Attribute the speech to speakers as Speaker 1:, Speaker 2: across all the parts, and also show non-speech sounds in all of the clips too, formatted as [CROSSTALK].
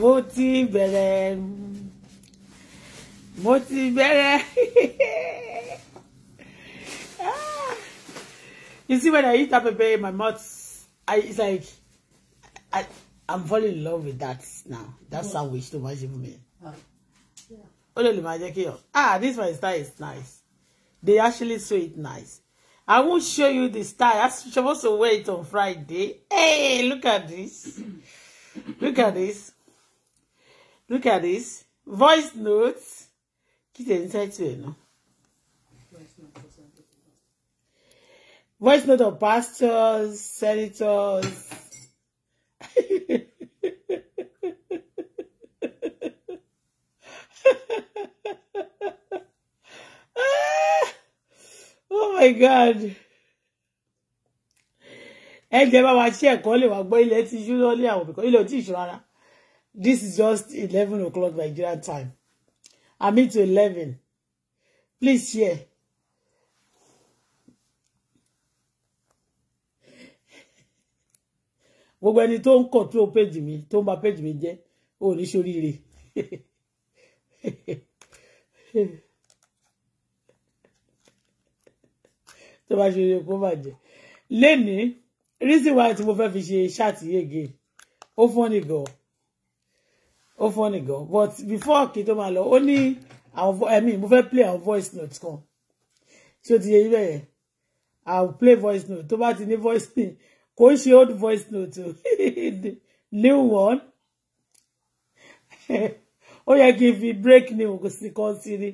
Speaker 1: mo ti bẹ̀rẹ̀ mo ti bẹ̀rẹ̀
Speaker 2: [LAUGHS]
Speaker 1: you see when I eat that pepper my mouth I it's like I I'm falling in love with that now that yeah. sandwich tó máa ṣe fún mi ó lè ah this one is nice they actually sew it nice I will show you the style. I'm supposed to wear it on Friday. Hey, look at this. Look at this. Look at this. Voice notes. Kí inside to it now. Voice note of pastors, senators. [LAUGHS] my God ẹ jẹ́ bá wa ṣe ẹ̀kọ́ lè wá gbọ́ ilẹ̀ ti ṣú lọ́lẹ́ àwọn òbíkọ́ ilẹ̀ ò tí ì ṣú rárá this is just eleven o'clock Nigeria time I mean to eleven please share. gbogbo ẹni tó ń control page mi tó ń ba page mi jẹ́ ò ní ṣoríire. [LAUGHS] tó bá ṣe eré kó bàjẹ́ lénìí reason why tí mo fẹ́ fi ṣe ṣáàtì yege ó fọ́nì gan ó fọ́nì gan but before kí tó máa lọ ó ní àwọn i mean mo fẹ́ play àwọn voice note kan tí ó ti yẹ ibẹ̀ yẹn i will play voice note tó bá ti ní voice note [LAUGHS] kò ń ṣe old voice note o [LAUGHS] new one [LAUGHS] ó yẹ kí n fi break new kò sí kan sí ni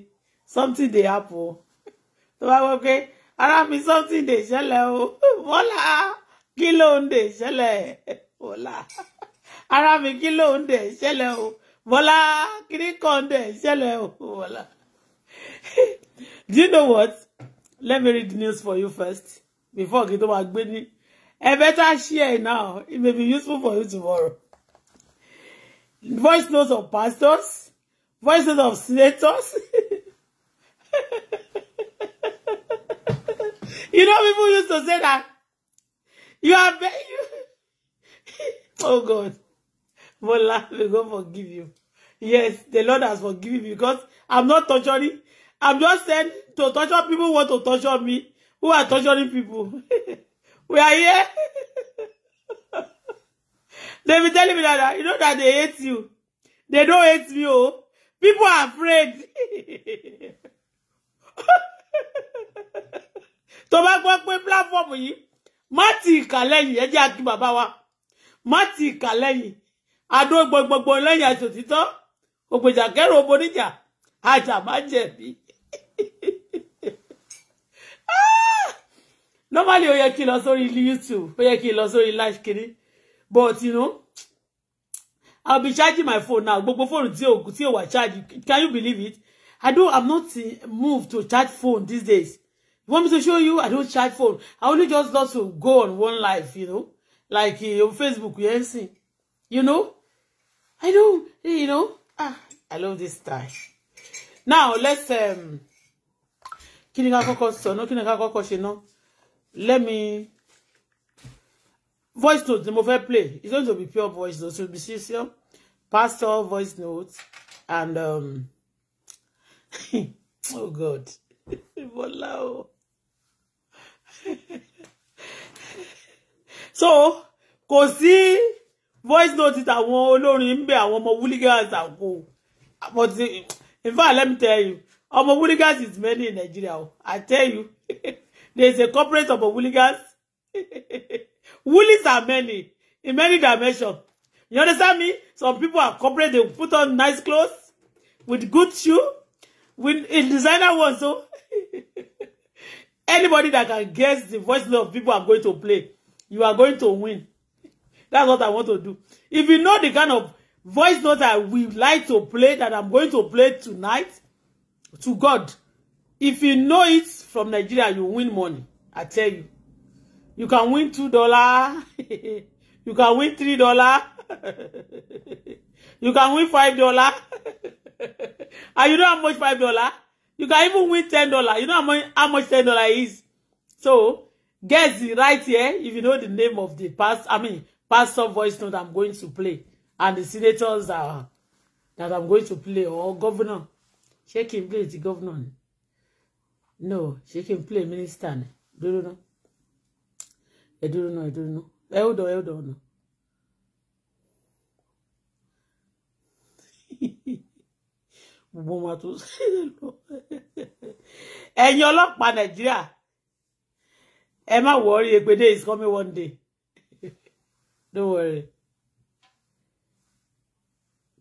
Speaker 1: something dey happen tó bá wọ pé ara mi something dey ṣẹlẹ̀ o Bọ́lá kí ló ń dè ṣẹlẹ̀ Bọ́lá ara mi kí ló ń dè ṣẹlẹ̀ o Bọ́lá kiri kan dè ṣẹlẹ̀ o Bọ́lá. Do you know what? Let me read the news for you first before kí n tó máa gbé ní. I better share now. It may be useful for you tomorrow. Voice notes of pastors, voice notes of senators. [LAUGHS] You know, people used to say that you are begging. [LAUGHS] oh God, Bola, We go forgive you. Yes, the Lord has forgiven me because I'm not torturing. I'm just saying to torture people who want to torture me, who are torturing people. [LAUGHS] we are here. [LAUGHS] they be telling me that you know that they hate you. They don't hate me, oh. People are afraid tó bá gbọ́ pé platform yìí má ti ìkà lẹ́yìn ẹ jẹ́ akí bàbá wa má ti ìkà lẹ́yìn adó gbogbogbò lẹ́yìn àti òtítọ́ ògbèjà kẹrù oboníjà ajá má jẹ̀bi. [LAUGHS] normally ó yẹ kí n lọ sórí YouTube ó yẹ kí n lọ sórí live kiri but you know I'll be charging my phone now gbogbo fóònù tí ò tí ò wà charge can you believe it I don't I'm not moved to charge phone these days You want me to show you? I don't charge phone. I only just love to go on one life, you know. Like uh, on Facebook, you can see. You know? I know, eh, you know. Ah, I love this style. Now, let's um kí ni ká kọ́kọ́ sọ ná kí ni ká kọ́kọ́ Let me voice note The mobile play. It's going to be pure voice notes. It will be sincere. Pastor voice notes and um [LAUGHS] oh God. Bọ́lá o. So kò sí voice note àwọn olórin ń bẹ àwọn ọmọ wúlígáàsì àpò but in fact let me tell you ọmọ wúlígáàsì is many in Nigeria o I tell you [LAUGHS] there's a corporate ọmọ wúlígáàsì [LAUGHS] woolies are many in many dimensions you understand me some people are corporate they put on nice clothes with good shoe with in designer ones so. [LAUGHS] Anybody that can guess the voice note of people are going to play, you are going to win. That's what I want to do. If you know the kind of voice note that we like to play that I'm going to play tonight, to God, if you know it from Nigeria, you win money. I tell you. You can win $2. [LAUGHS] you can win $3.
Speaker 2: [LAUGHS]
Speaker 1: you can win $5. and you know how much $5? You can even win ten dollar. You know how much how much ten dollar is. So guess the right here if you know the name of the past. I mean pastor voice note I'm going to play and the senators are that I'm going to play or governor. She can play the governor. No, she can play minister. I don't know? I don't know. I don't know. Hold on. Hold on. [LAUGHS] gbogbo wọn tó ṣe é lọ ẹ̀yin ọlọ́pàá nàìjíríà ẹ má wọrí egbede is coming one day [LAUGHS] don't worry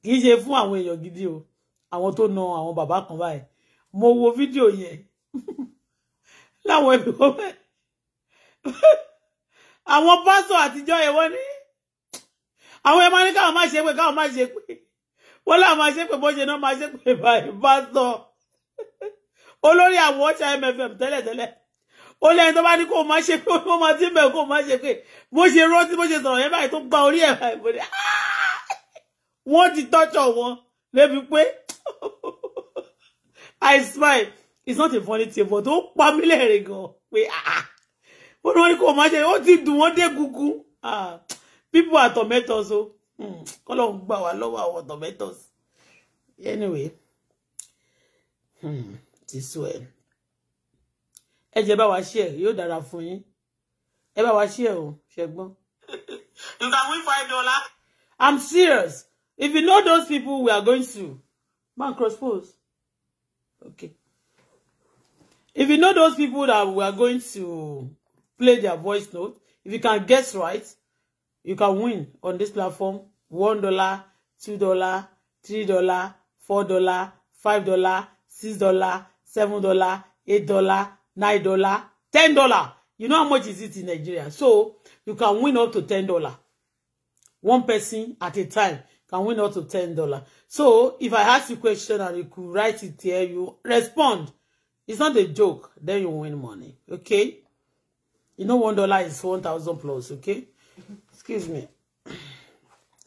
Speaker 1: kì í ṣe fún àwọn èèyàn gidi o àwọn tó na àwọn bàbá kan báyìí mo wo fídíò yẹn [LAUGHS] láwọn ibi kan bẹ́ẹ̀ àwọn pásọ àtijọ́ yẹn wọ́n ní àwọn ẹ̀ máa ní káwọn má ṣe pé káwọn má ṣe pé wọ́n láwọn máa ṣépè bó ṣe náà máa ṣépè báyìí bá sọ olórí àwọn ọ̀ṣà MFM tẹ́lẹ̀tẹ́lẹ̀ ó lẹ́yìn tó bá ní kó o máa ṣe pé ó máa ti bẹ̀ kó o máa ṣe pé bó ṣe rántí bó ṣe sọ̀rọ̀ yẹn báyìí tó gba orí ẹ̀ báyìí bòde ah! wọ́n ti tọ́jọ̀ wọn lébi pé I smile it's not a funny thing but ó pa mí lẹ́rìn gan pé ah! ó ní wọ́n ní kó o máa ṣe ó ti dùn wọ́n dé kúkú ah! people are tormentors o. Oh. So. Hmm, kọ́lọ́hún gbà wá lọ́wọ́ àwọn tomatoes anyway hmm, ti sú ẹ ẹ jẹ́ bá wa share yóò dára fún yín ẹ bá wa share o ṣẹgbọn. nga win five dollar. i'm serious if you know those people we are going to man cross pose okay if you know those people that we are going to play their voice note if you can guess right you can win on this platform one dollar two dollar three dollar four dollar five dollar six dollar seven dollar eight dollar nine dollar ten dollar you know how much is it in Nigeria so you can win up to ten dollar one person at a time can win up to ten dollar so if I ask you question and you could write it here you respond it's not a joke then you win money okay you know one dollar is one thousand plus okay excuse me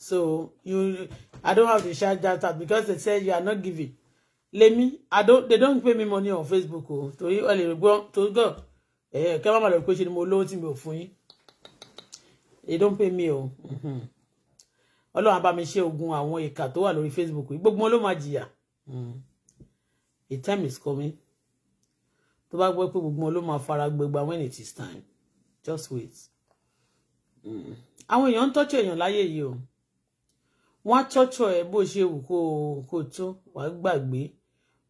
Speaker 1: So you, I don't have to shout that out because they said you are not giving. Lemi, I don't. They don't pay me money on Facebook. Oh, to you, only go to go. Eh, come on, my lọ pé ṣe ni mo lówó tí mi ò fún They don't pay me o. Oh. Mm-hmm. Ọlọ́run á bá mi ṣe ogun àwọn ìkà tó wà lórí Facebook yìí. Gbogbo wọn ló máa jìyà. A
Speaker 2: mm-hmm.
Speaker 1: time is coming. To bá gbọ́ pé gbogbo wọn ló máa fara gbẹgbà when it is time. Just wait. Mm-hmm. Àwọn èèyàn ń tọ́jú èèyàn láyé yìí o. Oh. Mm wọ́n á tọ́jọ́ ẹ bó ṣe wù kó kó tó wàá gbàgbé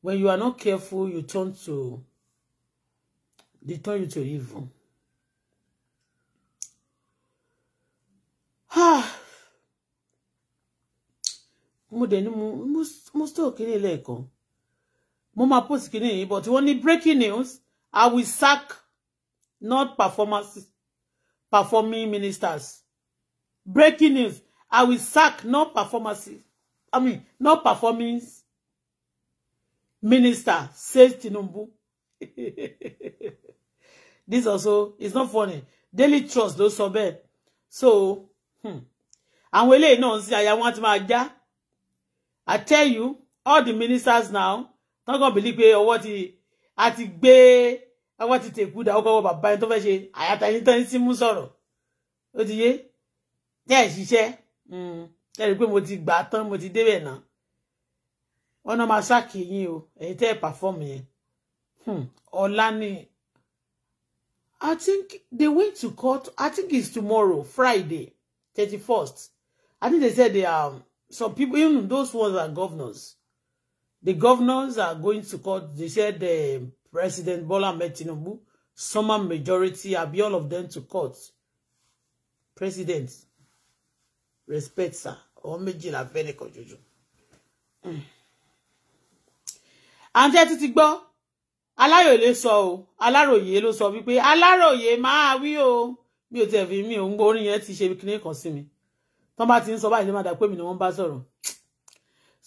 Speaker 1: when you are not careful you turn to they turn you to evil. Ah. mo dẹ̀ ni mo mo stọ̀ kíní lẹ́ẹ̀kan mo máa post kíní yìí but wọ́n ní breaking news I will sack not performance performing ministers breaking news I will sack no performances I mean, no performing minister, says Tinubu. [LAUGHS] This also is not funny. Daily trust ló sọ bẹ́ẹ̀. So, hmm. àwọn eléyìí náà ń sin àyà wọn ti máa já. I tell you, all the ministers now, don't go believe pé or what he ti gbé ọwọ́ ti tèkú dà ọkọ̀ bàbá ẹni tó fẹ́ ṣe àyàtà ẹni tó ń símú sọ̀rọ̀. Ó ti yé? Tẹ́ ẹ̀ Hmm. ẹ rí i pé mo ti gbà á tán mo ti débẹ̀ náà wọn náà máa ṣáàkì yín o èyí tẹ́ ẹ̀ pàfọ́ọ̀mù yẹn hmm. ọ̀la ni I think they went to court I think it's tomorrow Friday thirty first I think they said they are um, some people even those ones are governors the governors are going to court they said uh, President Bola Ahmed Tinubu summoned majority abi all of them to court president respect sir àwọn méjì la fẹ́ nìkan jòjò. Hmm. àǹtí ẹ ti ti gbọ́ aláròyé sọ o aláròyé so, sọ wípé aláròyé máa wí o mi ò tiẹ̀ fi mi ò ń gbọ́ ti ṣe kíní kan sí mi tán bá ti ń sọ báyìí ló máa dà mi ni wọ́n bá sọ̀rọ̀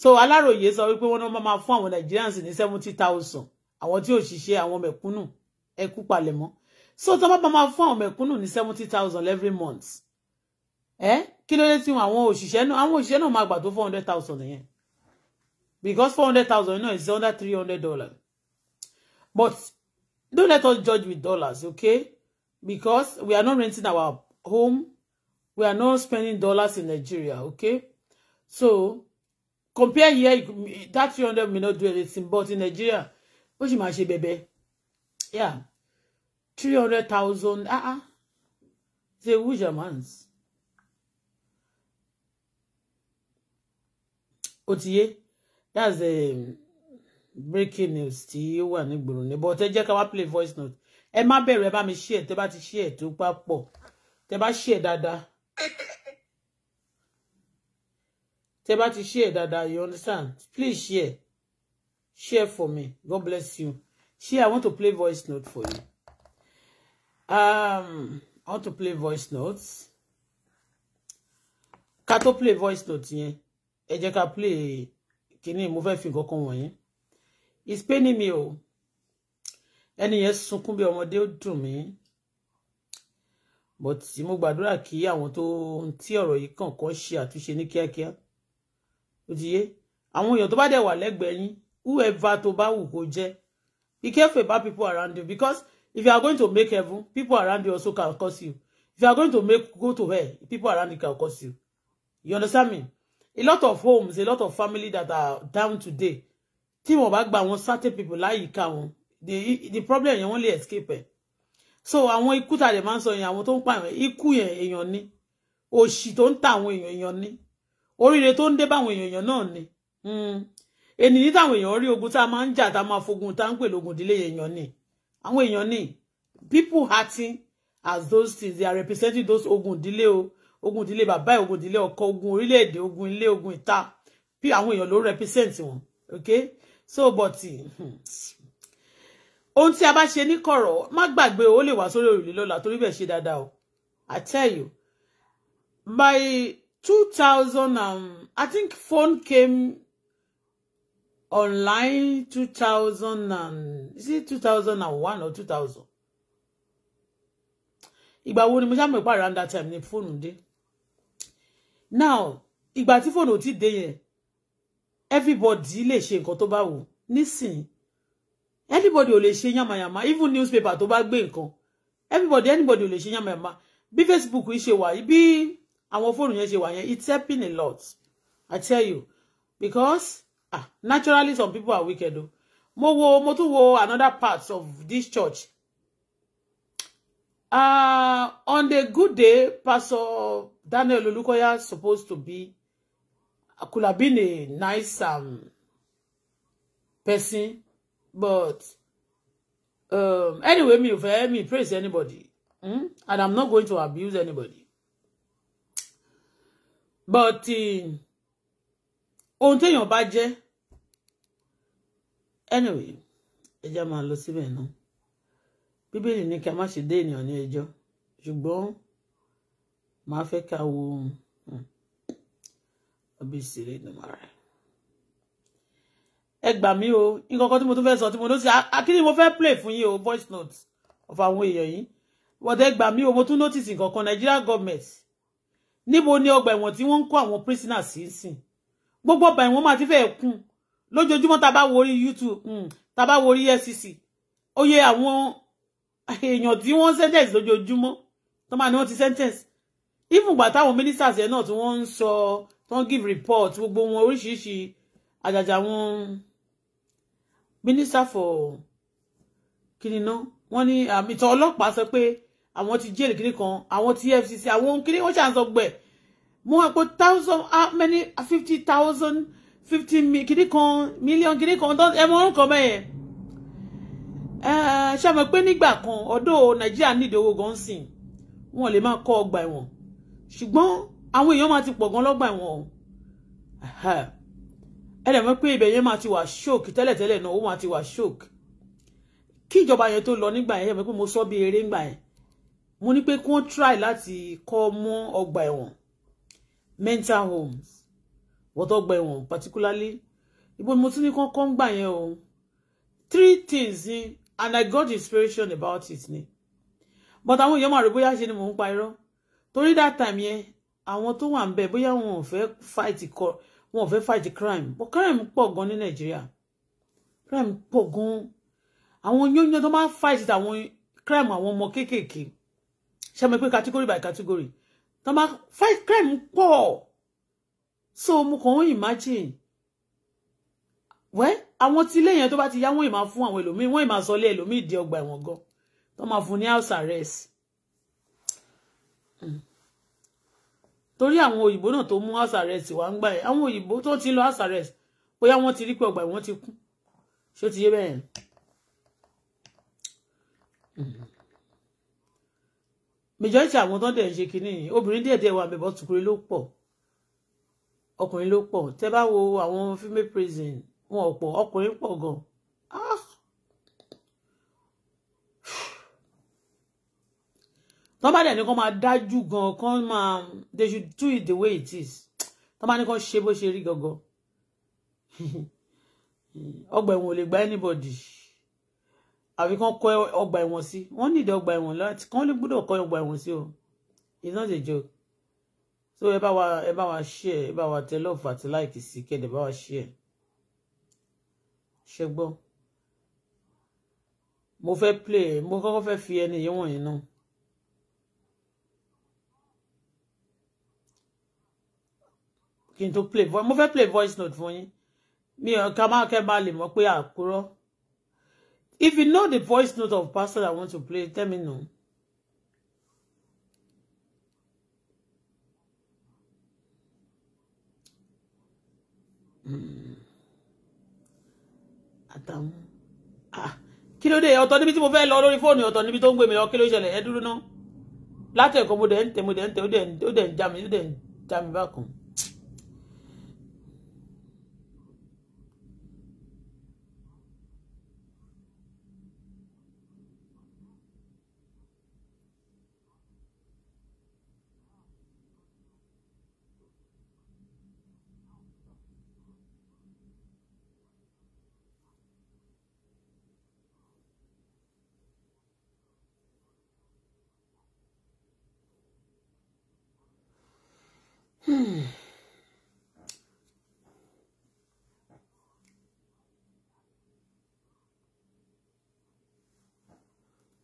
Speaker 1: so aláròyé sọ wípé wọ́n náà máa fún àwọn Nigerians ni seventy thousand àwọn o ò ṣiṣẹ́ àwọn mẹ̀kúnnù ẹ kú so tán bá máa fún àwọn mẹ̀kúnnù ní seventy thousand every month. Eh? kí ló dé tí àwọn òṣìṣẹ́ náà àwọn òṣìṣẹ́ náà máa gbà tó four hundred thousand yẹn because four hundred thousand náà is under three hundred dollars but don't let us judge with dollars okay because we are not renting our home we are not spending dollars in Nigeria okay so compare here that three hundred may not do anything but in Nigeria ó sì máa ṣe bẹ̀bẹ̀ yeah three hundred thousand ah ah who a huge amount. Otiye, that's a um, breaking news tí ó wà nígboro ní but ẹ jẹ́ ká wá play voice note ẹ má bẹ̀rù ẹ bá mi share tẹ́ bá ti share to pa pọ̀ tẹ́ share Dada. tẹ́ bá ti share Dada. you understand please share share for me god bless you share i want to play voice note for you um i want to play voice notes ká tó play voice note yẹn. Yeah ẹ jẹ́ ká play kíní mo fẹ́ fi nǹkan kan wọ̀nyí it's paining me o ẹni yẹn sunkún bí ọmọdé ó dùn mí but mo gbàdúrà kí àwọn tó ń tí ọ̀rọ̀ yìí kàn kọ́ ṣe àtúnṣe ní kíákíá ó ti yé àwọn èèyàn tó bá dẹ̀ wà lẹ́gbẹ̀ẹ́ yín whoever tó bá wù kó jẹ́ be careful about people around you because if you are going to make heaven people around you also can curse you if you are going to make go to hell people around you can curse you you understand me a lot of homes a lot of family that are down today tí wọ́n bá gba certain people like you wọn the the problem yẹn wọ́n lè escape ẹ̀ so àwọn ikú tá a lè máa ń sọ yẹn àwọn tó ń pààyàn ikú yẹn èèyàn ni òṣì tó ń ta àwọn èèyàn èèyàn ni oríire tó ń dé báwọn èèyàn èèyàn náà ni ènìyàn hmm. táwọn èèyàn rí ogun tá a máa ń jà tá a máa fogun tá a ń pè lógun ìdílé èèyàn ni your knee? people hurting as those things they are representing those ogun ìdílé ogun ìdílé bàbá ẹ̀ ogun ìdílé ọkọ ogun orílẹ̀-èdè ogun ilé ogun ìta bí àwọn èèyàn ló represent wọn okay so but hmm, ohun tí a bá ṣe ní kọ̀rọ̀ má gbàgbé o lè wá sórí òrùlé lọ́la torí bẹ́ẹ̀ ṣe dáadáa o I tell you by two thousand um, I think phone came online two thousand and is it two thousand and one or two thousand ìgbà wo ni mo ṣàmì ìpàrọ̀ that time ni fóònù dé now ìgbà tí fóònù ò ti dé yẹn everybody lè ṣe nǹkan tó bá wù nísìnyí anybody ò lè ṣe yàmàyàmà even newspaper tó bá gbé nǹkan everybody anybody ò lè ṣe yàmàyàmà bí facebook yìí ṣe wà bí àwọn fóònù yẹn ṣe wà yẹn it's helping a lot i tell you because ah naturally some people are wicked o mo wo mo tún wo another parts of this church Uh, on the good day, Pastor Daniel Olukoya supposed to be could have been a nice um, person, but um, anyway, me if eh, me praise anybody, mm? and I'm not going to abuse anybody. But ohun your budget, anyway, ẹ jẹ́ máa lọ síbẹ̀ náà bíbélì ní kí a má ṣe dé ènìyàn ní ẹjọ́ ṣùgbọ́n màá fẹ́ ká wo hmm, ọbí ìṣeré ìdùnnú rẹ̀ ẹ gbà mí o nǹkan tí mo tún fẹ́ sọ tí mo notice akíní mo fẹ́ play fún yín o voice note of àwọn èèyàn yìí wọ́n ẹ gbà mí o mo tún notice nǹkan kan Nigeria government níbo ni ọgbà ẹ̀wọ̀n tí wọ́n ń kó àwọn prisoners sí sìn gbogbo ọgbà ẹ̀wọ̀n máa ti fẹ́ kún lójoojúmọ́ tá a bá wo orí YouTube hmm, tá a bá wo orí FCC ó yẹ àwọn èèyàn tí wọ́n sentence lójoojúmọ́ tó máa ní wọ́n ti sentence even gbà táwọn ministers yẹn náà tí wọ́n ń sọ tó ń give report gbogbo wọn oríṣiríṣi àjàjà wọn minister for kíni náà wọ́n ní um, ìtàn ọlọ́pàá sọ pé àwọn ti jẹ́rìí kíní kan àwọn ti FCC àwọn kíní wọ́n ṣàǹsọ gbẹ mo wà pé thousand how many fifty thousand fifty kíní kan million kíní kan ẹ mọ orúkọ mẹ́yẹn ṣe mọ̀ pé nígbà kan ọ̀dọ̀ nàìjíríà nídìí owó gan sìn wọn lè máa kọ́ ọgbà ẹ̀wọ̀n ṣùgbọ́n àwọn èèyàn máa ti pọ̀ gan lọ́gbà ẹ̀wọ̀n o ẹ dẹ̀ mọ̀ pé ibẹ̀ yẹn máa ti wà shock tẹ́lẹ̀tẹ́lẹ̀ náà ó máa ti wà shock kí ìjọba yẹn tó lọ nígbà yẹn pé mo sọ bí eré ńgbà yẹn mo ní pé kí wọ́n try láti kọ́ mọ́ ọgbà ẹ̀wọ̀n mental homes wọ́tọ́gbà ẹ̀wọ̀n particularly ibo ni mo tún ní kán kọ́ ń gbà yẹn o three things ni and I got inspiration about it ni but àwọn èèyàn máa rò bóyá ṣe ni mò ń pa irọ́ that time yẹn àwọn tó wà ń bẹ bóyá wọn ò fẹ́ fight wọn ò fẹ́ fight crime but crime pọ̀ gan ní Nigeria. crime pọ̀ gan àwọn yóyán tó máa ń fight àwọn crime àwọn ọmọ kéékèèké ṣe mọ̀ pé category by category To ma fight crime pọ̀ so mo kàn ń imagine well àwọn tí ilé yẹn tó bá ti yá wọ́n ì máa fún àwọn ẹlòmíín wọ́n ì máa sọ lé ẹlòmíín di ọgbà ẹ̀wọ̀n gan tó máa fún ní house arrest hmm. torí àwọn òyìnbó náà tó mú house arrest wá ń gbà ẹ àwọn òyìnbó tó ti lọ house arrest bóyá wọ́n ti rí pé ọgbà ẹ̀wọ̀n ti kú ṣó ti yé bẹ́ẹ̀ hmm. majority àwọn tó ń dẹ̀ ṣe kinní obìnrin díẹ̀ díẹ̀ wà bẹ̀bọ̀ tùkúrẹ́ ló pọ̀ ọkùnrin ló pọ̀ tẹ́ bá wo àwọn female prison wọn ò pọ̀ ọkùnrin pọ̀ gan ah! tọ́ bá dẹ̀ ní kán máa dájú gan kán máa they should do it the way it is tọ́ bá ní kán ṣe bó ṣe rí gangan ọgbà ẹ̀wọ̀n ò lè gba anybody àfi kán kọ́ ọgbà ẹ̀wọ̀n sí wọ́n nídìí ọgbà ẹ̀wọ̀n láti kán lè gbọ́dọ̀ kọ́ ọgbà ẹ̀wọ̀n sí o it's not a joke so ẹ bá wa ẹ bá wa share ẹ bá wa tẹ love àti like sí kẹ́ẹ̀dẹ̀ bá wa share ṣẹgbọ́n mo fẹ́ play mo kọ́kọ́ fẹ́ fi ẹni yẹn wọ̀nyí náà. kí n tó play voice mo fẹ́ play voice note fún yín mi ò ká má kẹ́ bá lè mọ̀ pé àkúrọ́ if you know the voice note of pastor I want to play tell me no. Mm àtàwọn ah, kí ló dé ọ̀tọ̀ níbi tí mo fẹ́ lọ lórí fóònù ọ̀tọ̀ níbi tó ń gbé mi lọ kí ló ṣẹlẹ̀ ẹ dúró ná látẹ̀kọ́ mo dẹ̀ ń tẹ̀ mo dẹ̀ ń tẹ̀ ó dẹ̀ ń já mi ó dẹ̀ ń já mi bákan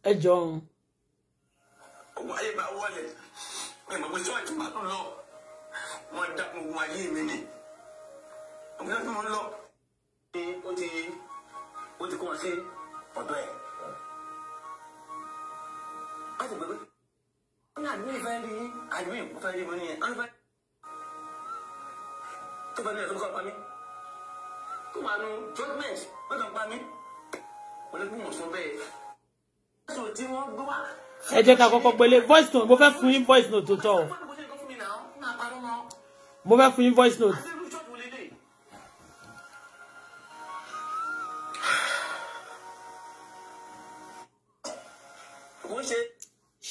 Speaker 1: ẹ jọun.
Speaker 3: ọwọ́ ayé bá wọlé ẹ̀mọ̀ pé sọ́ọ̀tì máa ń lọ wọ́n dá ogun ayé mi ni ọ̀gbìn náà ń lọ. ó ti ó ti kó wọn sí ọ̀dọ́ ẹ̀. a ti gbẹgbẹ. ní àdúgbò ìfẹ́ rí àdúgbò ìfẹ́ rí mo ní ẹ̀ ọ́nfẹ́. tó bá ní ẹ̀sùn kọ́ pa mí tó máa nu judgement lọ́dọ̀ pa mí. olóògùn mọ̀ sọ bẹ́ẹ̀ ẹ jẹ́ ká
Speaker 1: kọ́kọ́ pele voice note mo fẹ́ fún yín voice note tó tọ́ o mo fẹ́ fún yín voice note.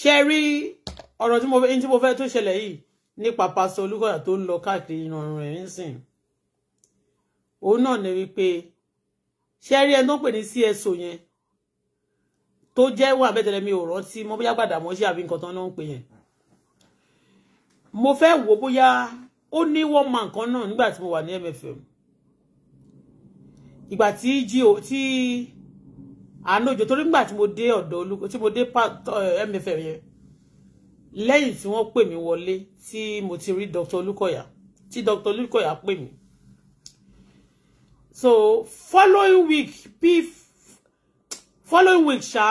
Speaker 1: ṣe rí ọ̀rọ̀ tí mo fẹ́ tí mo fẹ́ tó ṣẹlẹ̀ yìí nípa pásọ Olúkọ̀yà tó ń lọ káàkiri ìrànràn rẹ̀ nísìn òun náà ní wípé ṣe rí ẹ tó pè ní CSO yẹn tó jẹ́ wà bẹ́tẹ̀lẹ̀ mi ò rántí mo bóyá Gbàdàmọ́sí àbí nǹkan tán náà ń pè yẹn mo fẹ́ wò bóyá ó ní wọ́n ma nǹkan náà nígbà tí mo wà ní MFM ìgbà tí gio tí àánójò torí nígbà tí mo dé ọ̀dọ̀ olùkọ́ tí mo dé MFM eh, yẹn lẹ́yìn tí wọ́n pè mí wọlé tí mo ti rí Dr. Olúkọ̀yà tí Dr. Olúkọ̀yà pè mí so following week pif following week ṣá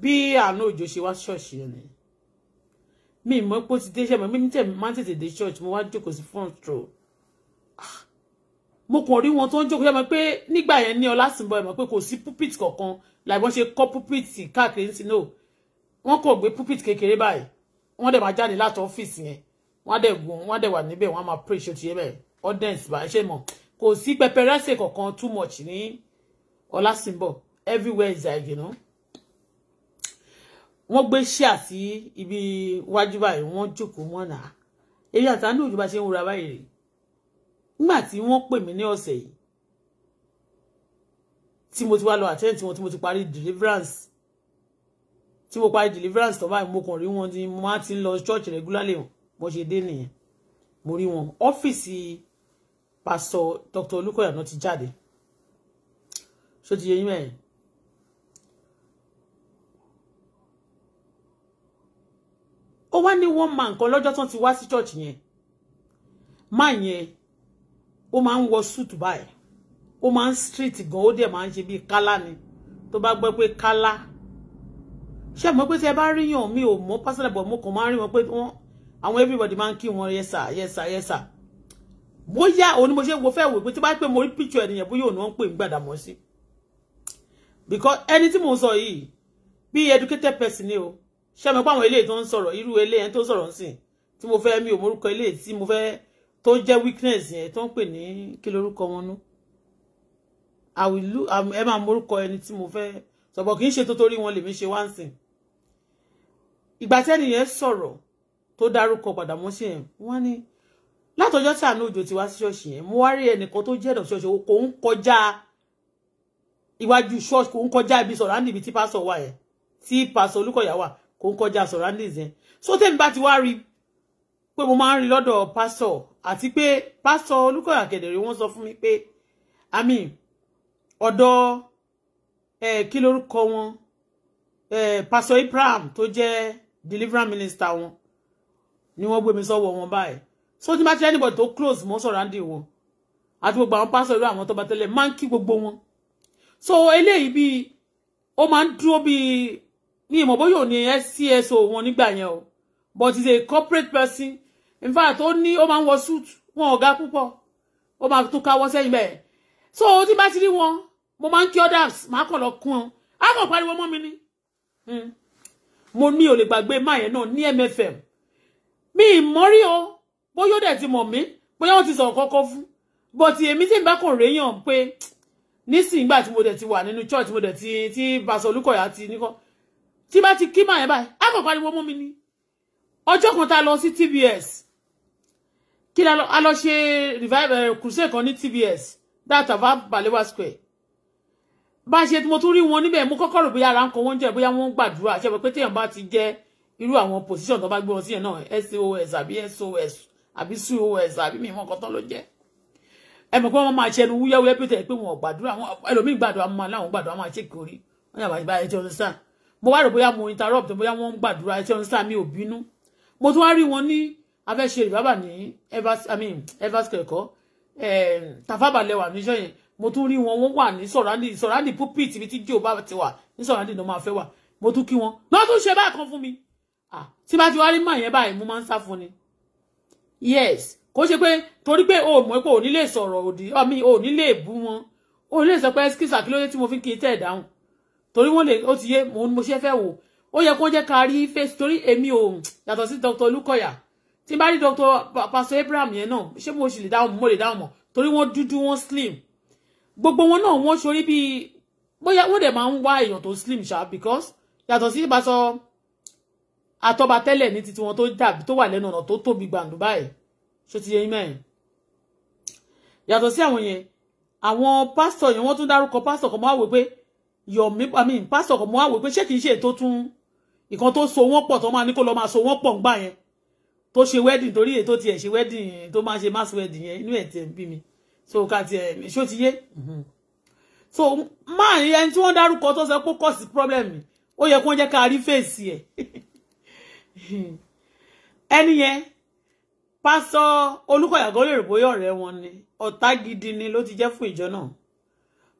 Speaker 1: bí àánú òjò ṣe wá ṣọ́ọ̀ṣì ẹ̀ ni mi mọ̀ pé ó ti dé ṣẹ́mi mi ní tẹ̀mí máa ń church mo wá jókòó sí front row ah, mo kàn rí wọn tó ń jókòó ṣẹ́mi pé nígbà yẹn ní ọlásìnbọ ẹ̀ mọ̀ pé kò sí pulpit kankan làbí wọ́n ṣe kọ́ pulpit káàkiri ní no. wọn kò gbé pulpit kekere báyìí wọ́n dẹ̀ máa jáde láti ọ́fíìsì yẹn wọ́n dẹ̀ gùn wọ́n dẹ̀ wà níbẹ̀ wọ́n máa pray ṣe ti yẹ bẹ́ẹ̀ audience bá ṣe mọ̀ kò sí pẹpẹrẹsẹ̀ kankan too much ní ọlásìnbọ everywhere is like you know wọ́n gbé ṣíà sí ibi iwájú báyìí wọ́n jókòó mọ́nà èyí àtàndù òjò bá ṣe ń wúra báyìí rè nígbà tí wọ́n pè mí ní ọ̀sẹ̀ yìí tí mo ti wá lọ àtẹ́yìn tí wọ́n tí mo ti parí deliverance tí mo parí deliverance tó báyìí mo kàn rí wọn ni mo máa ti ń lọ church regularly bó ṣe dé nìyẹn mo rí wọn ọ́fíìsì pásọ Dr. Olúkọ̀yà náà ti jáde ṣó ti yẹ yín mẹ́rin ó wá ní one man kan lọ́jọ́ tán ti wá sí church yẹn máa yẹn ó máa ń suit báyìí ó máa ń street gan ó dẹ̀ máa ń ṣe bíi kálá ni tó bá gbọ́ pé kálá ṣé mo pé tí ẹ bá rí yàn mi ò mọ pásítọ̀ bọ̀ mo kàn máa ń rí wọn pé wọ́n everybody man, ń kí yes sir yes sir yes sir bóyá òun ni mo ṣe wo fẹ́ wò pé tí bá pé mo rí picture ẹnìyàn bóyá òun no wọ́n ń pè ń gbàdà because anything, tí mò ń sọ educated person ni o ṣé mo pàwọn eléyìí tó ń sọ̀rọ̀ irú eléyìí tó ń sọ̀rọ̀ ń sìn tí mo fẹ́ mi ò morúkọ eléyìí tí mo fẹ́ tó jẹ́ weakness yẹn ni ń pè ní kí lorúkọ wọn nú um, ẹ máa morúkọ ẹni tí mo fẹ́ sọ̀bọ̀ kì í ṣe tó torí wọn lèmi ṣe wá ń sìn ìgbà tẹ́ni yẹn sọ̀rọ̀ tó dárúkọ Gbàdámọ́sí yẹn wọ́n ní látọjọ́ tí àánú òjò ti wá sí ṣọ́ọ̀ṣì yẹn mo wá rí ẹnìkan tó jẹ́ ẹ̀dọ̀ ṣọ́ọ̀ṣì kò ń kọjá iwájú ṣọ́ọ̀ṣì kò ń kọjá ibi sọ̀rọ̀ àǹdí ibi tí pásọ̀ wà yẹn tí pásọ̀ Olúkọ̀yà wà kò ń kọjá surroundings yẹn so tèmi bá ti wá rí pé mo máa ń rí lọ́dọ̀ pásọ̀ àti pé pásọ̀ Olúkọ̀yà Kedere wọ́n sọ fún mi pé àmì ọ̀dọ̀ ẹ̀ eh, kí lorúkọ wọn ẹ̀ eh, pásọ̀ Abraham tó jẹ́ deliverance minister wọn ni wọ́n gbé mi sọ́wọ́ wọn báyìí so tí bá ti anybody tó close mọ́ surrounding wọn àti gbogbo àwọn pásọ̀ irú àwọn tó bá tẹ́lẹ̀ máa ń gbogbo wọn so eléyìí bíi ó máa ń dúró bíi mi mo boyo ni ní CSO wọn nígbà yẹn o but is a corporate person in fact ó ní ó máa ń wọ suit wọn ọ̀gá púpọ̀ ó máa tún káwọ́ sẹ́yìn bẹ́ẹ̀ so tí bá ti rí wọn mo máa ń kí others máa kàn lọ kún un á kàn pariwo mi ni hmm. mo ní ò lè gbàgbé máa yẹn náà ní MFM mi mori o boyo ó dẹ̀ ti mọ̀ mí bóyá wọ́n ti sọ̀rọ̀ kọ́kọ́ fún but èmi tí n bá kàn réyàn pé nísìnyí gbà tí mo dẹ̀ ti wà nínú church mo dẹ̀ ti ti pásọ Olúkọ̀yà ti nìkan tí bá ti kí màá yẹn báyìí á kàn pariwo mú mi ni ọjọ́ kan tá a lọ sí TBS kí la a lọ ṣe revive eh, crusade kan ní TBS dáàtà bá balewa square bá ṣe mo tún rí wọn níbẹ̀ mo kọ́kọ́ rò bóyá ara ń kọ wọ́n jẹ́ bóyá wọ́n ń gbàdúrà ṣe pé ti jẹ́ irú àwọn position tó bá gbé wọn sí yẹn náà SOS àbí SOS àbí SOS àbí mi ìmọ̀ kan tán ló jẹ́ ẹ mọ̀ pé wọ́n máa ṣẹnu wúyẹ́wúyẹ́ pété pé wọn ò gbàdúrà wọn ẹlòmíì gbàdúrà máa láwọn ya máa ṣèkórí wọn yàgbà ìbára ẹjọ́ ọ̀sán mo wá rò bóyá mo interrupt bóyá wọ́n ń gbàdúrà ẹ tí wọ́n ń sá mi ò bínú mo tún wá rí wọn ní abẹ́ṣe ìbábà ní evers kẹ̀kọ́ ehm, tàfàbàlẹ̀ wà níṣọ́ yẹn mo tún rí wọn wọ́n wà ní sọ̀ràndì sọ̀ràndì púpìtì ibi tí jẹ́ ò bá ti wà ní sọ̀ràndì ló máa fẹ́ wà mo tún kí wọn lọ́ tún ṣe báyìí kan fún mi tí bá ti wá rí mọ̀ báyìí mo máa ń sá fún ni yes kò ṣe pé torí pé o mọ̀ pé ò ní lè sọ̀rọ̀ òdì ọ̀mí ò ní lè bú wọn ò ní lè sọ pé ẹ́síkìsà kí ló dé tí mo fi kí tẹ̀ dáhùn torí wọ́n lè ó ti yé mo ṣe fẹ́ wò ó yẹ kó jẹ́ ká rí face torí èmi ò yàtọ̀ sí Dr. Olúkọ̀yà tí bá rí Dr. Pastor Abraham yẹn náà ṣé mo sì lè dáhùn mo lè dáhùn mọ̀ torí wọ́n dúdú wọ́n slim gbogbo wọn náà wọ́n ṣorí bíi bóyá wọ́n dẹ̀ máa ń wá èèyàn tó slim ṣá because yàtọ̀ sí Pastor Atọ́ba tẹ́lẹ̀ ní titi wọn tó dàbí tó wà lẹ́nu ọ̀nà tó tóbi gbàǹdù báyìí ṣó ti yẹ yín mẹ́rin yàtọ̀ sí àwọn yẹn àwọn pásítọ̀ yẹn wọ́n tún dárúkọ pásítọ̀ kan máa wò pé Yomi I mean pastor kò mọ̀ àwò pé ṣé kì í ṣe ètò tún ìkan tó so wọ́n pọ̀ tó máa ní kó lọ máa so wọ́n pọ̀ ńgbà yẹn tó ṣe wedding torí ètò tiẹ̀ ṣe wedding to máa ṣe mass wedding yẹn inú ẹ̀ tiẹ̀ ń mi so ká tiẹ̀ ṣó ti yé mm-hmm. so máa ní ẹni tí wọ́n dárúkọ tó sọ pé problem ó yẹ kí wọ́n jẹ́ ká rí fèsì ẹ̀ [LAUGHS] ẹni yẹn pásọ Olúkọ̀yà Golerebo bóyá ọ̀rẹ́ wọn ni ọ̀tá gidi ni ló ti jẹ́ fún ìjọ náà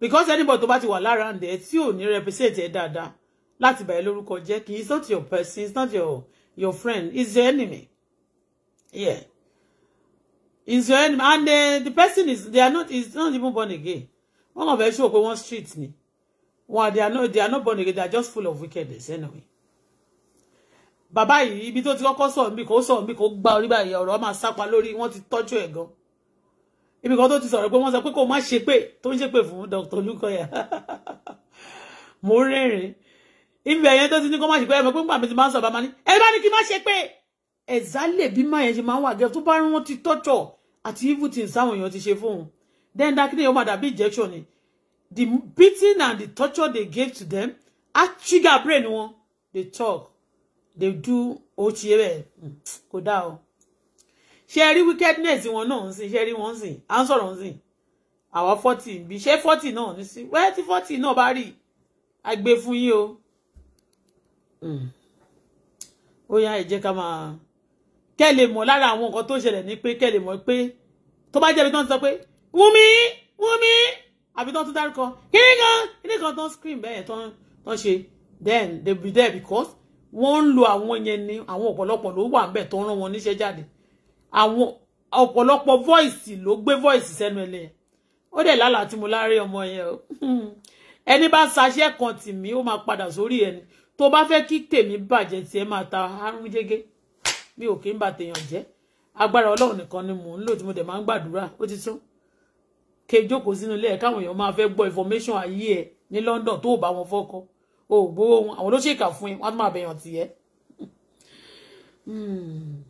Speaker 1: because anybody tó bá ti wà lára ǹdẹ tí ò ní represent ẹ dáadáa láti bàyẹ lórúkọ jẹ́ kì í not your person it's not your your friend it's your enemy yeah it's your enemy and uh, the person is they are not is not even born again One of fẹ́ ṣó pé wọ́n street ni wọn they are not they are not born again they are just full of wickedness anyway bàbá yìí ibi tó ti kọ́kọ́ sọ̀rọ̀ nbí kò sọ̀rọ̀ nbí kò gba orí báyìí ọ̀rọ̀ máa sápa lórí wọ́n ti tọ́jú ẹ̀ gan ibi kan tó ti sọ̀rọ̀ pé wọ́n sọ pé kò má ṣe pé tó ń ṣe pé fún Dr. Olukoya [LAUGHS] mo rẹ́rìn ibi ẹ̀yẹn tó ti ní kó má ṣe pé ẹ̀mọ́ pé ń gbà ti máa ń sọ̀rọ̀ bá ní ẹ bá kí má ṣe pé ẹ̀zá lè bí má yẹn ṣe máa ń wà gẹ́gẹ́ tó bá rán ti tọ́jọ̀ àti evil things àwọn èèyàn ti ṣe fóun then dákínì yóò má dàbí injection ni the beating and the torture they gave to them á trigger brain wọn they talk they do ó ṣe bẹ́ẹ̀ hmm, kò dáa o ṣe rí wickedness wọn náà ń sìn ṣe rí wọn ń sìn à ń sọ̀rọ̀ ń sìn àwa forty bí ṣé forty náà ní sí wẹ́ẹ́ tí forty náà bá rí agbe fún yín o hmm. ó yá ẹ jẹ́ ká máa kẹ́ lè mọ̀ lára àwọn nǹkan tó ṣẹlẹ̀ ní pé kẹ́ lè mọ̀ pé tó bá jẹ́ ibi tó ń sọ pé wúmi wúmi àbí tó ń tún dárúkọ kíni kan kíni kan tó ń scream bẹ́ẹ̀ tó ń tó ṣe then they be there because wọ́n ń lo àwọn yẹn ní àwọn ọ̀pọ̀lọpọ̀ ló wà ń bẹ̀ tó ń rán wọn níṣẹ́ jáde àwọn ọ̀pọ̀lọpọ̀ voice ló gbé voice sẹ́nu ẹlẹ́ ó dẹ̀ lálàá tí mo láre ọmọ yẹn o [LAUGHS] ẹni bá ṣaṣẹ́ kan tì mí ó máa padà sórí ẹni tó bá fẹ́ kí tèmi bàjẹ́ tí ẹ máa ta àrùn jẹ́gẹ́ mi ò kí ń bà tèèyàn jẹ́ agbára ọlọ́run nìkan ni mò ń lò tí mo dẹ̀ máa ń gbàdúrà ó ti tún ke jókòó sínú ilé ẹ̀ káwọn èèyàn máa fẹ́ gbọ́ information ayé ẹ̀ ní London tó bá wọn fọ́kọ o gbowó àwọn ló ṣèkà fún ẹ wọn á tún máa bẹ̀yàn tì ẹ́. Hmm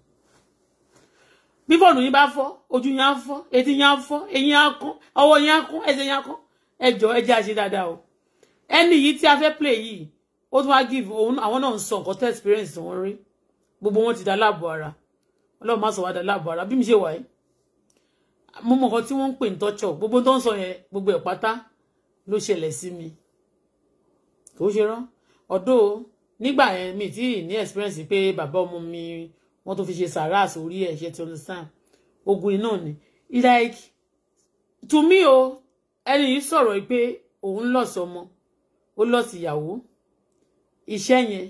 Speaker 1: bí fóònù yín bá fọ́ ojú yín á fọ́ etí yín á fọ́ eyín á kán ọwọ́ yín á kán ẹsẹ̀ yín á kán ẹjọ ẹjẹ àṣẹ dáadáa o ẹni yìí tí a fẹ́ play yìí ó tún wá give òun àwọn náà ń sọ nǹkan tó experience wọn rí gbogbo wọn ti dá láàbò ara Ọlọ́run má sọ wá dá láàbò ara bí mi ṣe wà yìí mo mọ nǹkan tí wọ́n ń pè ní tọ́jọ̀ gbogbo tó ń sọ yẹn gbogbo ẹ̀ pátá ló ṣẹlẹ̀ sí mi kò ṣe rán ọ̀dọ́ nígbà yẹn mi tí ní experience pé bàbá ọmọ mi wọ́n tó fi ṣe sàrà sórí ẹ̀ ṣe ti understand ogun iná ni like to me o ẹni yìí sọ̀rọ̀ pé òun lọ sọmọ ó lọ síyàwó iṣẹ́ yẹn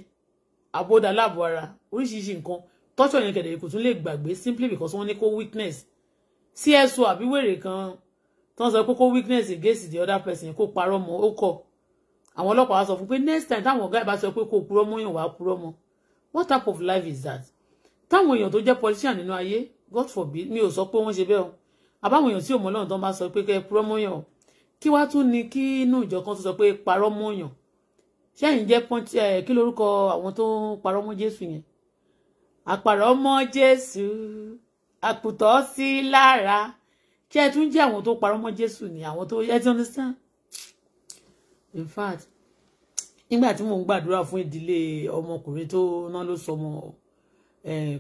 Speaker 1: àbódà láàbò ara oríṣiríṣi nǹkan tọ́jọ́ yẹn kẹ̀dẹ̀ kò tún lè gbàgbé simply because wọ́n ní kó weakness cso àbí wèrè kan tó ń sọ pé weakness against the other person kó parọ́ mọ́ ó kọ̀ àwọn ọlọ́pàá sọ fún pé next time táwọn ọ̀gá ìbá sọ pé kó purọ́ mọ́ yàn wá purọ́ mọ́ what type of life is that táwọn èèyàn tó jẹ́ politician nínú ayé god forbid mi ò sọ pé wọ́n ṣe bẹ́ẹ̀ o àbáwọn èèyàn tí ò mọ̀ Ọlọ́run tó ń bá sọ pé kẹ́ ẹ purọ́ mọ́yàn o kí wá tún ni kí inú ìjọ kan tó sọ pé parọ́ mọ́yàn ṣẹ́yìn jẹ́ kí lórúkọ àwọn tó ń parọ́ Jésù yẹn àpàrọ̀ Jésù àpùtọ́ sí lára kí ẹ tún jẹ́ àwọn tó parọ́ Jésù ni àwọn tó ẹ ti understand in fact nígbà tí mò ń gbàdúrà fún ìdílé ọmọkùnrin tó ná ló sọmọ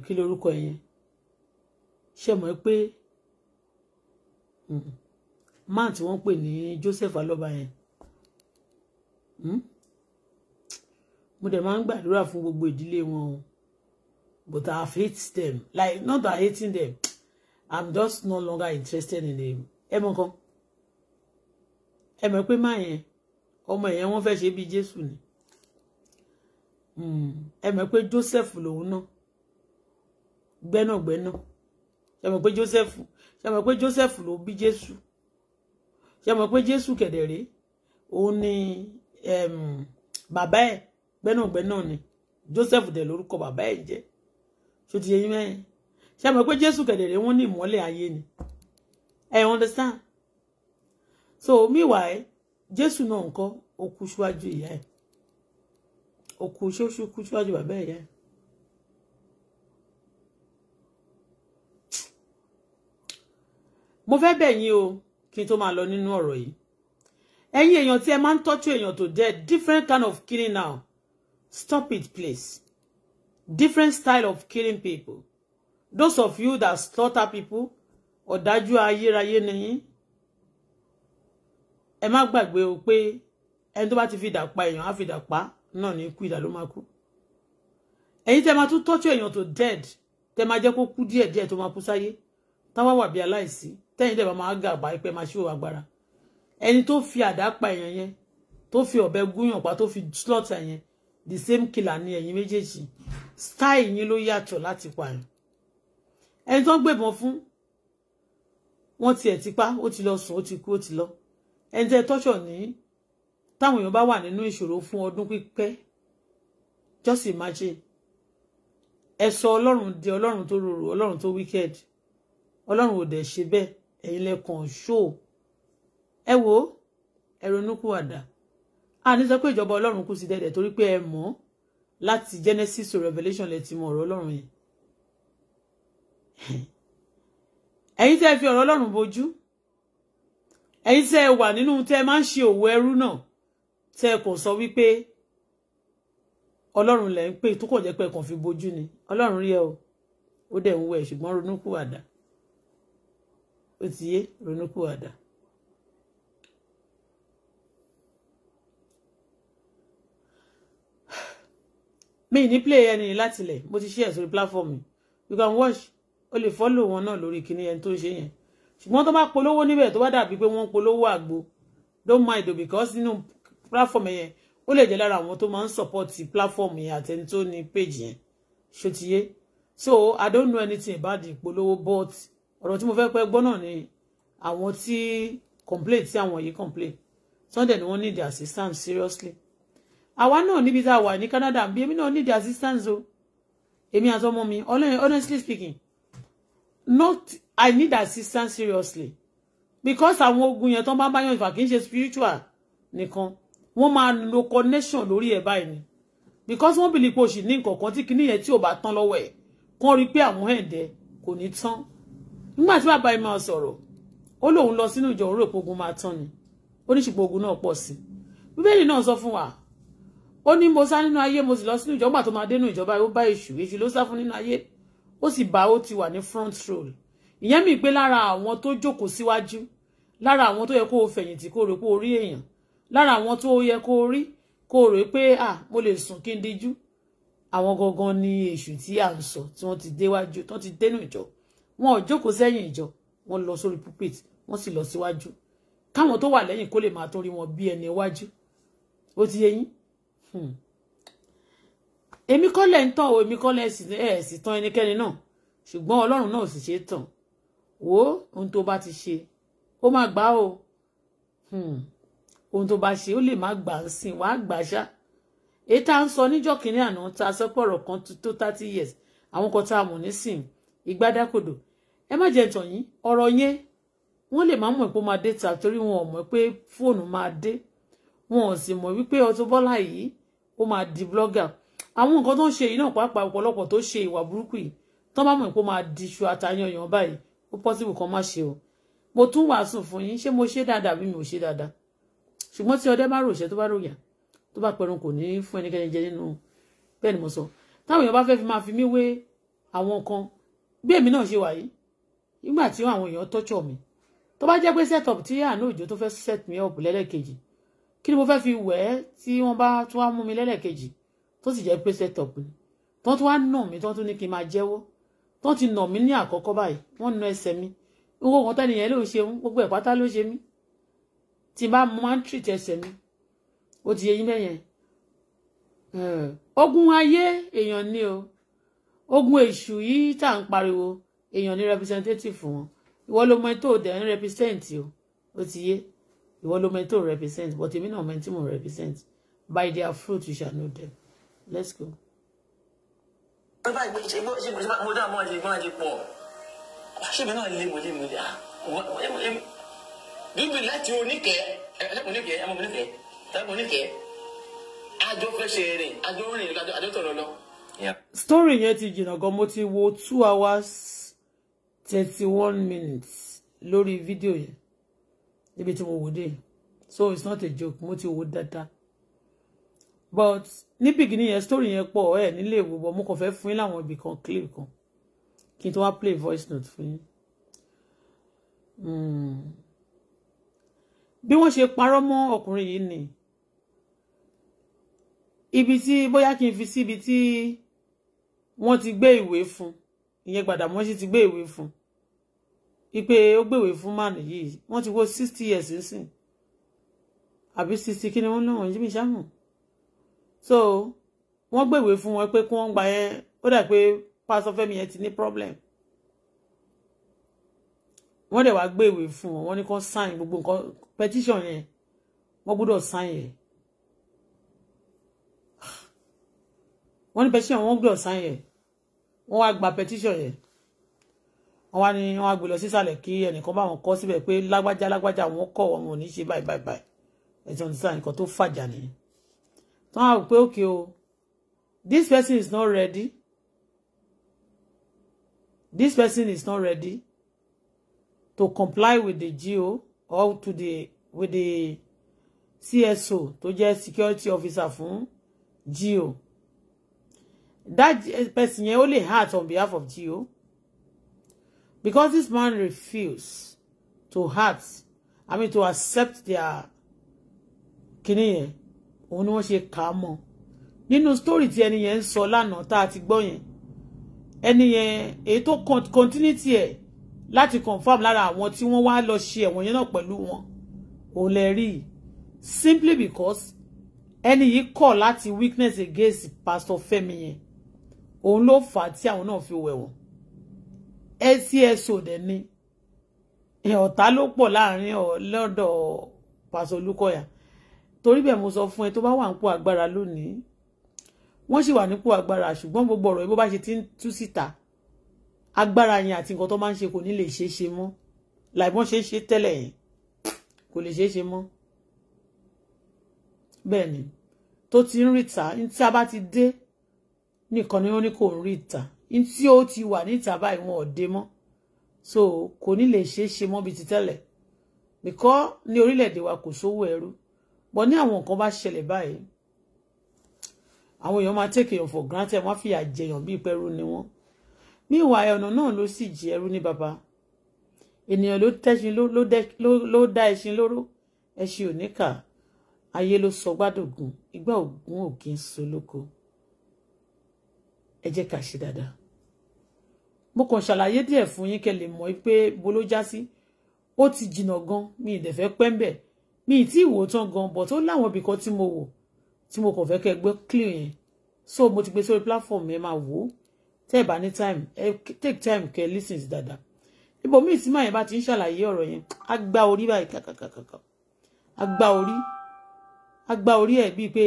Speaker 1: kí lorúkọ yẹn ṣe mọ̀ pé mhm, man tí wọ́n pè ní Joseph Alọ́ba yẹn hmm, mo dẹ̀ máa ń gbàdúrà fún gbogbo ìdílé wọn o but I hate them like not that I hating them I'm just no longer interested in them ẹ mọ̀ kan ẹ mọ̀ pé má yẹn ọmọ yẹn wọ́n fẹ́ ṣe bí Jésù ni hmm, ẹ mọ̀ pé Joseph lòun náà gbẹ́nàgbẹ́nà ṣe mọ̀ pé Joseph ṣe mọ̀ pé Joseph ló bí Jésù ṣe mọ̀ pé Jésù kedere òun ni bàbá ẹ̀ gbẹ́nàgbẹ́nà ni Joseph dẹ̀ lórúkọ bàbá ẹ̀ jẹ́ ṣó ti yé yín mẹ́rin ṣe mọ̀ pé Jésù kedere wọ́n ní ìmọ́lẹ̀ ayé ni ẹ understand so meanwhile Jésù náà ń kọ́ ó kú síwájú ìyá ẹ̀ ó kú ṣóṣù bàbá ìyá ẹ̀ mo fẹ́ bẹ̀ yín o kí n tó máa lọ nínú ọ̀rọ̀ yìí ẹ̀yin èèyàn tí ẹ máa ń tọ́jú dead different kind of killing now stop it please different style of killing people those of you that slaughter people ọ̀dájú ayérayé ni yín ẹ má gbàgbé o pé ẹni tó bá ti fi dà pa èèyàn á fi dà pa náà ní ikú ìdà ló máa kú ẹ̀yin tẹ́ máa tún tọ́jú èèyàn tó dead tẹ́ máa jẹ́ kó kú díẹ̀díẹ̀ tó máa kú sáyé táwa wà bí aláìsí tẹ́yìn dẹ̀ bá máa gàgbà pé máa ṣe òwò agbára ẹni tó fi àdá pa èèyàn yẹn tó fi ọ̀bẹ gúnyàn pa tó fi slot yẹn the same killer ni ẹ̀yin méjèèjì style yín ló yàtọ̀ láti pààyàn ẹni tó ń gbébọn fún wọn tiẹ̀ ti pa ó ti lọ sùn ó ti kú ó ti lọ ẹni tẹ́ tọ́ṣọ̀ ní táwọn èèyàn bá wà nínú ìṣòro fún ọdún pípẹ́ just imagine ẹ sọ ọlọ́run di ọlọ́run tó rorò ọlọ́run tó wicked ọlọ́run ò dẹ̀ ṣe bẹ́ẹ̀ ẹ̀yin lẹ́kàn ṣó ẹ wo ẹ ronúkúwàdà a ní sọ pé ìjọba ọlọ́run kù sí dẹ̀dẹ̀ torí pé ẹ mọ̀ láti Genesis to Revelation lẹ ti mọ ọ̀rọ̀ ọlọ́run yẹn ẹ̀yin tẹ́ ẹ fi ọ̀rọ̀ ọlọ́run bojú ẹ̀yin tẹ́ ẹ wà nínú tẹ́ ẹ máa ń ṣe òwò ẹrú náà tẹ́ ẹ kò sọ wípé ọlọ́run lẹ ń pè tó kò jẹ́ pé ẹ fi bojú ni ọlọ́run rí ẹ o ó dẹ̀ ń wẹ̀ ṣùgbọ́n ronúkúwàdà ó ti yé ronúkúwàdà. [SIGHS] mi ní play ẹni látilẹ̀ mo ti share sórí platform you can watch o lè follow wọn náà lórí kíní ẹni tó ń ṣe yẹn ṣùgbọ́n tó bá polówó níbẹ̀ tó bá dàbí pé wọ́n polówó àgbo don't mind o because nínú platform yẹn ó lè jẹ́ lára àwọn tó máa ń support platform yẹn àtẹni tó ní page yẹn ṣòtìyé so I don't know anything about the polówó but ọ̀rọ̀ tí mo fẹ́ pẹ́ gbọ́ náà ni àwọn tí complain tí àwọn yìí complain sunday ni wọ́n need assistance seriously àwa náà níbi tá a wà ní Canada bí èmi náà need assistance o èmi àti ọmọ mi honestly speaking not I need assistance seriously because àwọn ogun yẹn tó bá bá yàn ìfà kì í ṣe spiritual nìkan wọ́n máa lo connection lórí ẹ̀ báyìí ni because wọ́n bìlì pé o sì ní nǹkan kan tí kinní yẹn tí ò bá tán lọ́wọ́ ẹ̀ kán rí pé àwọn ẹ̀ǹdẹ̀ kò ní tán nígbà tí bàbá yìí máa sọ̀rọ̀ ó lóun lọ sínú ìjọ òun rò ogun máa tán ni ó ní ṣùgbọ́n ogun náà pọ̀ sí bíbélì náà sọ fún wa ó ní mo sá nínú ayé mo sì lọ sínú ìjọ nígbà tó máa dénú ìjọba ó bá èṣù èṣù ló sá fún nínú ayé ó sì bá ó ti wà ní front row ìyẹn mi pé lára àwọn tó jókòó síwájú lára àwọn tó yẹ kó o fẹ̀yìntì kó o rò pé o rí èèyàn lára àwọn tó yẹ kó o rí kó o rò pé ah mo lè sùn kí n díjú àwọn gangan ni èṣù tí à ń sọ tí wọ́n ti déwájú tí wọ́n ti dénú ìjọba wọn ò jókòó sẹ́yìn ìjọ wọ́n lọ sórí pulpit wọ́n sì lọ síwájú káwọn tó wà lẹ́yìn kó lè máa torí wọn bí ẹni iwájú ó ti yé yín hmm. èmi kọ́ lẹ̀ ń tàn o èmi kọ́ lẹ̀ ẹ̀ sì tàn ẹnikẹ́ni náà ṣùgbọ́n ọlọ́run náà sì ṣe tàn wò ó ohun tó bá ti ṣe ó máa gbà o hmm. ohun tó bá ṣe ó lè má gbà ń sìn wàá gbà ṣá èyí tá à ń sọ níjọ́ kìnínní àná tá a kan tó thirty years àwọn kan tá a mọ̀ nísìn ìgbádákòdò ẹ má jẹ́ tàn yín ọ̀rọ̀ yẹn wọ́n lè má mọ̀ pé ó máa dé ta torí wọn ò mọ̀ pé fóònù máa dé wọn ò sì mọ̀ wípé Auto Bola yìí ó máa di blogger àwọn nǹkan tó ń ṣe yìí náà pàápàá ọ̀pọ̀lọpọ̀ tó ṣe ìwà burúkú yìí tán bá mọ̀ pé ó máa di iṣu àtayànyàn báyìí ó pọ́sibù kan má ṣe o mo tún wàásù fún yín ṣé mo ṣe dáadáa bí mi ò ṣe dáadáa ṣùgbọ́n tí ọdẹ bá ròṣẹ́ tó bá ròyà tó bá pẹ̀rùn kò ní fún ẹnikẹ́ni jẹ nínú bẹ́ẹ̀ ni mo sọ táwọn èèyàn bá fẹ́ fi máa fi mí wé àwọn kan bí èmi náà ṣe wà yìí nígbà tí àwọn èèyàn tọ́jọ́ mi tó bá jẹ́ pé set up tí àánú òjò tó fẹ́ set me up lẹ́lẹ́kejì kí ni mo fẹ́ fi wẹ̀ ẹ́ tí wọ́n bá tún wá mú mi lẹ́lẹ́kejì tó sì jẹ́ pé set up ni tó tún wá nà mí tó tún ní kí n máa jẹ́wọ́ tó ti nà mí ní àkọ́kọ́ báyìí wọ́n na ẹsẹ̀ mi gbogbo kan tẹ́ni yẹn ló ṣe mú gbogbo ẹ̀ pátá ló ṣe mí tí n bá mo máa ń treat ẹsẹ̀ mi ó ti yẹ yín bẹ́yẹn ogun ayé èèyàn ni o ogun èṣù yìí tá à ń pariwo èèyàn ní representative fún wọn ìwọ ló mọ ẹni tó dẹ̀ ń represent o ó ti yé ìwọ ló mọ ẹni tó represent but èmi náà mọ ẹni tí mo represent by their fruit you shall know them let's go.
Speaker 3: mo láti oníkẹ́ oníkẹ́ ẹmọ oníkẹ́ ẹmọ oníkẹ́ ṣe rìn àjọ rìn àjọ tọ̀rọ̀ lọ.
Speaker 1: story yẹn ti jìnnà gan mo ti wo two hours thirty one minutes lórí fídíò yẹn níbi tí mo wò dé so it's not a joke mo ti wò dáadáa but ní bìgínì yẹn story yẹn pọ̀ ẹ̀ nílé ìwò bọ̀ mo kàn fẹ́ fún yín láwọn ibì kan clip kan kí n tó wá play voice note fún yín. Hmm. bí wọ́n ṣe parọ́ mọ́ ọkùnrin yìí ni ibi tí bóyá kí n fi sí ibi tí wọ́n ti gbé ìwé fún ìyẹn Gbàdàmọ́sí ti gbé ìwé fún un ipe ó gbèwé fún màánì yìí wọ́n ti wó sixty years nísìn àbí sixty kí ni wọ́n náà wọ́n jí mi sáàmù so wọ́n gbèwé fún wọn pé kí wọ́n gbà yẹn ó dà pé pásọ Fẹ́mi yẹn ti ní problem wọ́n dẹ̀ wá gbèwé fún wọn wọ́n ní kàn sign gbogbo nǹkan petition yẹn wọ́n gbọ́dọ̀ sign yẹn wọ́n ní petition wọ́n gbọ́dọ̀ sign yẹn wọ́n wá gba petition yẹn wọ́n wá ní wọ́n gbé lọ sísàlẹ̀ kí ẹnìkan bá wọn kọ síbẹ̀ pé lágbájá lágbájá wọn kọ wọn ò ní ṣe báyìí báyìí báyìí ẹtì wọn nǹkan tó fàjà nìyẹn wọ́n á pé okay o this person is not ready this person is not ready to comply with the GO or to the with the CSO tó jẹ́ security officer fún GO that person yẹn ó lè act on behalf of GO. Because this man refused to hurt, I mean to accept their kinní yẹn, òun ni wọ́n ṣe kà á mọ́. Nínú story tí ẹni yẹn ń sọ lánàá tá a ti gbọ́ yẹn, ẹni yẹn èyí tó continuity ẹ̀ confirm la àwọn tí wọ́n wá lọ ṣe ẹ̀wọ̀n yẹn náà pẹ̀lú wọn, òun lè rí i simply because ẹni call la ti weakness against pastor Fẹ́mi yẹn òun ló fà á tí àwọn náà SCSO dẹ̀ ni ọ̀tá ló pọ̀ láàrin lọ́dọ̀ pàṣẹ Olúkọ̀yà torí bẹ́ẹ̀ mo sọ fún ẹ tó bá wà nípò agbára lónìí wọ́n sì wà nípò agbára ṣùgbọ́n gbogbo ọ̀rọ̀ yìí bó bá ṣe ti ń tú síta agbára yẹn àti nǹkan tó máa ń ṣe kò ní lè ṣeé ṣe mọ́ làìbọn ṣeé ṣe tẹ́lẹ̀ yẹn kò lè ṣeé ṣe mọ́ bẹ́ẹ̀ ni tó ti ń rí tí a bá ti dé nìkan ni ó ní kò ń rí in tí ó ti wà níta báyìí wọn ò dé so kò ní lè ṣeé ṣe mọ́ bíi ti tẹ́lẹ̀ because ní orílẹ̀-èdè wa kò sówó ẹrú but ní àwọn nǹkan bá ṣẹlẹ̀ báyìí àwọn èèyàn máa take èèyàn for granted wọ́n fìyà jẹyàn bíi pẹ́rú ni wọ́n níwà ọ̀nà náà ló sì jí ẹrú ní baba ènìyàn lo tẹ́ṣin lo lo ẹṣin lo ẹṣin ò ní kà ayé ló sọ gbádùn igbá ògún ògín solóko ẹ jẹ́ ká ṣe dáadáa mo kàn ṣàlàyé díẹ̀ fún yín kẹ́ lè mọ̀ pé bo ló já sí ó ti jìnnà gan mi ì dẹ̀fẹ́ pẹ́ ń mi ì tí ì tán gan but ó láwọn ibì kan tí mo wò tí mo kàn fẹ́ kẹ́ gbé clear yẹn so mo ti gbé sórí platform yẹn máa wò ó tẹ́ ẹ̀ bá ní time ẹ take time kẹ́ listen sí dáadáa ibo míì tí màá yẹn bá ti ń ṣàlàyé ọ̀rọ̀ yẹn á gbá orí báyìí kàkàkàkà á gbá orí á gbá orí ẹ̀ bíi pé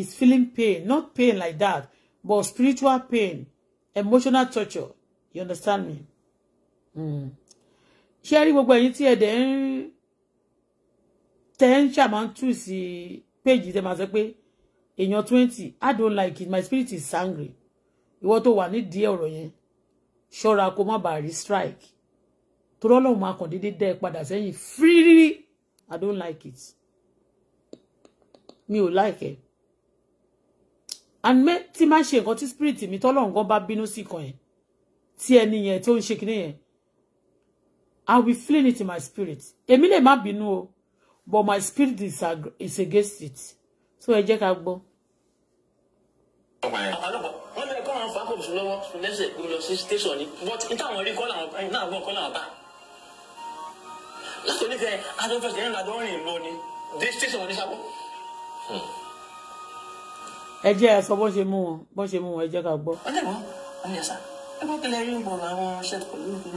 Speaker 1: is feeling pain not pain like that but spiritual pain emotional torture you understand me hmm. ṣé rí gbogbo ẹ̀yin tí ẹ̀dẹ̀ ń tẹ́ ń ṣàmà ń tù sí péjì tẹ́ máa sọ pé twenty i don't like it my spirit is angry ìwọ tó wà nídìí ọ̀rọ̀ yẹn ṣọ́ra kó má bàa rí strike torí ọlọ́run máa kàn déédéé dẹ́ ẹ padà sẹ́yìn i don't like it mi ò like it and me tí máa ń ṣe nǹkan spirit mi tọ́lọ́run gan bá bínú sí kan yẹn tí ẹni yẹn to ń ṣe kinní yẹn i will feel it in my spirit èmi lè má bínú o but my spirit is, is against it so ẹ jẹ́ ká gbọ́.
Speaker 3: wọ́n hmm
Speaker 1: ẹ jẹ́ ẹ sọ bó ṣe mú wọn bó ṣe mú wọn ẹ jẹ́ ká gbọ́.
Speaker 3: ọlẹ́wọ̀n ọ̀nẹ́sà ẹgbẹ́ kí lè rí gbọ̀ngàn àwọn ọṣẹ pẹ̀lú ìlú.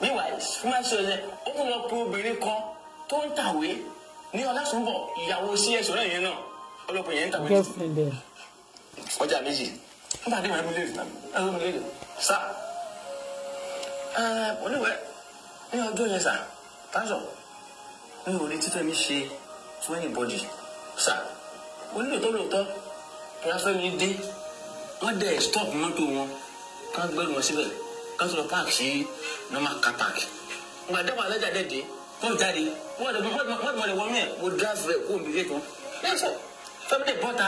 Speaker 3: meanwhile fúnmáṣọ yẹn ó tún lọ pe obìnrin kan tó ń tàwé ní ọlásùnbọ̀ ìyàwó sí ẹ̀sọ́ náà yẹn náà ọlọ́pàá yẹn ń tàwé. ọjà méjì nígbà tí màmí léèrè náà léèrè sá oníwẹ̀ ní ọjọ́ yẹn sá pásọ̀ mi ò retí tẹ́mi ṣe fún anybody sá onílòótọ́ lóòótọ́ ìyáfẹ́mi dé wọ́n dẹ̀ stop mọ́tò wọn ká gbẹ́rù wọn síbẹ̀ ká tó park sí normal car park ìgbà dábàá alájà dẹ̀ dé wọ́n jáde wọ́n dẹ̀ wọ́n mú ẹ̀ mo drive kó omi lé kan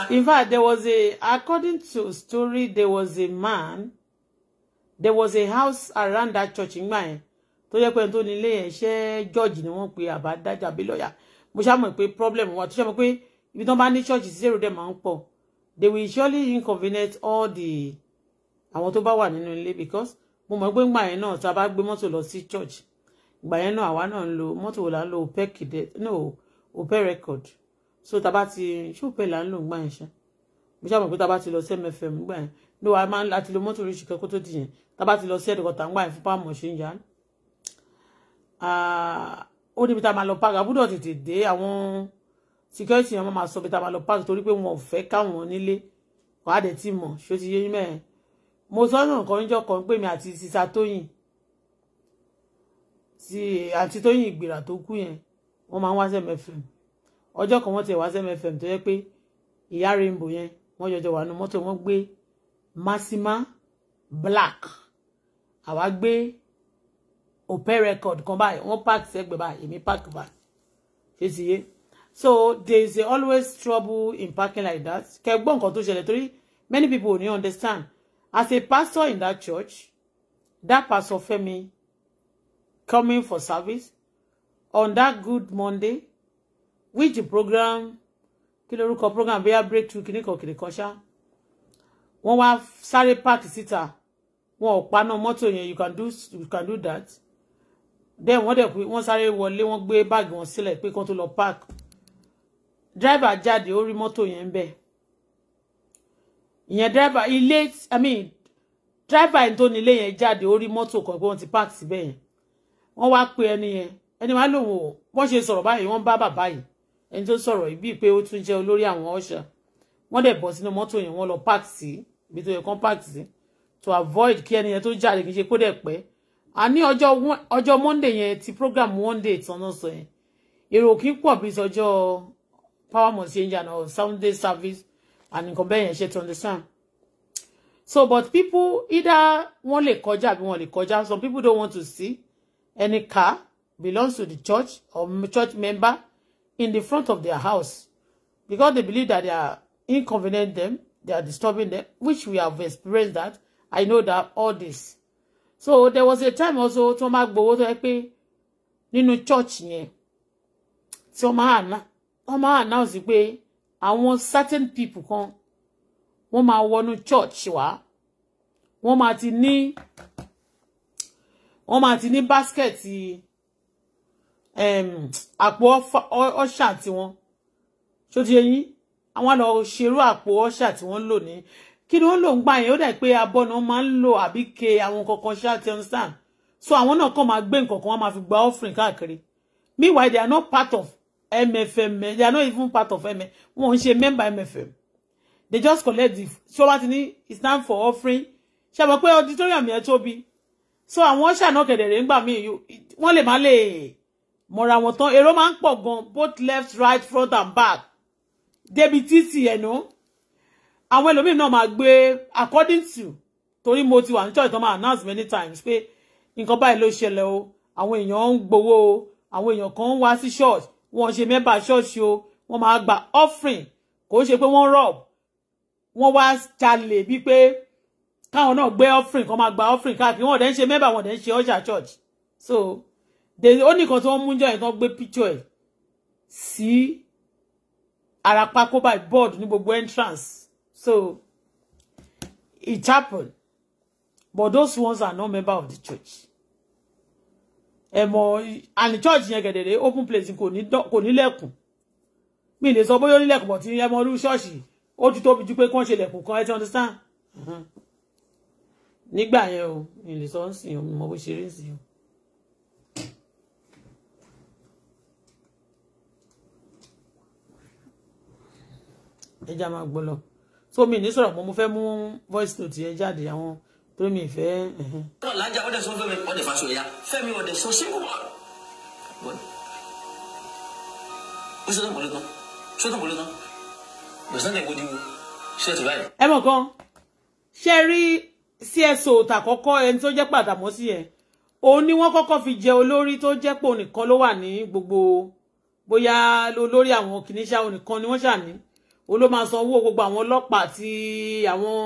Speaker 3: in
Speaker 1: fact there was a according to story there was a man there was a house around that church ngbà yẹn tó yẹ pé tó nílé yẹn ṣe George ni wọ́n pe àbádájà bí lọ́ọ̀yà mo ṣá mọ̀ pé problem wà tó ṣe mọ̀ pé. If tí wọ́n bá ní ṣọ́ọ̀ṣì sí èrò dẹ̀ máa they will surely inconvenience all the àwọn tó bá wà nínú ilé because mo mọ̀ pé ngbà yẹn náà tá a bá gbé mọ́tò lọ church ìgbà yẹn náà àwa náà ń lo mọ́tò wò là ń lo no opec record so tá a bá ti ṣé opec là ń lò ngbà yẹn ṣá mo ṣàmọ̀ pé tá ti lọ sí mfm ngbà yẹn no a máa láti lo mọ́tò oríṣi kẹ́kọ́ tó di yẹn tá a bá ti lọ sí ẹ̀dọ̀kọ̀tà ngbà yẹn fún pàmò ṣe ń yá ah, ó níbi tá a máa lọ pàgà gbúdọ̀ tètè dé àwọn security yẹn wọ́n máa sọ bí ta máa lọ park torí pé wọn ò fẹ́ káwọn nílé wàá dẹ̀ ti mọ̀ ṣó ti yé mẹ́rin mo sọ́nà nǹkan níjọ́ kan pé mi àti sisa tóyìn ti àti tóyìn ìgbìrà tó kú yẹn wọ́n máa ń wá sẹ́mẹ̀fẹ̀m ọjọ́ kan wọ́n ti wá sẹ́mẹ̀fẹ̀m tó yẹ pé ìyá rainbow yẹn wọ́n jọjọ wà nù mọ́tò wọ́n gbé Massima Black àwa gbé Opay record kan báyìí wọ́n park sẹ́gbẹ̀ẹ́ báyìí èmi park báyìí ṣé ti yé so there is always trouble in parking like that kẹgbọ́n nǹkan tó ṣẹlẹ̀ torí many people ò understand as a pastor in that church that pastor Femi coming for service on that good Monday which program Kilo ruko program bóyá breakthrough kìnnì kan kìnnì kan ṣá wọ́n wá park sita. wọn ò paná mọ́tò yẹn you can do you can do that then wọ́n dẹ̀ pé sare wole wọlé wọ́n bag báàgì wọn pe pé kán tó park Driver jáde ó rí mọ́tò yẹn ń ìyẹn dírẹ́bà ilé i mean driver ẹni tó ní ilé yẹn jáde ó rí mọ́tò kan pé wọ́n ti park síbẹ̀ yẹn wọ́n wá pe ẹni yẹn ẹni wàá lòun ò wọ́n ṣe sọ̀rọ̀ báyìí wọ́n bá bàbá yìí ẹni tó sọ̀rọ̀ yìí bíi pé ó tún jẹ́ olórí àwọn ọ̀ṣà wọ́n dẹ̀ bọ́ sínú mọ́tò yẹn wọ́n lọ park sí ibi tó yẹ kán park sí to avoid kí ẹni yẹn tó jáde kì í ṣe kó dẹ̀ pẹ́ a ní ọjọ́ monday yẹn ti program Monday day tán náà sọ yẹn èrò kí pọ̀ bí sọjọ́ power must change and or Sunday service and nǹkan bẹ́ẹ̀ yẹn ṣe to understand so but people either wọ́n lè kọjá àbí wọ́n lè kọjá some people don't want to see any car belongs to the church or church member in the front of their house because they believe that they are inconvenient them they are disturbing them which we have experienced that I know that all this so there was a time also to make gbowó tó yẹ church yeah. So man wọ́n máa announce pé àwọn certain people kan wọ́n máa wọnú church wá wọ́n máa ti ní wọ́n máa ti ní basket àpò ọ̀ṣà tiwọn ṣó ti yẹ yín àwọn lọ ṣerú àpò ọ̀ṣà tí wọ́n ń lò ní kí ni wọ́n lò ń gbà yẹn ó dà pé abọ́ ni wọ́n máa ń lò àbí ke àwọn kankan ṣáà ti understand so àwọn náà kàn máa gbé nǹkan kan wọ́n máa fi gba offering káàkiri meanwhile they are not part of MFM they are not even part of MFM wọn ò ń ṣe member MFM they just collect the ṣọwọ́ ti ní it's time for offering ṣe mọ̀ pé auditorium yẹn tóbi so I àwọn ṣàna kẹ̀dẹ̀rẹ̀ ń gbà mí wọ́n lè má lè mọ̀ra wọn tán èrò máa ń pọ̀ gan both left right front and back débi títì ẹ̀nu àwọn ẹlòmíì náà máa gbé according to torí mo ti wà ní church tó máa announce many times pé nǹkan báyìí ló ṣẹlẹ̀ o àwọn èèyàn ń gbowó o àwọn èèyàn kan ń wá church wọn ṣe mẹ́bà ṣọ́ọ̀ṣì o wọ́n máa gba offering kò ṣe pé wọ́n rob wọ́n wá jalè bíi pé káwọn náà gbé offering kan máa gba offering káàkiri wọn ò dẹ̀ ń ṣe mẹ́bà wọn ò dẹ̀ ń ṣe ọjà church so ó ní nǹkan tí wọ́n mú jọ yẹn gbé picture ẹ̀ sí ara by board ní gbogbo entrance so it happened but those ones are not member of the church ẹ mọ and church yẹn gẹ̀dẹ̀dẹ̀ open place kò ní kò ní lẹ́kùn mi lè sọ bóyá ó ní lẹ́kùn bọ̀ tí ẹ mọ irú ṣọ́ọ̀ṣì ó ti tóbi ju pé kán ṣe lẹ́kùn kan ẹ ti understand mm-hmm. nígbà yẹn o mi lè sọ ń sìn o mo bó ṣe rí sìn o. ẹja máa gbọ́ lọ so mi ní sọ̀rọ̀ mo mo fẹ́ mú voice note yẹn jáde àwọn torí mi ìfẹ́.
Speaker 3: náà lájà ọdẹ sọ fẹmi ọdẹ faṣọ ẹyà fẹmi ọdẹ sọ simple man bọ́ọ̀lù ó ṣe tán pọ̀lú tán tán pọ̀lú tán gbèsè náà ìwọ́dí wo ti báyìí.
Speaker 1: ẹ mọ̀ kan ṣe rí cso tàkọ́kọ́ ẹni tó jẹ́ pàtàmọ́ sí ẹ̀ òun ni wọ́n kọ́kọ́ fi jẹ olórí tó jẹ́ pé òun nìkan ló wà ní gbogbo bóyá olórí àwọn kìnìṣà òun nìkan ni wọ́n ṣàní òun ló máa san owó gbogbo àwọn ọlọ́pàá àti Àwọn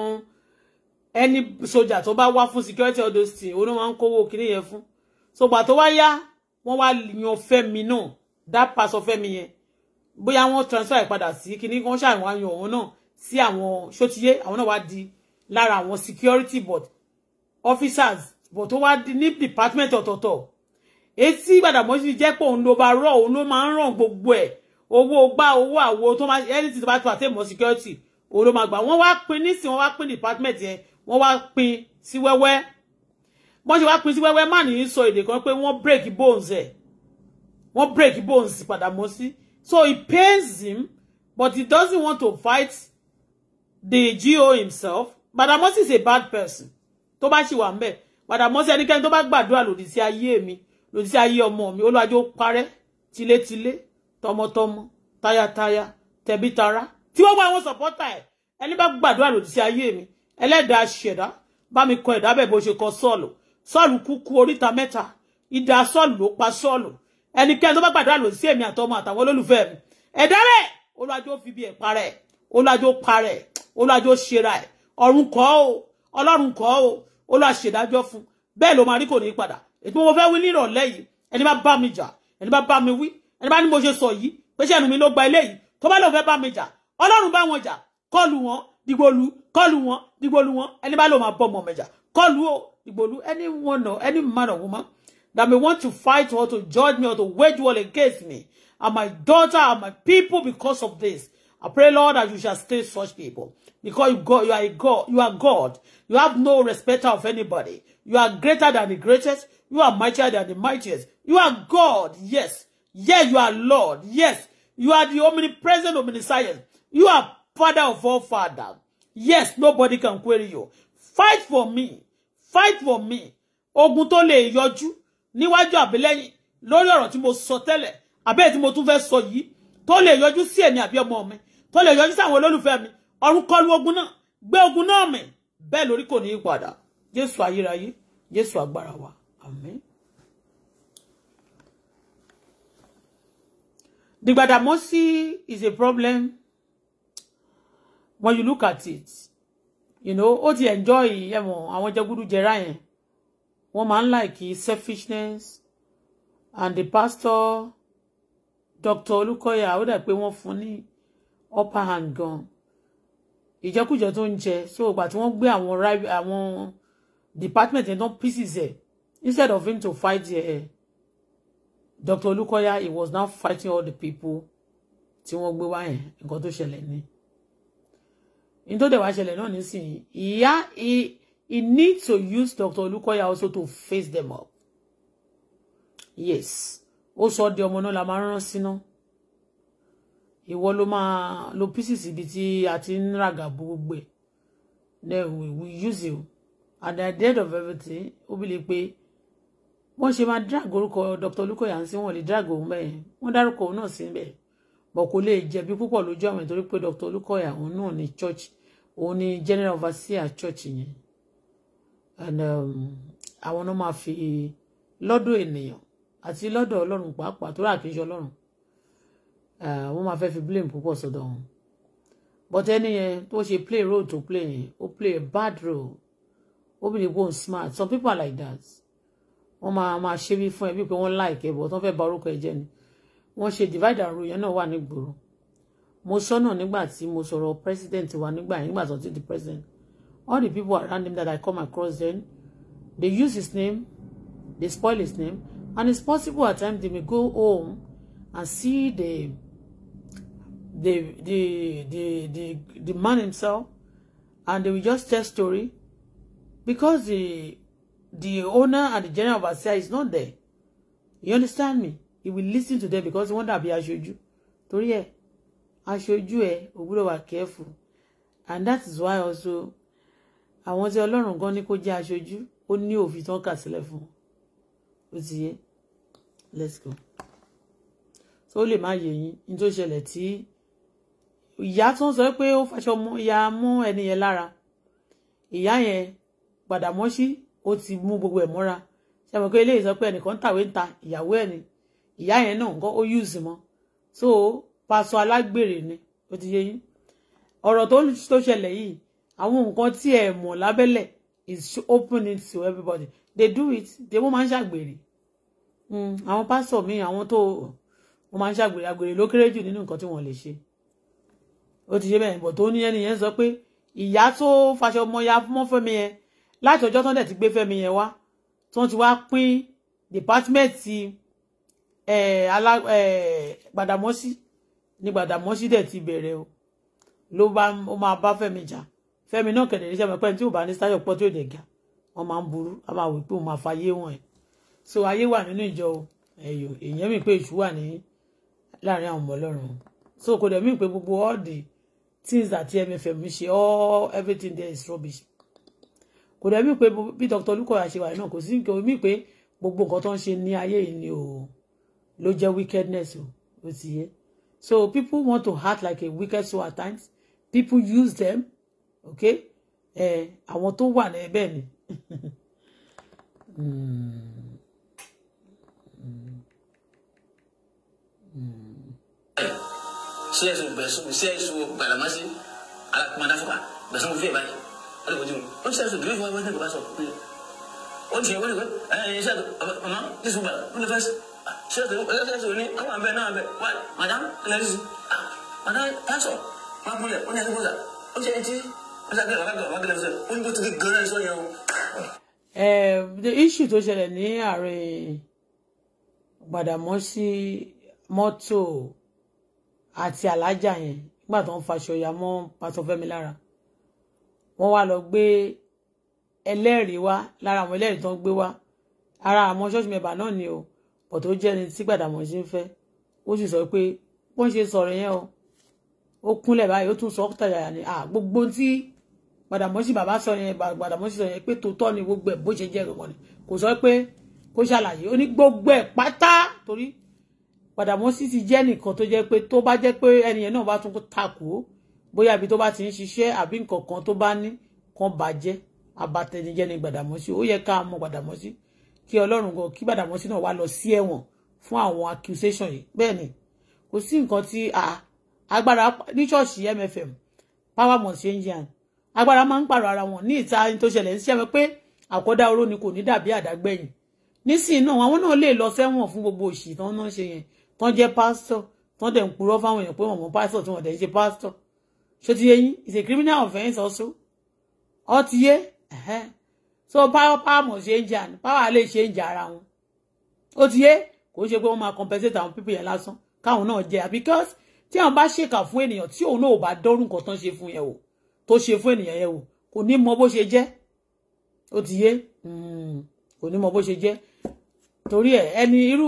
Speaker 1: Any soldier, tó ba wa fun security all those things òun ló máa ń kówó kíní yẹn so gbà tó wá yá wọ́n wá yan fẹ́mi náà that pass of fẹ́mi yẹn bóyá wọ́n transfer ẹ̀ padà sí kíní wọ́n ṣàwọn yan òun náà sí àwọn ṣótiyé àwọn náà wá di Lara àwọn security board officers but tó wá di ní department ototo. etí Gbàdàmọ́ da jẹ́ pé òun ló bá rọ̀ òun ló máa ń ràn gbogbo ẹ̀ owó gbá owó àwo tó máa ẹni tí tó bá tó àtẹ̀mọ́ security òun ló máa gbà wọ́n wá pín nísìn wọ́n wá pín department yẹn wọ́n wá pín sí wẹ́wẹ́ bọ́n ṣe wá pín sí wẹ́wẹ́ má nìyí sọ èdè kan pé wọ́n break bones ẹ̀ wọ́n break bones padà mọ́ sí so he pains him but he doesn't want to fight the GO himself Badamọ́sí is a bad person tó bá ṣì wà ń bẹ̀ Badamọ́sí ẹnikẹ́ni tó bá gbàdúrà lòdì sí ayé mi lòdì sí ayé ọmọ mi olùwàjò parẹ́ tilétilé tọmọtọmọ tayataya tẹbítara tí wọ́n wá àwọn sọ̀pọ́tà ẹ̀ ẹni bá gbàdúrà lòdì sí ayé mi ẹlẹ́dàá ṣẹ̀dá bá mi kọ ẹ̀dá bẹ́ẹ̀ bó ṣe kọ sọ́ọ̀lù sọ́ọ̀lù kú kú oríta mẹ́ta idà sọ́ọ̀lù ló pa sọ́ọ̀lù ẹnikẹ́ni tó bá gbàdúrà lòdì sí èmi àtọmọ àtàwọn olólùfẹ́ mi ẹ̀dá rẹ̀ olùwàjò fi bí ẹ̀ parẹ́ olùwàjò parẹ́ olùwàjò ṣera ẹ̀ ọ̀run kọ́ o ọlọ́run kọ́ o olùwàṣèdájọ́ fún bẹ́ẹ̀ ló máa rí kò ní padà ètò mo fẹ́ wí nírọ̀lẹ́ yìí ẹni bá bá mi jà ẹni bá bá mi wí ẹni bá ní mo ṣe sọ yìí pé ṣẹ́nu mi ló gba eléyìí tó bá lóun fẹ́ bá mi jà ọlọ́run bá wọn jà kọlù wọn Digbolu kọlù wọn Digbolu wọn ẹni bá lò máa bọ́ ọmọ mẹ́jà kọlù o Digbolu anyone or any man or woman that may want to fight or to judge me or to wage war against me and my daughter and my people because of this. I pray, Lord, that you shall stay such people. Because you, God, you are God, you are God. You have no respecter of anybody. You are greater than the greatest. You are mightier than the mightiest. You are God, yes. Yes, you are Lord, yes. You are the omnipresent, omniscient. You are Father of all fathers, Yes, nobody can query you. Fight for me. Fight for me. Ogun Yoju, lè yọjú níwájú àbílẹ́yìn lórí ọ̀rọ̀ tí mo sọ tẹ́lẹ̀ àbẹ́ẹ̀ tí mo tún fẹ́ sọ yìí tó lè yọjú sí ẹ̀mí àbí ọmọ mi tó lè yọjú sáwọn olólùfẹ́ mi ọ̀run kọlu ogun náà gbé ogun náà mì bẹ́ẹ̀ lórí kò ní í padà Jésù ayérayé Jésù agbára wa àmín. The Gbadamosi is a problem when you look at it you know ó ti enjoy ẹ̀wọ̀n àwọn jẹgúdújẹrá yẹn wọ́n máa ń like selfishness and the pastor Dr. Olukoya ó dà pé wọ́n fún ní upper hand gan ìjẹkújẹ tó ń jẹ so ìgbà tí wọ́n gbé àwọn àwọn department yẹn don pieces ẹ̀ instead of him to fight ẹ̀ Dr. Olukoya he was now fighting all the people tí wọ́n gbé wá yẹn nǹkan tó ṣẹlẹ̀ ni in tó dẹ̀ wá ṣẹlẹ̀ náà nísìnyí ìyá he need to use Doctor Olukoya also to face them up yes ó sọ di ọmọ náà la máa rán síná ìwọ ló máa lo pieces ibi tí a ti ń ràgà gbogbo ẹ̀ then we will use you at the end of everything ó bí le pé wọ́n ṣe máa drag orúkọ Dr. Olukoya sí wọn lè drag òun bẹ́ẹ̀ wọ́n dárúkọ òun náà sí bẹ́ẹ̀ bọ̀ kò lè jẹ̀bi púpọ̀ lójú àwọn nítorí pé Dr. Olukoya òun náà ní church òun ní general overseer church yẹn and um, àwọn náà máa fi lọ́dọ̀ ènìyàn àti lọ́dọ̀ ọlọ́run pàápàá tó rà kí n ṣe ọlọ́run uh, wọ́n máa fẹ́ fi blame púpọ̀ sọ́dọ̀ wọn but ẹni yẹn tó ṣe play role to play yẹn ó play a bad role ó bìrì bó smart some people are like that wọ́n máa máa ṣe bí fún ẹ bí pé wọ́n like ẹ bọ̀ tó fẹ́ bà orúkọ ẹ jẹ́ ni wọ́n ṣe divide and rule yẹn náà wà nígboro mo ṣọ́nà nígbà tí mo sọ̀rọ̀ president wa nígbà yẹn nígbà tó ti di president all the people around him that I come across then they use his name they spoil his name and it's possible at times they may go home and see the the the the the, the man himself and they will just tell story because the the owner and the general overseer is not there you understand me he will listen to them because he wọ́n dàbí aṣojú torí ẹ̀ aṣojú ẹ̀ ò gbúdọ̀ wà careful and that is why also àwọn tí ọlọ́run gan ní kó jẹ́ aṣojú ó ní òfin tán kà sílẹ̀ fún ó ti yé let's go so ó lè má yé yín ní tó ṣẹlẹ̀ tí ìyá tó ń sọ pé ó faṣọ mú ìyá mú ẹni yẹn lára ìyá yẹn Gbàdàmọ́sí ó ti mú gbogbo ẹ̀ mọ́ra ṣe mọ̀ pé eléyìí sọ pé ẹnìkan tàwé ń ta ìyàwó ẹ̀ ni ìyá yẹn náà nǹkan ó use mọ́ so pásọ alágbèrè ni ó ti yé yín ọ̀rọ̀ tó ṣẹlẹ̀ yìí àwọn nǹkan tí ẹ mọ̀ lábẹ́lẹ̀ is opening to everybody they do it they wọ́n máa ń ṣàgbèrè hmm, àwọn pásọ mi àwọn tó wọ́n máa ń ṣàgbèrè àgbèrè ló kéré jù nínú nǹkan tí wọ́n lè ṣe ó ti yé bẹ́ẹ̀ bọ̀ tó ní ẹni yẹn sọ pé ìyá tó faṣọ ọmọ ya mọ́ fẹ́mi yẹn láti ọjọ́ tán dẹ̀ ti gbé fẹ́mi yẹn wá tí wọ́n ti wá pín dìpátímẹ́ǹtì Gbàdàmọ́sí ni Gbàdàmọ́sí dẹ̀ ti bẹ̀rẹ̀ o ló bá ó máa bá Fẹ́mi jà Fẹ́mi náà kẹ̀dẹ̀ níṣẹ́ mọ̀ pé tí ò bá ní sáyọ̀ pọ́ tí ò dẹ̀ ga wọ́n máa ń burú a máa wò pé òun máa fayé wọn ẹ̀ so ayé wà nínú ìjọ o èèyàn mi pé èṣù wà ní láàrin àwọn ọmọ Ọlọ́run so kò dẹ̀ mí pé gbogbo all the things that MFM ṣe all everything there is rubbish kò dẹ̀ mí pé bí Dr. Lukoya ṣe wà náà kò sí nǹkan mí pé gbogbo nǹkan tó ń ṣe ní ayé yìí ni o ló jẹ́ wickedness o ó ti yé so people want to act like a wicked soul at times people use them okay eh? àwọn tó wà ní ẹ̀bẹ̀ ni.
Speaker 3: ṣé ẹ̀sùn bẹ̀sùn ṣé ẹ̀sùn gbàdámásí alakumadáfọ́kà bẹ̀sùn fún fíyẹ̀ báyìí alùpùpù ó ṣe ẹ̀sùn bílífù wọn wọ́n tẹ̀ kó bá sọ pé ó ti ṣe wọ́n ní pé ẹ̀yìn iṣẹ́ ọmọ tí sùn bàrà ó lè fẹ́ ṣẹ́ẹ̀tì ẹlẹ́sẹ̀sẹ̀ òní àwọn abẹ́ náà abẹ́ wá madam ẹlẹ́sì ah, madam pásọ̀ wá múlẹ̀ ó ní ẹni kúta ó ṣe ẹtí ó ṣàgbé bàbá bàbá gẹlẹ́ fẹ́ ó ní bó ti gan-an sọ yẹn o.
Speaker 1: ẹ the issue tó ṣẹlẹ̀ ní àárín Gbàdàmọ́sí mọ́tò àti alájà yẹn nígbà tó ń faṣọ ya mọ́ pásọfẹ́mi lára wọ́n wá lọ gbé ẹlẹ́rìí wá lára àwọn ẹlẹ́rìí tó ń gbé wá ara àwọn ṣọ́ọ̀ṣì mẹ́bà náà ni o bọ̀ jẹ́ ni tí gbàdàmọ̀ ṣe ń fẹ́ ó sì sọ pé bó ń ṣe sọ̀rọ̀ yẹn o ó kúnlẹ̀ báyìí ó tún sọ tàyà ni à gbogbo tí gbàdàmọ̀ sì bàbá sọ yẹn gbàdàmọ̀ sì sọ yẹn pé tòótọ́ ni gbogbo ẹ̀ bó ṣe jẹ́ ìrọ̀mọ́ ni kò sọ pé kó ṣàlàyé ó ní gbogbo ẹ̀ pátá torí gbàdàmọ̀ sì ti jẹ́ nìkan tó jẹ́ pé tó bá jẹ́ pé ẹnìyẹn náà bá tún takò bóyá ibi tó bá ti ń ṣiṣẹ́ àbí nǹkan kan tó bá ní kan bàjẹ́ abatẹnijẹ́ ni gbàdàmọ́sí ó yẹ ká mọ gbàdàmọ́sí kí ọlọ́run gan kí Badamọ́sí náà wá lọ sí ẹ̀wọ̀n fún àwọn accusation yìí bẹ́ẹ̀ ni kò sí nǹkan tí agbára ní ṣọ́ọ̀ṣì MFM power must change hand agbára máa ń pààrọ̀ ara wọn ní ìta tó ṣẹlẹ̀ ń ṣẹ́mi pé àkọ́dá oró ni kò ní dàbí àdágbẹ̀yìn nísìnyí náà àwọn náà lè lọ sẹ́wọ̀n fún gbogbo òṣì tán náà ṣe yẹn tán jẹ́ pásítọ̀ tán dẹ̀ ń purọ́ fáwọn èèyàn pé wọ́n mọ̀ pásítọ̀ tí wọ́n dẹ̀ ń ṣe pásítọ̀ ṣó ti yé yín it's a criminal offence also ó ti yé so power power must change and power lè ṣe ń jà ara wọn ó ti yé kò ń ṣe pé wọ́n compensate àwọn people yẹn lásán káwọn náà jẹ́ because ti àwọn bá ṣèkà fún ènìyàn tí òun náà ò bá dọ́rùn nǹkan tán ṣe fún yẹn o tó ṣe fún ènìyàn yẹn o kò ní mọ bó ṣe jẹ́ ó ti yé hmm, kò ní mọ bó ṣe jẹ́ torí ẹ ẹni irú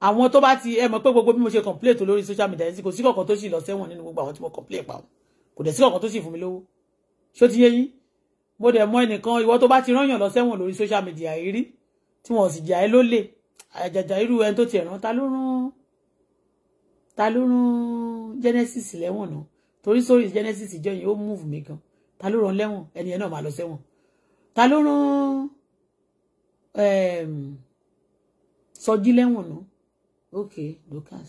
Speaker 1: àwọn tó bá ti ẹ mọ̀ pé gbogbo bí mo ṣe complain tó lórí social media kò sí kọ̀ọ̀kan tó sì lọ sẹ́wọ̀n nínú gbogbo àwọn tí mo complain pa kò dẹ̀ sí kọ̀ọ̀kan tó sì fún mi lówó ṣó ti yé yín mo dẹ̀ mọ ẹnìkan ìwọ tó bá ti rányàn lọ sẹ́wọ̀n lórí social media yìí rí tí wọ́n sì jà ẹ́ lólè àjàjà irú ẹni tó ti rán ta ló rán ta ló rán Genesis lẹ́wọ̀n náà torí sórí Genesis jọ yìí ó múùfù mi gan ta ló rán lẹ́wọ̀n ẹni yẹn náà máa lọ sẹ́wọ̀n ta ló rán ehm, sọjí lẹ́wọ̀n náà ok Dorcas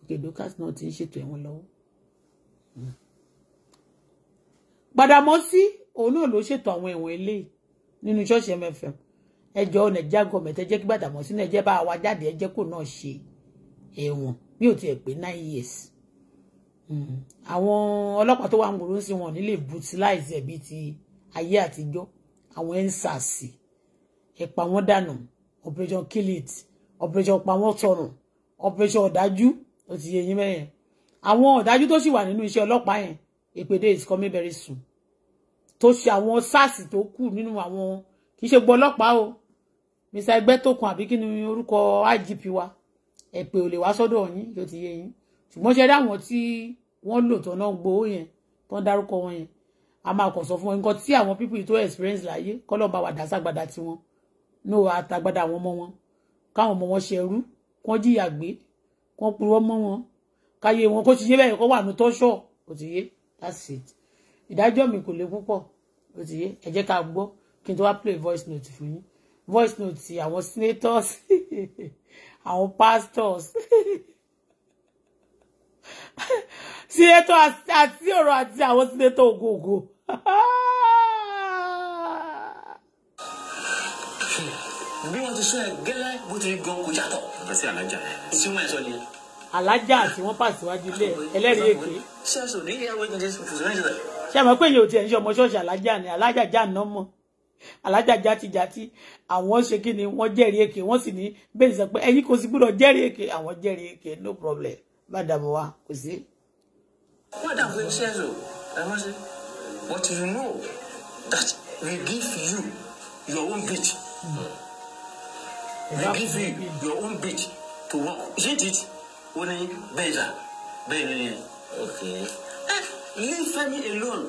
Speaker 1: ok Dorcas náà ti ń ṣètò ẹ̀wọ̀n lọ́wọ́ Gbàdàmọ́sí hmm òun náà ló ṣètò àwọn ẹ̀wọ̀n eléyìí nínú ṣọ́ọ̀ṣì MFM ẹjọ́ nàìjíríà gọọmẹ̀ntì ẹjẹ́ kí bàtà mọ́ sínú ẹjẹ́ bá wa jáde ẹjẹ́ kò náà ṣe ẹ̀wọ̀n bí ò tiẹ̀ pé nine years hmm. àwọn ọlọ́pàá tó wà ń gbòòrò sí wọn nílé brutalize ẹ̀ bíi ti ayé àtijọ́ àwọn ensars ẹ pa wọ́n dànù operation kill it operation pa wọ́n tọrùn operation ọ̀dájú ó ti yẹ yín mẹ́yẹn àwọn ọ̀dájú tó sì wà nínú iṣẹ́ ọlọ́pàá yẹn ìpèdè is coming very soon tó ṣe àwọn sars tó kù nínú àwọn kì í ṣe gbọ́ ọlọ́pàá o mr ẹgbẹ́tókun àbí kí ni orúkọ IGP wa ẹ̀pẹ̀ ò lè wá sọ́dọ̀ yín yóò ti yé yín ṣùgbọ́n ṣe dáwọn tí wọ́n lò tán náà gbowó yẹn tó ń dárúkọ wọn yẹn a máa kàn sọ fún wọn nǹkan tí àwọn pípì tó experience láyé kọ́lọ́ bá wà dá ságbádá tiwọn ní òwò àtàgbádá àwọn ọmọ wọn káwọn ọmọ wọn ṣẹrú kán jìyà gbé kán purọ́ mọ́ wọn káyé wọn kó ti yé bẹ́ẹ̀ kó wà ní tọ́ṣọ̀ kò ti yé that's it ìdájọ́ mi kò le púpọ̀ ó ti yé ẹ jẹ́ ká gbọ́ kí n tó wá play voice note fún yín voice note ti àwọn senators [LAUGHS] àwọn pastors [LAUGHS] senator àti ọ̀rọ̀ àti àwọn senator ògógó. [LAUGHS]
Speaker 3: bí wọ́n ti sún ẹ gẹ́lẹ́ bó ti gan kó yàtọ̀. bẹ́sẹ̀ alájà ìṣí wọn sọ ni. alájà àti wọn pàṣíwájú ilé ẹlẹ́rìí èké. ṣé o sọ ní ìyàwó ìgbọ̀nsẹ̀ fòsùn náà ṣe tẹ̀lé
Speaker 1: ṣe àmọ́ pé èyí ò tiẹ̀ ń ṣe ọmọ ṣọ́ọ̀ṣì alájà ni alájà ná mọ́ alájà játijàti àwọn ṣe kí ni wọ́n jẹ́rìí èké wọ́n sì ní bẹ́ẹ̀ sọ pé ẹ̀yin kò sí gbọ́dọ̀ jẹ́rìí èké àwọn jẹ́rìí èké no problem bá dàbọ̀ wa kò
Speaker 3: sí. wọ́n dàbọ̀ iṣẹ́ rò ẹ̀rọ ṣe but you know that we give you your own beat we give you your own beat to work isn't it? ó ní bẹ́ẹ̀ dà bẹ́ẹ̀ ni. okay. Eh, leave Femi alone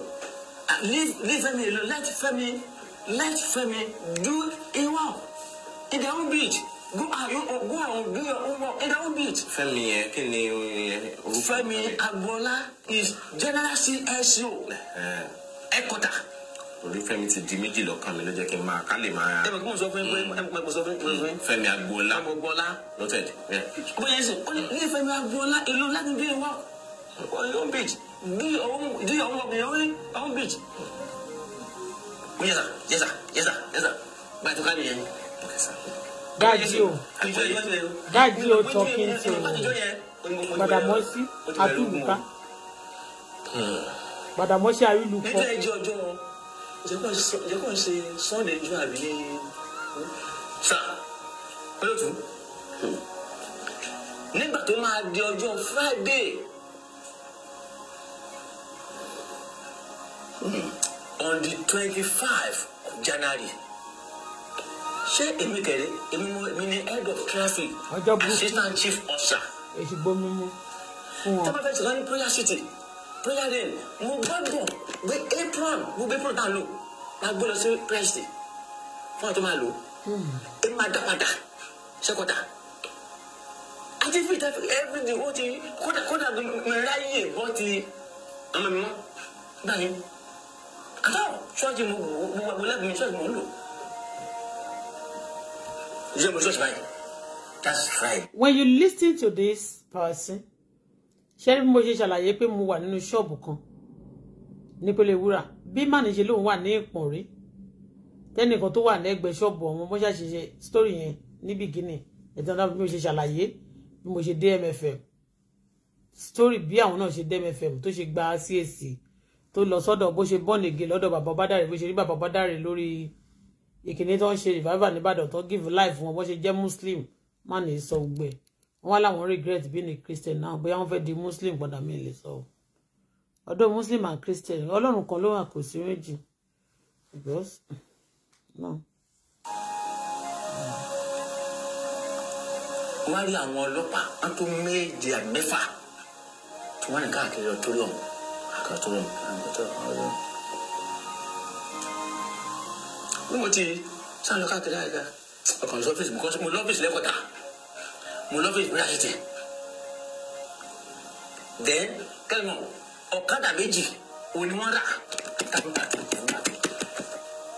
Speaker 3: uh, leave leave Femi alone let Femi let Femi do him work in their own beach go out your own uh, go out do your own work in their own beach. Femi yẹn eh, kí eh, Femi Agboola is general CSO ẹkọta. Eh. orí Fẹ́mi ti di méjì lọ́kàn mi ló jẹ́ kí n máa ká lè máa. ẹ mọ̀ kí mo sọ fún yín pé mo sọ fún yín pé. Fẹ́mi Agboola Agboola noted. bóyá ẹ sìn ní Fẹ́mi Agboola èlò láti bí wọn. on your own page do your own do your own work in your own, own beach. Yes sir, yes sir, yes sir, yes sir. But you can't hear me. Okay sir. That's you. That's
Speaker 1: you talking to Badamosi Abiluka. Badamosi Abiluka. Nígbà
Speaker 3: ẹjọ́ ọjọ́ wọn, jẹ́ kàn ṣe Sunday ju àbí. Sà, olóòtú, nígbà tó máa di ọjọ́ Friday. on the twenty five of January ṣé èmi kẹ̀lé èmi mo èmi ni head of traffic assistant chief officer. èsì gbomi mu fún wọn. tábà fẹ́ sọ̀rọ̀ ní prayer city prayer rain mo gbọ́dọ̀ gbé apron gbogbo apron tá a lò la gbé lọ sí prayer city fún ọtọ́ máa lò èmi
Speaker 2: hmm.
Speaker 3: máa dá padà ṣẹ́kọ̀tà àti fi ìta everything ó ti kódà kódà mi ráyè bọ́ ti ọmọ mi mọ́ báyìí no ṣọ́ọ̀ṣì mo wò ó gbogbo àwọn ẹlẹ́gbẹ̀ẹ́ mi ṣọ́ọ̀ṣì mo ń lò
Speaker 1: that's right. when you listen to this person ṣé bí mo ṣe ṣàlàyé pé mo wà nínú ṣọ́ọ̀bù kan nípele wúrà bí màní ṣe lóun wà ní ìpọ̀nrí tẹ́nìkan tó wà lẹ́gbẹ̀ẹ́ ṣọ́ọ̀bù ọ̀hún bó ṣàṣeyẹ sítórì yẹn ní bìgínì ẹ̀tàn náà bí mo ṣe ṣàlàyé bí mo ṣe dé MFM sítórì bí àwọn náà ṣe dé MFM gba CAC tó lọ sọ́dọ̀ bó ṣe born again lọ́dọ̀ bàbá Ọbádáre bó ṣe rí bàbá Ọbádáre lórí ìkíní tó ń ṣe revival nìbàdàn tó give life wọn bó ṣe jẹ́ muslim má ní sọ gbẹ wọn wá láwọn regret being a christian now bóyá wọn fẹ́ di muslim padà mí lè sọ ọdọ muslim and christian ọlọ́run kan ló wà kò sí méjì because hmm, no.
Speaker 3: wọ́n rí àwọn ọlọ́pàá wọ́n tó méje àmẹ́fà tí wọ́n rìn káàkiri ọ̀tún lọ́wọ́. Catherine bí mo ti sáà lọ káàkiri àyíká ọkàn lọ ọ́fíìsì because mo lọ ọ́fíìsì lẹ́kọ̀ọ́ta mo lọ ọ́fíìsì mìíràn ṣètì then kẹ́mi ọ̀kadà méjì òun ni wọ́n rà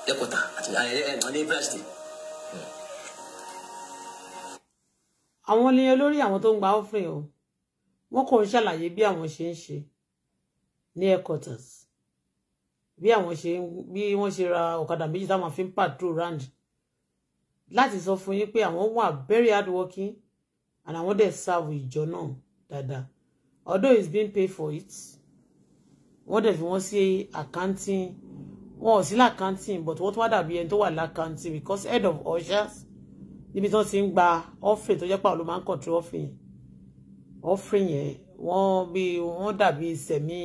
Speaker 3: lẹ́kọ̀ọ́ta àti àwọn ní mìíràn ṣètì.
Speaker 1: àwọn ni olórí àwọn tó ń gba offering o wọn kò ń ṣàlàyé bí àwọn ṣe ń ṣe ní headquarters bí àwọn ṣe bí wọ́n ṣe ra ọ̀kadà méjì táwọn fi ń patrol round láti sọ fún yín pé àwọn wà very hard working and àwọn dẹ̀ serve ìjọ náà dáadáa although it's been paid for it wọ́n dẹ̀ fi wọ́n sí accounting wọn ò sí lákàntìn but wọ́n tún wá dàbí ẹni tó wà lákàntìn because head of ushers níbi tí wọ́n ti ń gba offering tó jẹ́ pàwọn ló máa ń control offering yẹn offering yẹn wọ́n bí wọ́n dàbí sẹ̀mí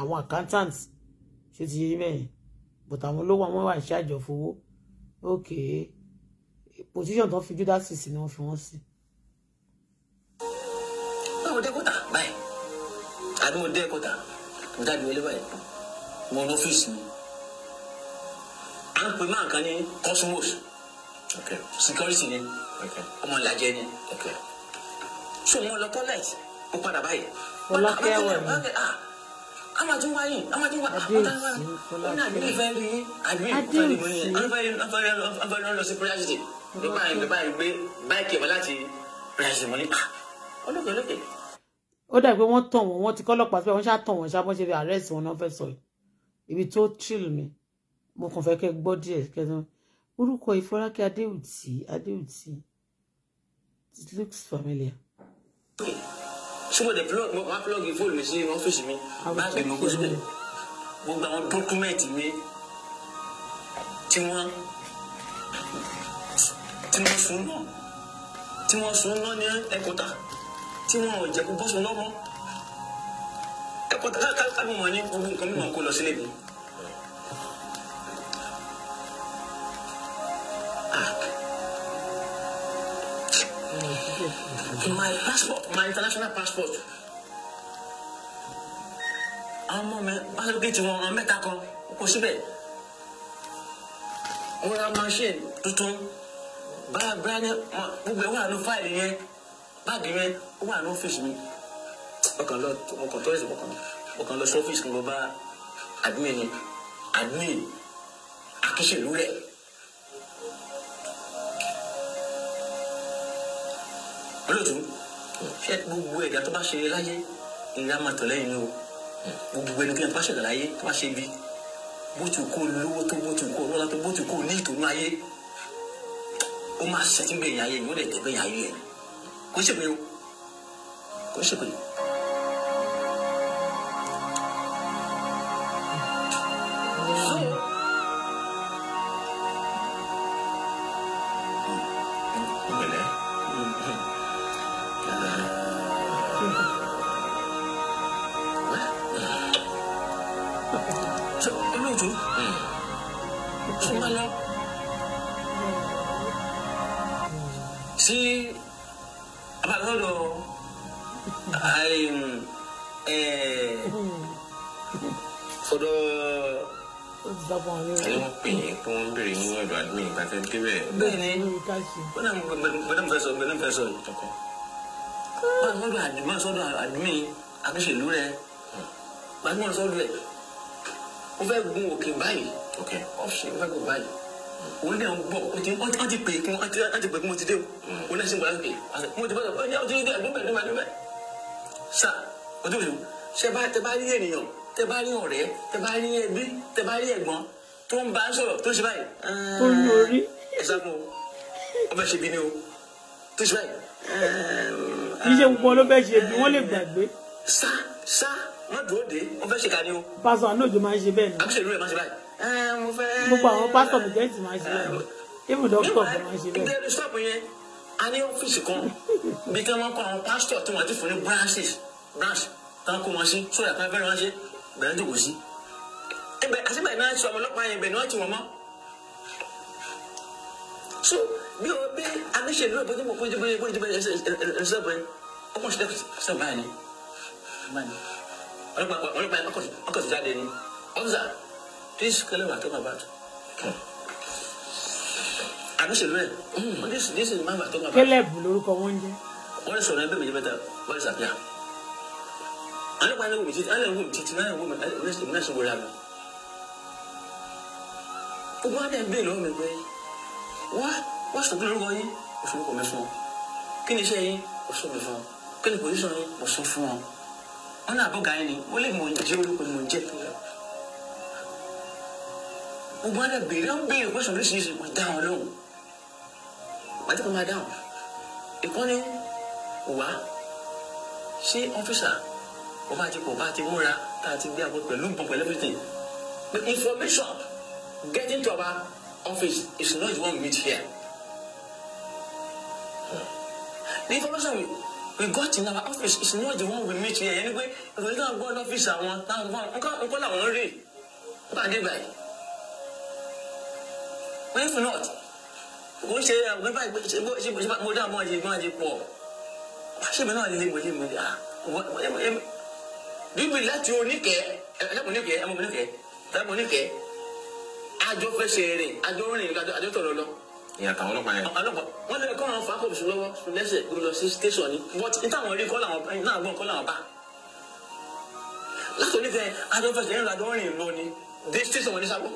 Speaker 1: àwọn accountants ṣe ti yé bẹ́yìn but àwọn olówó àwọn wà ń ṣàjọ fowó òkè position tó fi judas sí ni
Speaker 3: wọ́n fi wọ́n sí. báwo dé kóta báyìí àbí mo dé kóta mo jáde wọlé báyìí mo ní ọ́fíìsì mi à ń pè máa kan ní cosmos security ni ọmọ ìlàjẹ ni so mo lọ toilet ó padà báyìí. Fọlákẹ́wọ̀ ni. Amadu wáyé Amadu wáyé ó ní àdúgbò ìfẹ́ rí àdúgbò ìfẹ́ rí afẹ́rẹ́ lọ sí pírẹ́sìdì nípa ìgbà ìgbé báìkì ẹ̀mọ́ láti pírẹ́sìdì mọ́lẹ́ olókè olókè.
Speaker 1: ó dà pé wọ́n tàn wọ́n wọ́n ti kọ́ ọlọ́pàá síbẹ̀ wọ́n ṣáà tàn wọ́n ṣáà wọ́n ṣe fi àrẹ́sì wọn náà fẹ́ sọ yìí ibi tó chill mi mo kàn fẹ́ kẹ́ gbọ́ díẹ̀ kẹ́tàn orúkọ ìfọ́lákẹ́ adéùtì adéùtì it looks familiar.
Speaker 3: Okay ṣé mo dé plug mo máa plug fóònù mi sí ọ́fíìsì mi báàgì mi kó síbẹ̀ gbogbo àwọn dọ́kúmẹ̀ntì mi tí wọ́n tí wọ́n sun náà tí wọ́n sun náà ní ẹ̀kọ́ta tí wọ́n ò jẹ́ kó bọ́sùn lọ́mọ́ ẹ̀kọ́ta káàkiri mọ̀ ní gbogbo nǹkan mímọ̀ kó lọ sílé mi. Ah, my passport, my international passport. Àwọn ọmọ mi, pásítọ̀kì wọn ọmọ mẹ́ta kan, kò síbẹ̀. Wọ́n ra machine tuntun. Báyà báyà ní gbogbo ẹ̀ wà ní fáìlì yẹn. Báàgì yẹn ó wà ní ọ́fíìsì mi. Ọkàn lọ, ọkàn tó ẹ̀sìn ọkàn. Ọkàn lọ sí ọ́fíìsì kan lọ bá admin admin akíṣèlú rẹ̀. olóòtú ṣé gbogbo ẹ̀dá tó bá ṣe láyé ìyá máa tọ̀ lẹ́yìn o gbogbo ẹnikẹ́ni tó bá ṣẹlẹ̀ láyé tó bá ṣe bí bó ti kó lówó tó bó ti kó lọ́lá tó bó ti kó ní ìtòlú ayé ó máa ṣẹ́tí bẹ́ẹ̀ yẹn ayé ni lè tẹ́ bẹ́ẹ̀ yẹn ayé yẹn kó ṣèpè o kó ṣèpè o. gbé àdìmọ́ sọ́dọ̀ àdìmí akínṣèlú rẹ gbajúmọ̀ sọ́dọ̀ ẹ̀ ó fẹ́ gun òkè báyìí ọ̀ṣẹ̀ ó fẹ́ gun báyìí òun náà ń bọ̀ ó ti wọ́n ti pè é kún wọ́n ti pè é kún mo ti dé o mm. òun náà sì ń gbà pé mo ti bá ọ ní ọtí ní àdúgbò ẹ̀dúnmọ̀ ẹ̀dúnmọ̀ sà ọdún òṣù ṣe bá tẹ bá rí ènìyàn tẹ bá rí ọ̀rẹ́ tẹ bá rí ẹbí tẹ bá rí ẹ̀gbọ́n tó ń bá a sọ̀rọ̀ tó ṣe báyìí. olórí ẹ sá fún ọ ọmọ ṣe ni o tó ṣe báyìí kì í ṣe gbogbo ló fẹ́ ṣe bí wọ́n lè gbàgbé. sá
Speaker 1: sá má dúró dé wọ́n fẹ́ ṣe ká ní o. pásọ anóòjò máa ń ṣe bẹ́ẹ̀ ni. àbíṣe ìlú rẹ̀ máa ń ṣe báyìí.
Speaker 3: gbogbo àwọn pásọ bìjẹ́ǹtì máa ń ṣe bẹ́ẹ̀ ni even doctor máa ń ṣe bẹ́ẹ̀. ìdẹ́rù sọ́ọ̀bù yẹn a ní ọ́fíìsì kan bí kí wọ́n kọ́ àwọn pásítọ̀ tí wọ́n ti fún ní branches branch tán kó wọn sí sórí àpá fẹ́ràn wọn ṣe bẹ̀rẹ̀ dùgbò mi ò bí aníṣe ìlú ìbòjú mọ̀ bójú bójú bójú bójú ẹsẹ̀ bẹ́ẹ̀ ọkùnrin ṣẹlẹ̀ ṣẹlẹ̀ báyìí ni ọlọ́pàá ọkọ̀ ti jáde ni ọ̀sà please kẹlẹ́ wà tó máa bá tó. aníṣe ìlú rẹ̀ this is máa bá tó máa bá.
Speaker 1: kẹlẹ́ bù lórúkọ wọn jẹ́.
Speaker 3: wọ́n lè sọ̀rọ̀ ẹgbẹ́ mi jẹ́ bẹ́tà wọ́n lè sàbíà. ọlọ́pàá ẹni wò mí títí ẹni wò mí títí ẹni wò mí ẹni wò mí gbogbo adé ń bè lọ́wọ́ Oṣù kí lórúkọ yín? Oṣù lórúkọ mi fún ọ. Kí ni iṣẹ́ yín? Oṣù mi fún ọ. Kí ni pòsíṣàn yín? Mo sọ fún ọ. Wọ́n náà àbọ̀gá yín ni, wọ́n lè mọ̀ jẹ́ olùkọ́ ni mò ń jẹ́ tó lọ. Gbogbo àdá béèrè, wọ́n béèrè pòsíṣàn oríṣiríṣi kò dá wọn lóhùn. Màtí kò máa dáhùn. Ìkọ́ni wà ṣé ọ́fíìsà kò bá ti kò bá ti múra tá a ti gbé àpò pẹ̀lú bọ̀ pẹ̀lú everything. The information getting to our office is not the one we meet here the information we we got in our office is not the one we meet here ẹni pé ìròyìn náà gbọ́ lọ́fíìsì àwọn táwọn nǹkan nǹkan làwọn rí nǹkan àdégbà yìí wọ́n if not mo ṣe àwọn ìgbà ìgbà mo dá mọ́ ẹ̀jẹ̀ máa di pọ̀ ṣèmi náà lè wọlé mi dà bíbí láti oníkẹ́ ẹ̀ẹ́dẹ́gbọ̀n oníkẹ́ ẹ̀ẹ́dẹ́gbọ̀n oníkẹ́ ẹ̀ẹ́dẹ́gbọ̀n oníkẹ́ àjọ fẹ́ ṣe rìn àjọ rìn àjọ tọ̀rọ̀ lọ ìyàtọ̀ àwọn ọlọ́pàá yẹn. ọlọ́pàá wọn lè kọ́ àwọn fàákòbù sùn lọ́wọ́ lẹ́sẹ̀ kó sí tẹ̀sán ni but n táwọn rí kọ́ làwọn náà gbọ́n kọ́ làwọn bá. látòlí fẹ́ adọ́fẹsẹ̀ ńlá dọ́rin lọ ni dé tẹ̀sán wọn ní sábọ̀.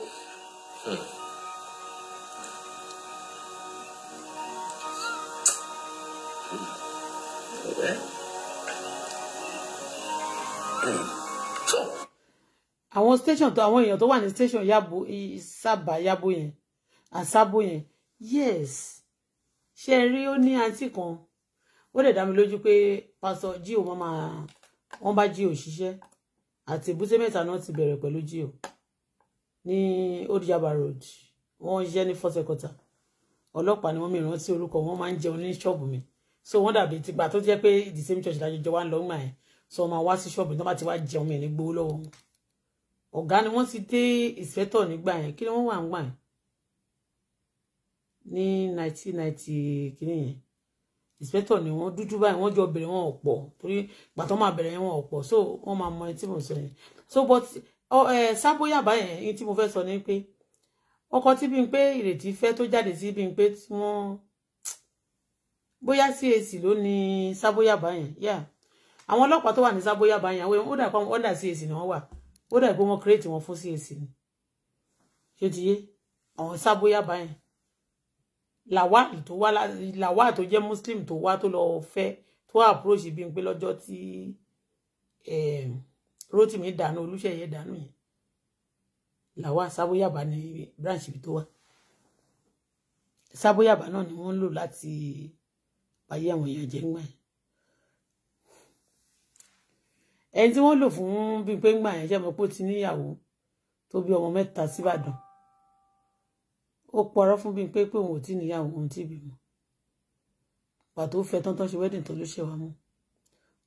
Speaker 1: àwọn station tó àwọn èèyàn tó wà ní station yabo sábà yabo yẹn àsábò yẹn yes ṣe rí ó ní àǹtí kan ó dẹ̀ dá mi lójú pé pásọ jíò wọn máa wọn bá jíò ṣiṣẹ́ àti èbúté mẹ́ta náà ti bẹ̀rẹ̀ pẹ̀lú jíò ní Old Yaba Road wọ́n ṣiṣẹ́ ní fọ́sẹ̀kọta ọlọ́pàá ni wọ́n mi rántí orúkọ wọn máa ń jẹun ní ṣọ́ọ̀bù mi so wọ́n dàbí tipa tó jẹ́ pé the same church lájọ jọ wá ń lọ ńgbà yẹn so wọ́n máa wá sí ṣọ́ọ̀bù tó bá ti wá jẹun mi ní gbowó lọ́wọ́ wọn ọ̀gá ni wọ́n ti dé ìsẹ́tọ̀ nígbà yẹn kí ni wọ́n wà ń gbà yẹn ní nineteen kìíní yẹn inspector ni wọ́n dúdú báyìí wọ́n jọ bẹ̀rẹ̀ wọn ọ̀pọ̀ torí gbàtọ́ máa bẹ̀rẹ̀ yẹn wọn ọ̀pọ̀ so wọ́n máa mọ ẹni tí mo sọ yẹn so but sábóyà báyẹn ẹni tí mo fẹ́ sọ ni pé ọkọ tí bí n pé ìrètí fẹ́ tó jáde sí bí n pé tí wọ́n bóyá CAC ló ní sábóyà báyẹn yà àwọn ọlọ́pàá tó wà ní sábóyà báyẹn àwọn èèyàn ó dà pé wọ́n dà CAC ni wọ́n wà ó dà pé wọ́n create wọn fún CAC ni ṣé ti yé àwọn sábóyà báyẹn lawal tó wá lawal tó jẹ́ muslim tó wá tó lọ fẹ́ tó approach Bímpé lọ́jọ́ tí ehm, Rótìmí dànù Olúṣèyẹ dànù yẹn lawal sábóyàbá ní branch ibi tó wà sábóyàbá náà ni wọ́n ń lò láti báyé àwọn èèyàn jẹ́ ńgbà yẹn ẹni tí wọ́n lò fún Bímpé ńgbà yẹn jẹ́ mọ́ pé ó ti níyàwó tó bí ọmọ mẹ́ta síbàdàn ó parọ́ fún bíi pé pé òun ò tí níyàwó òun tí bímọ pàtó fẹ́ tán tán ṣe wedding tó ló ṣe wá mú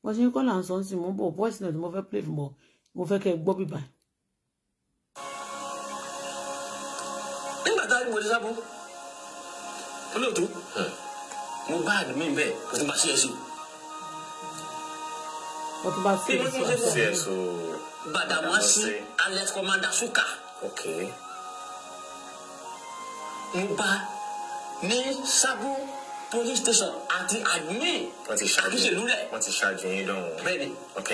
Speaker 1: wọ́n ṣe ń kọ́ là ń sìn mú bò voice note mo fẹ́ play mọ́ mo fẹ́ kẹ́ ẹ gbọ́ bíbá.
Speaker 3: nígbà tá a mo ti sábó olóòtú mo bá àdìmí bẹ́ẹ̀ kò tún bá ṣe é sí.
Speaker 1: kò tún bá ṣe é
Speaker 3: sí. bàdàmọ́sí alex commander suka ń bá ní sábú police station àti admin àdúṣèlú rẹ̀. wọ́n ti ṣáájú yín lọ́wọ́. bẹ́ẹ̀ni. ok.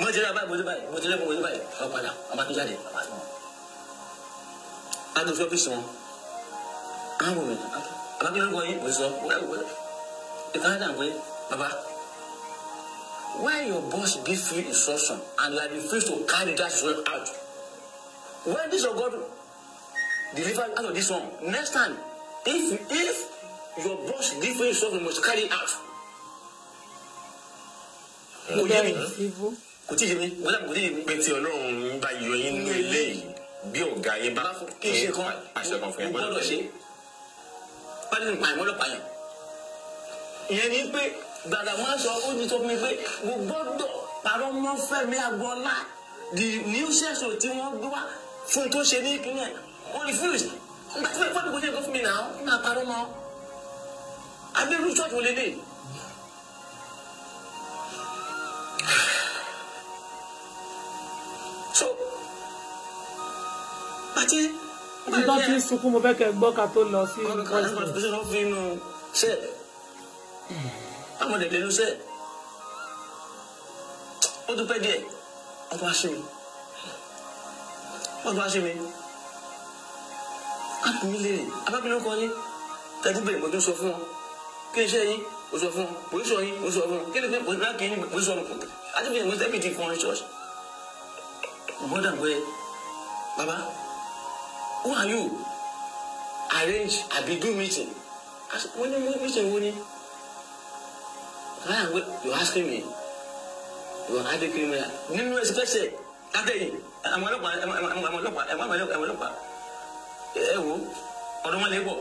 Speaker 3: mo ti rẹ́ báyìí mo báyìí mo ti rẹ́ mo ti báyìí ọ̀rọ̀ padà ọba tó jáde ọba tó wọn. adùn sọ́fíìsì wọn. àwọn ọmọ mi abákẹ́lẹ́ ń kọ́ yín mo ti sọ ìkànnì àgbẹ̀ bàbá. Why your boss give you instruction and you are refused to carry that word out? When this your God deliver out of this one. Next time, if if your boss leave for yourself, you must carry out. Kò yé mi. Kò tí ì yé mi. Wọ́n dàbí kò tí ì yé mi. Pé tí Ọlọ́run ń bá yọ yín nínú ilé yìí bí ọ̀gá yín bá kí ṣe kan àṣẹ kan fún yín gbọ́dọ̀ ṣe. Pálí nípa ìmọ̀lọ́ pààyàn. Ìyẹn ni pé gbàdà máa sọ ó ní sọ fún mi pé mo gbọ́dọ̀ parọ́ mọ́ Fẹ́mi Agbọ́lá the new session tí wọ́n gbé wá fún tó ṣe ní ìpínlẹ̀ wọ́n refuse nígbà tí wọ́n ní kò for me now? I don't know máa parọ́ mọ́ abẹ́rú ṣọ́ọ̀tù wọlé lè. so pàtí. ibi tó ti ń sunkún mo fẹ́ kẹ́ gbọ́ ká tó lọ sí. ọ̀rọ̀ kan náà ṣe lọ́ fi inú ṣe àwọn ọ̀dẹ̀ lẹ́nu ṣe ó dúpẹ́ díẹ̀ ọ̀tún wá sí mi ọ̀tún wá sí mi àkùnmílẹ̀ abákùnrin kan yín tẹ́tí bẹ̀rẹ̀ mọ́tò sọ fún wọn kí iṣẹ́ yín mo sọ fún wọn pòlíṣọ̀ yín mo sọ fún wọn kí lóde pòlíṣọ̀ náà kì í pòlíṣọ̀ mi kùtà àti bẹ̀rẹ̀ mọ́tò ẹ̀bìtì fún wọn ṣọ́ọ̀ṣì. bọ́dà pé baba who are you arrange àbí do meeting As wọ́n ní meeting wo ni láàrin you asking me you are adequate nínú ẹsẹ̀ pẹ́sẹ̀ látẹ̀yìn àwọn ọlọ́pàá àwọn ọlọ́pàá àwọn ọlọ́pàá ẹ wo ọ̀rọ̀ wọn lè bọ̀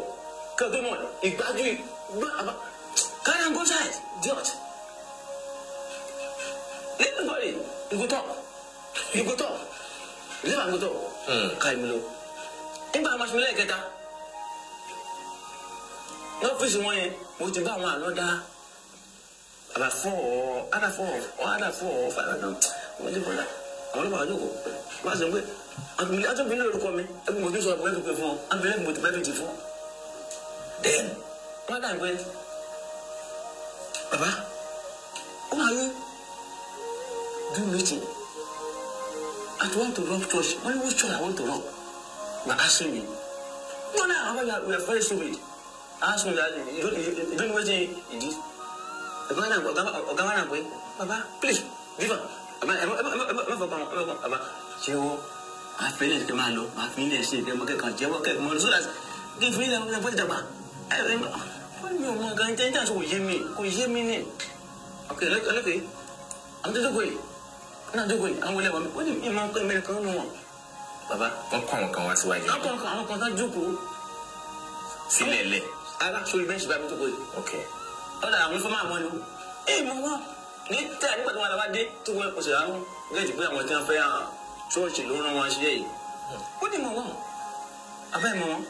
Speaker 3: kẹ́gbẹ́ mọ̀ ìgbájú ìgbà carry am go side diot let me worry you go talk you go talk leave am go talk ká ìmúlò nígbà àwọn aṣọ́nilẹ̀ kẹta lọ́fíìsì wọn yẹn mo ti bá àwọn àlọ́ dá àbàfọ́ àdàfọ́ àdàfọ́ fàlànà wọ́n ti bọ́lá àwọn ọlọ́pàá yóò kó wọ́n á sọ pé àgbègbè àtúnbìnrin lórúkọ mi ẹgbẹ́ mo ti sọ ọ̀pọ̀ ẹ̀kọ́ fún ọ àgbẹ̀rẹ̀ mo ti pẹ́ẹ́lú ti fún. then wọ́n dà pé bàbá ó máa yẹ do meeting at one to run church wọ́n ní wọ́n church àwọn to run na asking me no na àwọn ya we are very stupid ask me that you don't you don't know wetin e do ọ̀gá wa náà ọ̀gá wa náà pé bàbá please give am ẹ má ẹ má ẹ má fọkàn ẹ má fọkàn bàbá ṣé wọ́n máa fẹ́ lẹ́sìn kẹ́ máa lọ máa fi ilẹ̀ ṣe ìdẹ́mọ kẹ́kàn jẹ́wọ́ kẹ́kàn mọ́ lọ́sọ́dà kí n fi ilẹ̀ ọ̀gbìn fún ìjàmbá ẹ̀rẹ́ mi ò mọ gan jẹ́ níjà tó kò yé mi kò yé mi ní. ok ọlọ́kẹ́ àwọn tó dógò yìí náà dógò yìí àwọn olè wọn ó ní ìmọ̀ ọkọ ìmẹ̀rẹ̀ kan nù wọn. bàbá wọn kọ àwọn kan wá síwájú. wọn kọ àwọn kan tán jókòó. sílẹ̀ lẹ̀. ara sori bẹ́ẹ̀ ṣùgbọ́n àbújọ kòyì. ok ọ̀dà àwọn fọ́nmà àwọn ni. ẹ mọ wọn ní tẹ́ nígbà tó wọn làwọn dé tó wọn kò sì rárá gẹ́gẹ́ ṣọ́ọ̀ṣì ló rán wọn ṣe yìí ó ní mọ̀ wọ́n abẹ́ mọ̀ wọ́n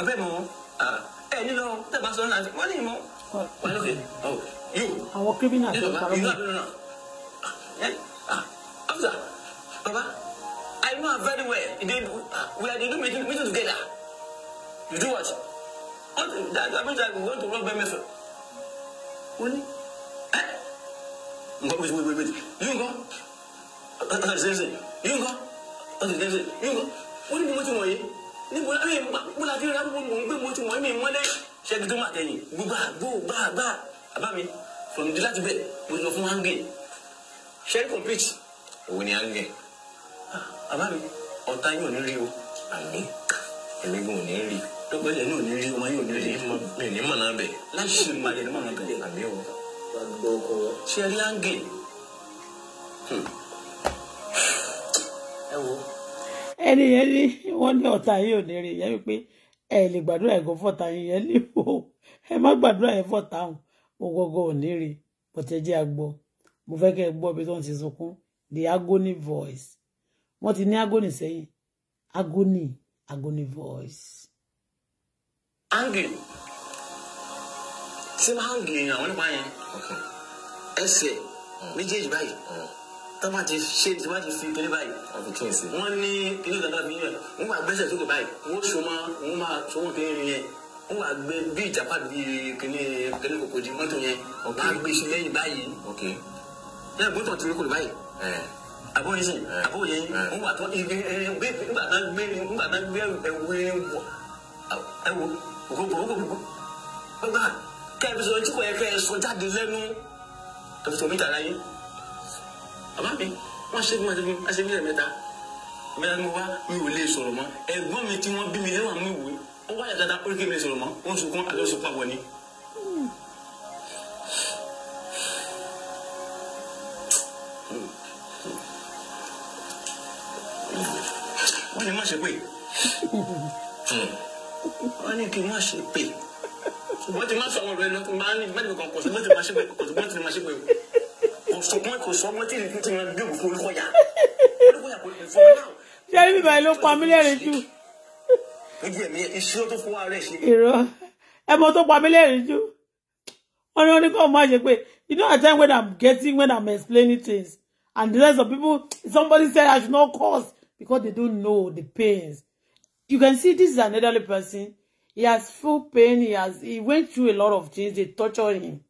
Speaker 3: abẹ́ mọ̀ wọ́n ẹ nílò tẹ́gbà sọ náà wọ́n ní mọ̀ wọ́n lókè yóò àwọn kírímìnà tó ń parọ́ mọ́. Baba, I know her very well. They, we are they do meeting, meeting together. You do what? What that I mean that we want to rob them for. Only. Eh? Wait, wait, wait, wait. You go. Seriously ìlú nǹkan ọ̀sẹ̀ tẹ̀sẹ̀ ìlú nǹkan wọ́n níbo mo ti wọ̀nyí níbo la mi mo la ti rà mo ń gbé mo ti wọ̀nyí mi mọ́lẹ̀ ṣẹ́gi tó máa tẹ̀yìn gbogbo àgbo gbà gbà àbá mi from the láti bẹ̀ mo lọ fún hangi ṣẹ́rí complete òun ni hangi ah, àbá mi ọ̀tá yóò ní rí o àmì èmi gan ò ní rí lọ́pọ̀ ilẹ̀ náà ò ní rí ọmọ yóò ní rí mi ò ní mọ̀ náà bẹ̀ láṣìṣe máa yẹ ní mọ̀ náà bẹ̀ àmì o ṣẹ́rí hangi. Hmm.
Speaker 1: ẹni yẹn ni wọ́n ní ọ̀tá yìí ò ní rí ìyẹn wípé ẹ lè gbàdúrà ẹ̀gọ́ fọ̀tá yìí yẹn ní o ẹ má gbàdúrà yẹn ò ní rí the agony voice wọ́n ti ní agony sẹ́yìn agony agony voice.
Speaker 3: angry tí máa ń àwọn nípa yẹn mm. méjèèjì mm. tó bá ti ṣe tí wọ́n ti fi kiri báyìí wọ́n ní kiri kankan fi yẹn wọ́n máa gbẹ́sẹ̀ tó kò báyìí wọ́n so máa wọ́n máa so wọ́n kiri yẹn wọ́n máa gbé bí ìjàpá bí kiri kiri kòkò di mọ́tò yẹn wọ́n á gbé iṣẹ́ lẹ́yìn báyìí lẹ́yìn gbọ́tọ̀ tí wọ́n kò báyìí àbóyè sìn àbóyè wọ́n wà tó ibi gbé nígbà tán gbé nígbà tán gbé ẹwé ẹwò òkòkò òkòkò gbọ́dọ̀ kẹ́ ẹ fi sọ ojú kọ̀ ẹ fẹ́ sọ jáde lẹ́nu ẹ fi bàbá mi wọ́n ṣe fún mi wọ́n ṣe fún mi lẹ́ẹ̀mẹ́ta mẹ́ta ni mo wá mi ò lè sọ̀rọ̀ mọ́ ẹ̀gbọ́n mi tí wọ́n bí mi lẹ́wọ̀n mi wò ó wáyà dáadáa ó lè kí mi sọ̀rọ̀ mọ́ ó ń sunkún àlọ́ sunkún àwọ̀ ni. wọ́n ní má ṣe pé wọ́n ní kí n má ṣe pé ṣùgbọ́n tí má sọ ọ̀rọ̀ ẹ lọ́kùnrin má ní bẹ́ẹ̀ ni kò kò ṣùgbọ́n tí má ṣe pé kò ṣùgbọ́n tí má ṣe pé kò sọgbọ́n kò sọgbọ́n tí nìkan tí ló pa mí jù. ojú
Speaker 1: ẹ̀mí tó pa mí jù wọ́n ní wọ́n ní kọ́ máa ṣe pé you know at time when i'm getting when i'm explaining things and the rest of people somebody said i should not cause because they don't know the pains you can see this is an elderly person he has full pain he has he went through a lot of things they torture him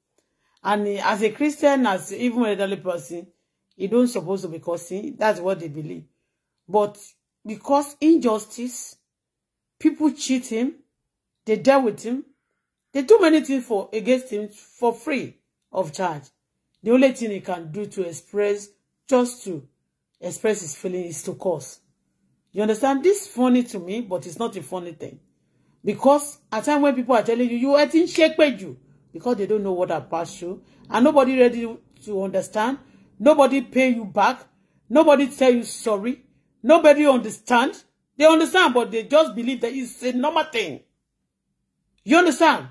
Speaker 1: And as a Christian, as even an elderly person, you don't supposed to be cursing. That's what they believe. But because injustice, people cheat him, they deal with him, they do many things for against him for free of charge. The only thing he can do to express, just to express his feeling is to curse. You understand? This funny to me, but it's not a funny thing. Because at times when people are telling you, you are in shape you because they don't know what I passed through. And nobody ready to understand. Nobody pay you back. Nobody tell you sorry. Nobody understand. They understand, but they just believe that it's a normal thing. You understand?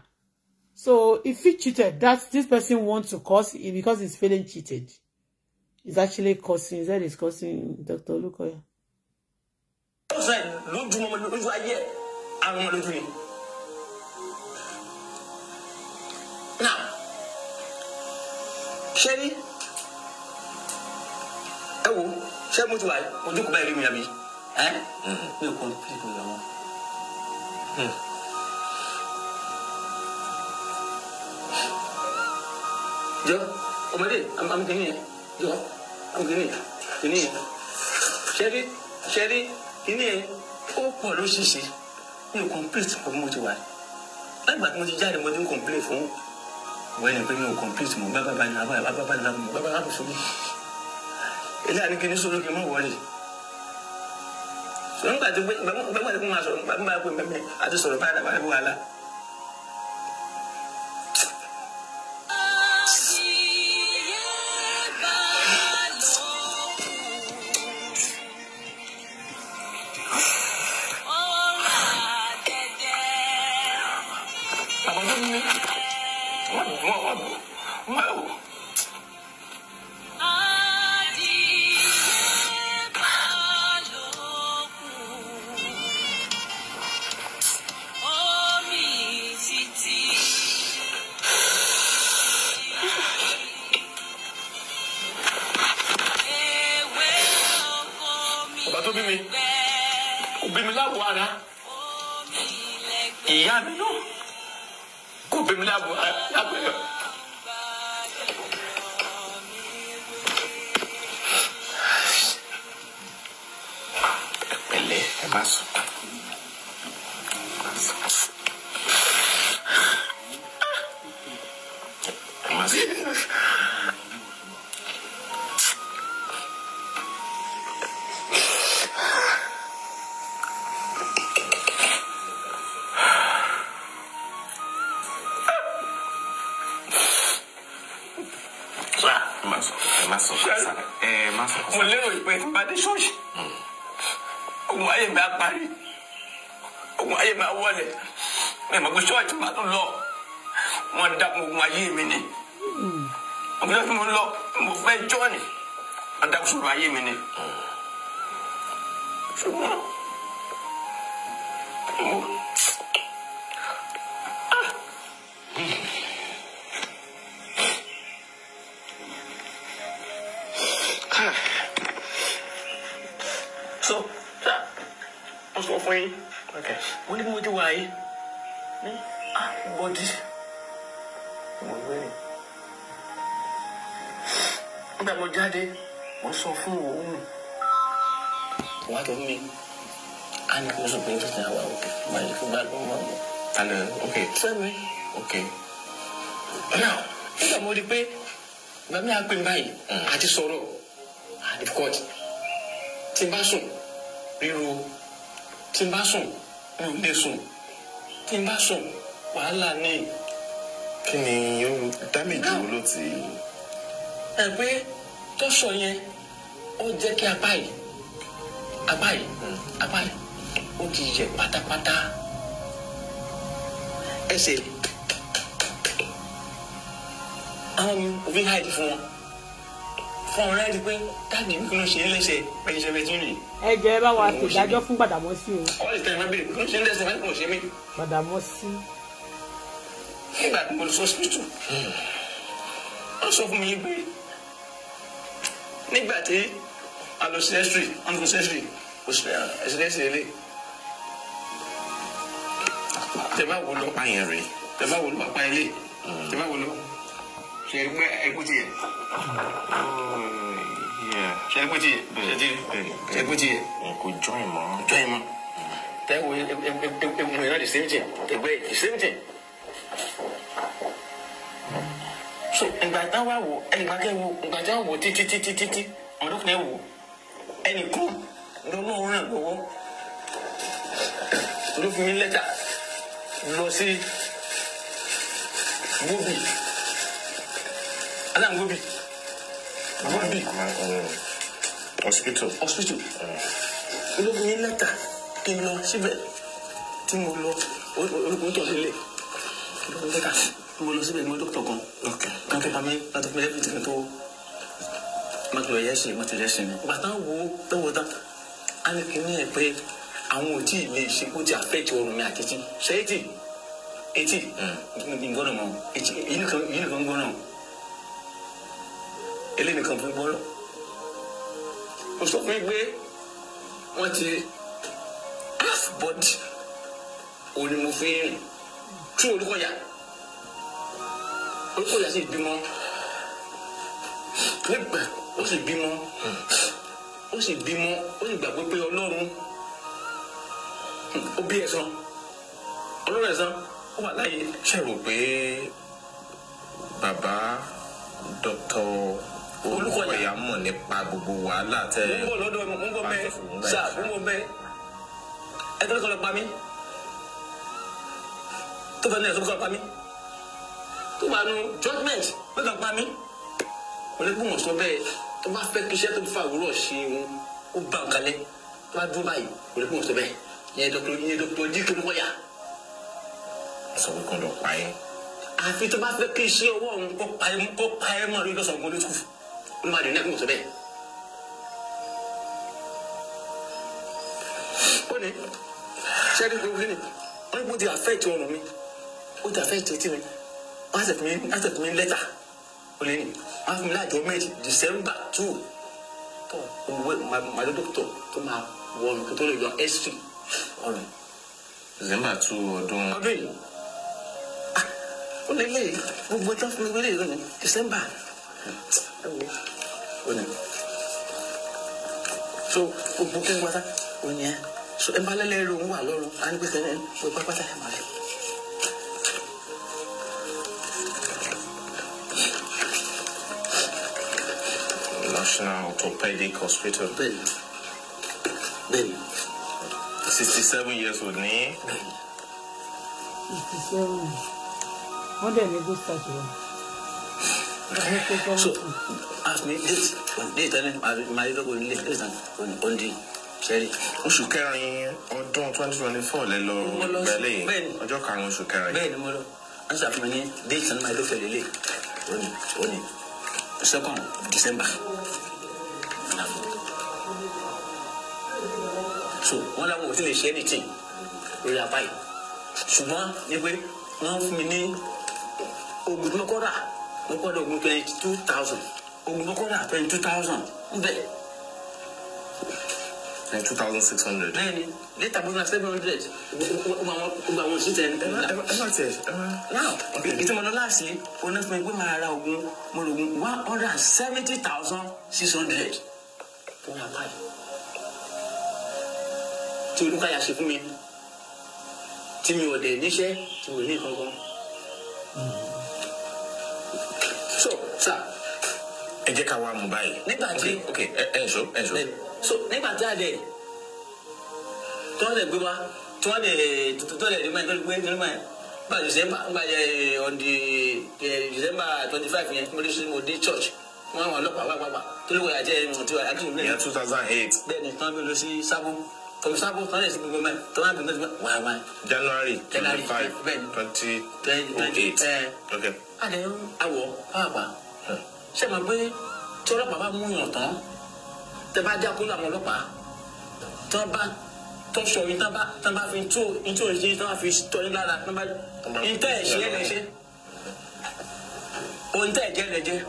Speaker 1: So if he cheated, that this person wants to cause it because he's feeling cheated. It's actually causing, that is causing Doctor Lukoya?
Speaker 3: ṣé rí ẹ wo ṣé mo ti wà ojú kò báyìí rí mi àbí ẹ mi ò complete mi lọ́wọ́. Hmm. jọ ọmọdé amúkìnní yẹn jọ amúkìnní kìnní yẹn ṣé rí ṣé rí kìnní yẹn ó pọ̀ ló ṣiṣẹ́ mi ò complete kò mo ti wà lágbàtí mo ti jáde mo ti ń complete fún wẹ́n ni pé mi ò complete mo gbá bàbá ní abá bàbá bàbá ní abá mo gbá bàbá ní fún mi ilé àní kí ni sọ́dọ̀ kí n mọ̀ wọlé sọ̀rọ̀ nígbà tí gbẹ́gbẹ́ tí mo máa sọ̀rọ̀ nígbà tí mo máa pè mẹ́mẹ́ àti sọ̀rọ̀ báyìí wàhálà dámèjì wo ló ti. ẹ pé tó sọ yẹn ó jẹ́ kí apá yìí apá yìí hmm. apá yìí ó ti yẹ pátápátá ẹsẹ̀ àwọn ni òbí háìdì fún wọn fún àwọn láti pé dáàbì bí kò ló ṣe é lẹ́sẹ̀ pẹ̀lẹ́sẹ̀ tún rè.
Speaker 1: ẹ jẹ́ ẹ bá wa ṣèdájọ́ fún Gbàdámọ́sí o.
Speaker 3: ọ lè tẹ̀lé bẹ́ẹ̀ bí kò ló ṣe é lẹ́sẹ̀ mẹ́tò ṣe mí.
Speaker 1: Gbàdámọ́sí.
Speaker 3: nígbà tí mo lọ sọ́sibítù wọ́n sọ fún mi pé nígbà tí a lọ sí ẹ́sírì wọ́n lọ sí ẹ́sírì kò sí ẹ̀sìrẹ́sì lé tẹ̀bá wo lọ apáyẹn rẹ̀ tẹ̀bá wo lọ apáyẹn lé tẹ̀bá wo lọ ṣe é gbé ẹgbẹ́ tiẹ̀ ṣe é gbé tiẹ̀ ṣe é gbé tiẹ̀ kò jọyìn mọ́ jọyìn mọ́ tẹ́wọ́ ẹgbẹ́ ẹgbẹ́ ẹgbẹ́ ẹgbẹ́ ẹgbẹ́ ẹgbẹ́ ẹgbẹ́ ẹgbẹ́ ẹgbẹ́ so ìgbà tán wà wò ìgbà tán wò ìgbà tán wò títí títí títí ọ̀dọ́kùnrin wò ẹnì kan lọ́nà òun ràn lọ́wọ́ ló fi mí lẹ́tà lọ sí gbóbi adam gbóbi gbóbi hospital hospital ló fi mí lẹ́tà kí n lọ síbẹ̀ tí mo lọ orúkọ tó lélẹ̀ lọ́wọ́ lẹ́tà sí mo lọ síbẹ̀ mo dókítà kan kan kẹta mi láti fún mi lẹ́bí tìkan tó má ti lọ yẹ ṣe má ti yẹ ṣe mi. bàtà wo tẹ́wọ́ tá a ní kí ní ẹ̀ pé àwọn ò tí ì ṣe kó ti àfẹ́tì ọrùn mi àkẹ́tì ṣe é tì etí gbọ́dọ̀ mọ yìí kan gbọ́dọ̀ eléyìí kan fún gbọ́dọ̀ mo sọ fún gbé wọ́n ti half òní mo fi tú orúkọ yà oníkòyà sì bímọ nígbà ó sì bímọ ó sì bímọ ó sì gbàgbé pé ọlọ́run ó bí ẹ̀san ọlọ́run ẹ̀san ó wà láàyè. ṣe rò pé bàbá dr olùkọ́yà mọ̀ nípa gbogbo wàhálà tẹ. mo ń bọ̀ lọ́dọ̀ mo ń bọ̀ bẹ́ẹ̀ sà mo ń bọ̀ bẹ́ẹ̀ ẹ tẹ́lẹ̀ kọ́ lọ pa mí tó fẹ́ ní ẹ̀sùn kọ́ pa mí tó wà nù judgement mẹ́ta pa mí. ọ̀lẹ́gbọ̀n wọ̀n sọ bẹ́ẹ̀ tó bá fẹ́ kí iṣẹ́ tó fà wúrọ̀ ṣe òun ó bá òun kalẹ̀ tó bá dúró báyìí ọ̀lẹ́gbọ̀n wọ̀n sọ bẹ́ẹ̀ ìyẹn dọ́kítọ̀ ìyẹn dọ́kítọ̀ díkì ló wọ̀yà. sọ pé kọ́ lọ pa ẹ́. àfi tó bá fẹ́ kí iṣẹ́ ọwọ́ òun kó pa ẹ́ kó pa ẹ́ mọ́ lórí lọ́sàn-án gbọ́dọ̀ tó kù ó má dùn ní ẹ̀kọ́ sọ bẹ́ẹ̀. ó ní wọ́n ṣe fún mi wọ́n ṣe fún mi lẹ́tà ó lé ní wọ́n fún mi láàjọ méjì december two tó owó màdó dókítọ̀ tó máa wọ ọ̀nà kó tó lè yọ ẹ̀sì ọ̀rọ̀. december two ọdún. ọdún yìí ah, ó lé lé gbogbo ẹjọ́ fún mi wílé ìròyìn december ẹ wo so gbogbo kí n gbata ó ní ẹ so ẹ bá lẹ́lẹ́ ro ń wà lọ́rùn á ní pẹ́ tẹ́lẹ̀ ń pẹ́ ẹ̀ máa lẹ́yìn. National Orthopedic Hospital. Bẹ́ẹ̀ni. Bẹ́ẹ̀ni. Sixty seven years old ni. Ben.
Speaker 1: Sixty seven. Wọ́n dẹ̀ ní
Speaker 3: good start rẹ̀. [LAUGHS] So, as me, this, this time, my little boy, this time, on the sẹ́rí. oṣù kẹrin ọdún twenty twenty four lẹ lọ gbẹlẹ ọjọ́ karùn-ún oṣù kẹrin. bẹ́ẹ̀ni mo lọ wọn ṣàfihàn ní déètì náà máa ló fẹ́ lélẹ̀ òní òní second december àmọ́ so wọ́n láwọn ò sì lè ṣe anything lórí apá yìí ṣùgbọ́n ní pé wọ́n fún mi ní oògùn tí mo kọ́ twenty two thousand oògùn mo twenty two thousand ń bẹ̀. twenty two thousand six hundred. bẹ́ẹ̀ni data gbogbo na seven hundred gbogbo àwọn òṣìṣẹ́ ẹni ten. ẹ má tẹ ẹ má. now ìtumọ̀nà láàṣì onífẹ́ gbé máa ra oògùn mo rògùn one hundred and seventy thousand six hundred fún so sir. ẹ jẹ́ ká wá mú báyìí. nígbà tí ok ẹ ẹ ǹṣó ẹ ǹṣó. so nígbà tí a dẹ̀ tí wọ́n dẹ̀ gbé wa tí wọ́n dẹ̀ tó dẹ̀ dẹ́gbẹ́ gbé nígbà yẹn gba December gba eh, on the eh, December twenty five yẹn mo dé church wọn àwọn ọlọ́pàá wà wà wà tó ló wọ̀yà jẹ́ ìmọ̀ tí wà láti ìlú. ìyẹn two thousand eight. bẹ́ẹ̀ni tán bí lọ sí sábó tọ́jú sábó tán lè sí gbogbo mẹ́ tó máa bẹ̀rẹ̀ mẹ́ wà wà. january twenty five twenty eight Okay. alẹ́ awọ pàápà ṣe mọ̀ pé tí ọlọ́pàá bá mú yàn tán tẹ bá já kúlọ̀ àwọn ọlọ́pàá tán bá tó sọ yìí tán bá tán bá fi tó ìtò ìṣe tán bá fi tọ́ yín lára tán bá ìtẹ́ ìṣe ẹ̀ lẹ́ṣẹ́ ohun tẹ́ ìjẹ́ lẹ́jẹ́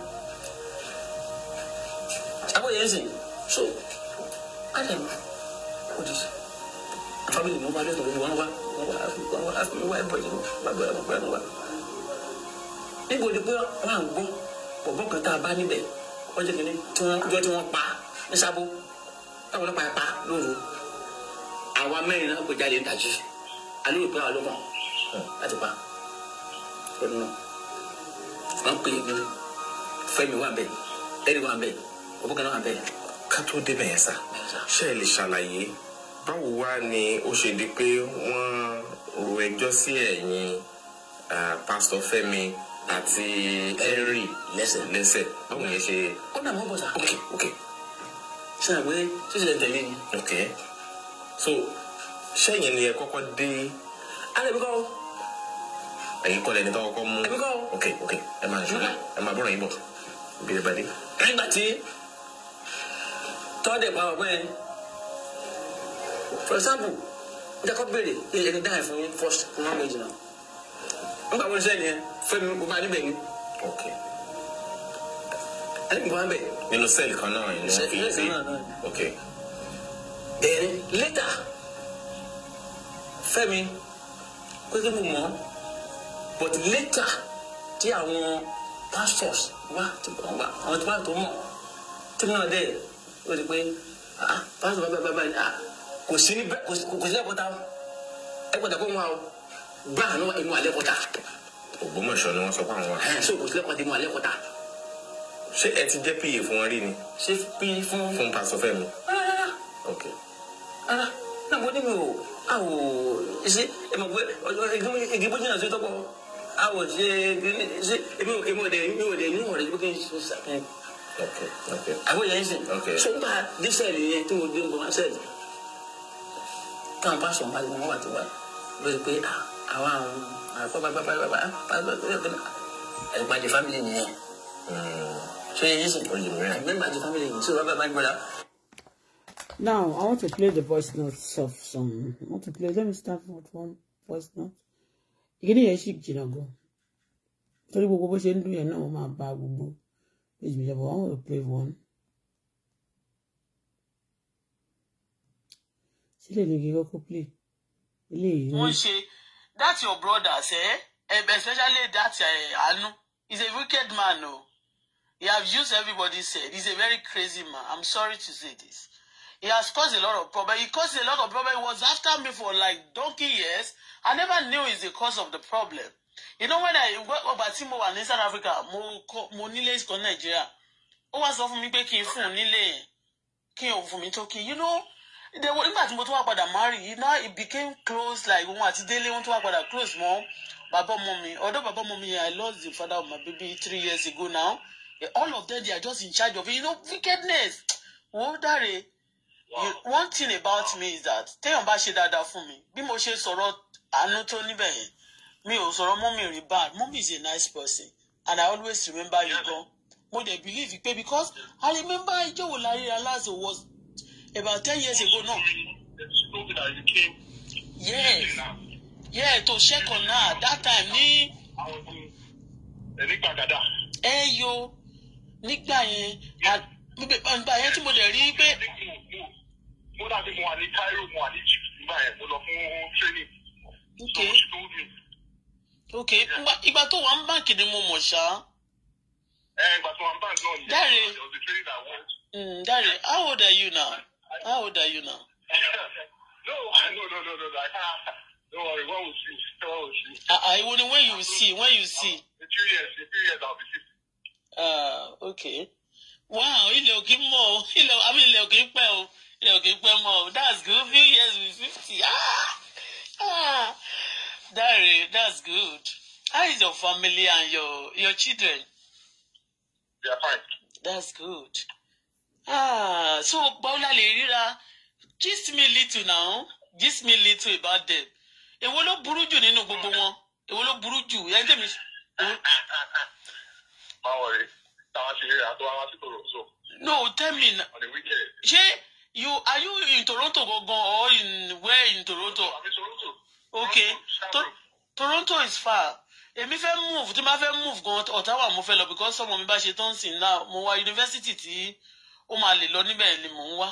Speaker 3: àbóyè ẹ̀sìn so adam ó di family mi wá lẹ́nu mi wọ́n wá wọ́n wá wọ́n wá mi wá ẹ̀bọ̀dì mi wá gbọ́dọ̀ mi gbọ́dọ̀ mi wá. níbo ni pé wọ́n à ń gbọ́ bọ̀bọ̀ kan tá a bá níbẹ̀ wọ́n jẹ́ kínní tí wọ́n jọ tí wọ́n pa ní sábó táwọn ọlọ́pàá pa lóru àwa mẹ́rin náà kò jáde nítajú alẹ́ òpin àwọn ọlọ́pàá láti pa lọ́dún náà wọ́n pè é ní Fẹ́mi wà bẹ́ẹ̀ Tẹ́ni wà bẹ́ẹ̀ òbú kan náà bẹ́ẹ̀. ká tó débẹ̀ yẹn sá ṣé ẹ lè ṣàlàyé báwo wá ni ó ṣe di pé wọ́n ro ẹjọ́ sí ẹ̀yìn pásítọ̀ Fẹ́mi àti Henry lẹ́sẹ̀ lẹ́sẹ̀ báwo yẹn ṣe. ó nà mọ́ bọ̀sà. ok ok. ṣe ṣíṣe tẹ̀lé ni. ok so sẹ́yìn ni ẹ kọ́kọ́ dé. alẹ́ bí kọ́ ẹ̀yin kọ́ lẹ́ni tó kọ́kọ́ mú. ẹ̀mí kọ́ ok ok ẹ máa ṣe ẹ máa bọ̀rọ̀ yín bọ̀ bí ẹ bá dé. ẹ̀yin gbà tí tọ́dẹ̀ máa wọ̀ pé for example ó jẹ́ kó béèrè pé ẹni dáhà fún yín first fún one minute náà nígbà wọn sẹ́yìn yẹn fẹ́mi mo bá níbẹ̀ ni. ẹni mo bá ń bẹ̀. nínú sẹ́ẹ̀lì kan náà ni wọ́n fi sí ok. then later fẹ́mi kókè mo mọ̀ but later tí àwọn pastors wá tí wọ́n wá àwọn tí wọ́n tó mọ̀ tí wọ́n náà dẹ̀ ó lè pé ah, ah, pásítọ̀ bàbá bàbá ni ah, kò sí lẹ́kọ̀ọ́ta ẹ̀kọ́ta kó ń wá o gbá àwọn inú àlẹ́kọ̀ọ́ta. Ògbómọ̀ṣọ́ ni wọ́n sọ fún àwọn. ṣé kò sí lẹ́kọ̀ọ́ta inú àlẹ́kọ̀ọ́ta. ṣé ẹ ti jẹ́ pa fún wọn rí ni. ṣé pa fún. fún pásítọ̀ Fẹ́mi. rárá ok. rárá náà mo ní mi ò a ò ṣe ẹ mọ̀ pé igi bójú náà ṣe tọ́pọ̀ a ò ṣe ṣe èmi ò dẹ̀ ní ọ̀rẹ́ àwọn yẹn sìn so nípa dísẹ́ẹ̀lì yẹn tí mo gbé ń bọ wá sẹ́ẹ̀lì táwọn bá sọ̀rọ̀ wáyé wọn wà tó wà lórí pé àwọn àwọn àkọ́bàbàbàbà àgbàdì fámìlì nìyẹn so yẹn sìn àgbẹ̀gbàdì fámìlì nìyẹn so bàbá bá gbọ́dọ̀.
Speaker 1: Now I want to play the voice notes of some. I want to play. Let me start with one voice note. Ìgbéni yẹn ṣì jìnnà gan. Torí gbogbo bó ṣe ń dún yẹn náà wọ́n máa ba gbogbo. Page number one, we'll play one. sílẹ̀ ní kí kọ́kọ́ play eléyìí. your brother eh? especially that eh, Anu he's a wicked man no. Oh. he has used everybody said he's a very crazy man i'm sorry to say this he has caused a lot of problem he caused a lot of problem he was after me for like donkey years i never knew he's the cause of the problem you know when i ọgbà tí mo wà ní south africa mo kọ mo nílé ìsìkọ́ nàìjíríà ó wá sọ fún mi pé kí n fún un nílé kí n ò fún mi tó kí you know they were nígbà tí mo tún wá padà marry you know it became close like òun àti délé wọn tún wá padà close mọ́ bàbá ọmọ mi ọ̀dọ̀ bàbá ọmọ mi i lost the father of my baby three years ago now all of them they are just in charge of you know wickedness wò ó dáre one thing about me is that téèyàn bá ṣe dáadáa fún mi bí mo ṣe sọ̀rọ̀ àánú tó níbẹ̀ yẹn mi ò sọ̀rọ̀ mọ́mì rí bad mọ́mì is a nice person and I always remember you gan mo dey believe you, pé because I remember ìjọwọ́ la ríra last was about ten years ago now. yes yeah to check on her that time ní. ẹ̀rí yo nígbà yẹn nígbà yẹn tí mo dẹ̀ rí pé.
Speaker 4: mo dàbí mo wà ní Cairo mo wà ní Egypt nígbà yẹn mo lọ fún training.
Speaker 1: okay ok ìgbà tó wà ń báǹkì ni mo mọ̀ ṣá.
Speaker 4: Eh, ìgbà tó wà ń báǹkì náà ni dáre
Speaker 1: mm, dáre how old are you now how old are you now.
Speaker 4: [LAUGHS] no no no no no i
Speaker 2: can't
Speaker 1: don't worry when we see when we see. ah iwo ah, ni when you see when you see. in two years in two years i'll be sixty. ah okay wow ilẹ̀ òkè mọ̀ o ilẹ̀ àmì ilẹ̀ òkè pẹ́ o ilẹ̀ òkè pẹ́ mọ̀ o that's good few years with fifty ah. ah. That, that's good. How is your family and your your children? They are fine. That's good. Ah, so Bọ́lá Lerira, just me little now Just me little about them. Èwo ló burú jù nínú gbogbo wọn? Èwo ló burú jù? Ẹ jẹ́ mi.
Speaker 4: Má wọrí, táwọn ṣe ríra tó wá wá sí So.
Speaker 1: No, tell me. On the weekend. Ṣé you are you in Toronto gangan or in where in Toronto? I'm in Toronto okay Toronto is far èmi fẹ́ move tí ma fẹ́ move gan Ottawa mo fẹ́ lọ because ọmọ mi bá ṣe tán sí náà mo wá yunifásitì tí ó máa lè lọ níbẹ̀ ni mò ń wá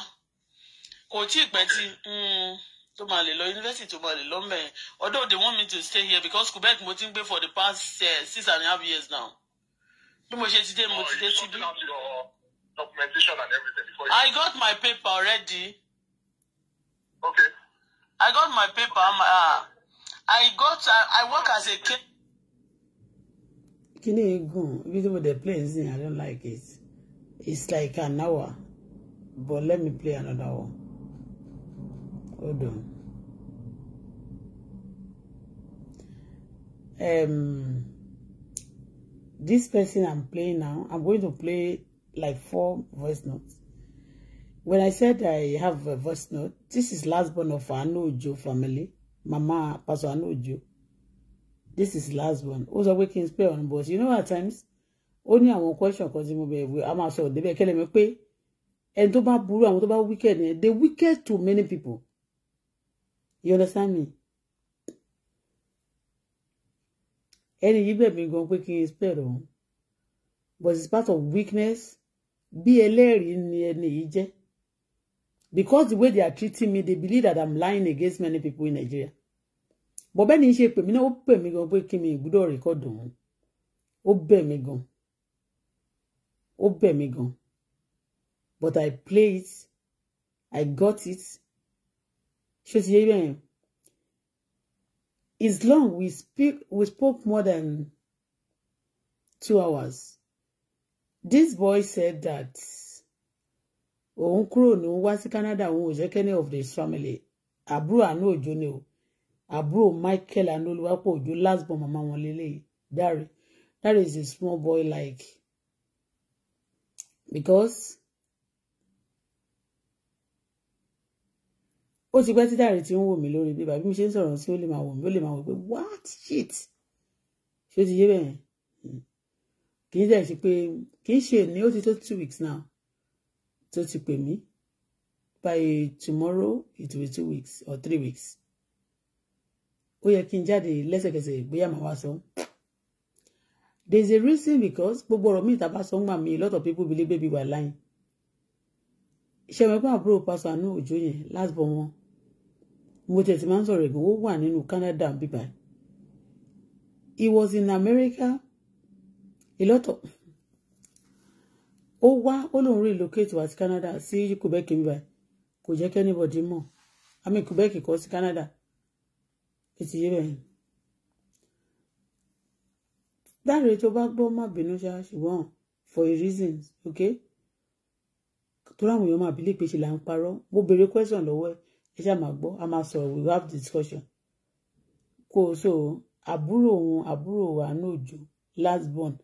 Speaker 1: kò tí ì pẹ́ tí mm, tó máa lè lọ yunifásitì tó máa lè lọ mẹ́rin although they want me to stay here because Quebec mo ti ń gbé for the past uh, six and a half years now bí mo ṣe ti dé mo ti dé síbí. I got my paper already. Okay. I got my paper. Okay. My, uh, I got I, I work as a kid. kini gun video with the planes I don't like it. It's like an hour, but let me play another one. Hold on. Um, this person I'm playing now, I'm going to play like four voice notes. When I said I have a voice note, this is last born of our Ojo family. Mama Pastor I know Anojo. This is last one. Who's a pé kí spare on boss? you know at times only ní àwọn question because you mo bẹ̀rẹ̀ I'm also máa sọ débẹ̀ kẹ́lẹ̀ mi pé ẹni tó bá and àwọn tó bá wicked they wicked to many people. You understand me? Any yìí bẹ̀ mí gan pé kí n spare on but it's part of weakness bí ẹlẹ́rìí ni ẹni yìí jẹ́ because the way they are treating me they believe that i'm lying against many people in nigeria But when ni ṣe pè mí náà ó pè mí gan pé kí mi ìgbúdọ̀ rìkọ́dù òun ó bẹ̀ mí gan ó bẹ̀ mí gan but i play it i got it ṣé ti yé bẹ́ẹ̀ it's long we speak we spoke more than two hours this boy said that òun kúrò ní wá sí Canada òun ò jẹ́ of this family àbúrò àánú òjò ni o àbúrò Michael àánú olùwápò òjò last born màmá wọn lélẹ́yìí dáre that is a small boy like because ó ti pẹ́ tí dáre ti ń wò mí lórí bíbá bí mo ṣe ń sọ̀rọ̀ sí ó lè máa wò mí ó lè máa wò pé what shit ṣé ó ti yé bẹ́ẹ̀ hmm. kì í dẹ̀ ṣe pé kì í ṣe ní ó ti tó two weeks now tó ti pè mí by tomorrow it will be two weeks or three weeks ó yẹ kí n jáde lẹ́sẹ̀kẹsẹ̀ bóyá màá wá sọ there is a reason because gbogbo ọ̀rọ̀ mi ìta bá sọ ń gbà mí a lot of people believe baby wà láyìn ṣẹ̀mẹ̀pá àbúrò pásọ àánú òjò yẹn last born wọn mo tẹ̀sí máa ń sọ̀rọ̀ ẹ̀gbọ́n ó wà nínú Canada bíbá he was in America a lot of ó wá ó lóun relocate wá sí Canada sí Quebec bíbá kò jẹ́ kí anybody mọ̀ àmì Quebec kọ́ sí Canada ètò yé bẹ́ẹ̀ dáre tó bá gbọ́ má bínú ṣá ṣùgbọ́n for a reason okay tó láwọn èèyàn máa bí lè pé ṣe là ń parọ́ mo béèrè question lọ́wọ́ ẹ ẹ ṣáà máa gbọ́ a máa sọ̀rọ̀ we have discussion kó so àbúrò òun àbúrò àánú òjò last born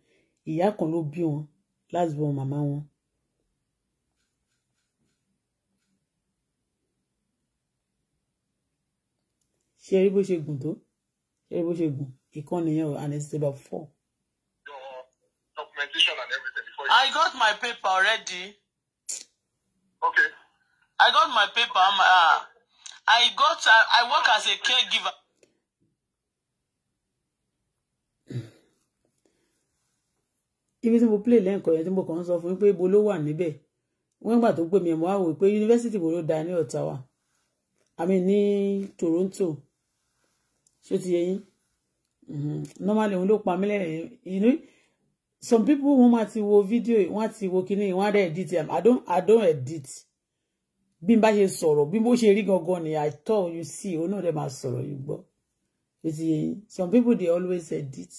Speaker 1: ìyá kan ló bí wọn last born màmá wọn. ṣe rí bó ṣe gùn tó ṣe rí bó ṣe gùn ìkànnì yẹn o and it's about four. I got my paper already. Okay. I got my paper. My, uh, I got. Uh, I work as a caregiver. ibi tí mo play lẹ́ǹkan yẹn tí mo kàn ń sọ fún pé ibo ló wà níbẹ̀ wọ́n gbà tó pè mí mo wá wò pé yunifásitì wo ló da ní Ottawa àmì ní Toronto ṣó ti yẹ yín mm-hmm. normally òun ló pa mí lẹ́yìn you know some people wọ́n máa ti wo fídíò wọ́n á ti wo kíní wọ́n á dẹ̀ edit am I don't I don't edit bí n bá ṣe sọ̀rọ̀ bí mo ṣe rí gangan ni I thought you see òun náà dẹ̀ máa sọ̀rọ̀ yìí gbọ́ ṣó ti yẹ yín some people dey always edit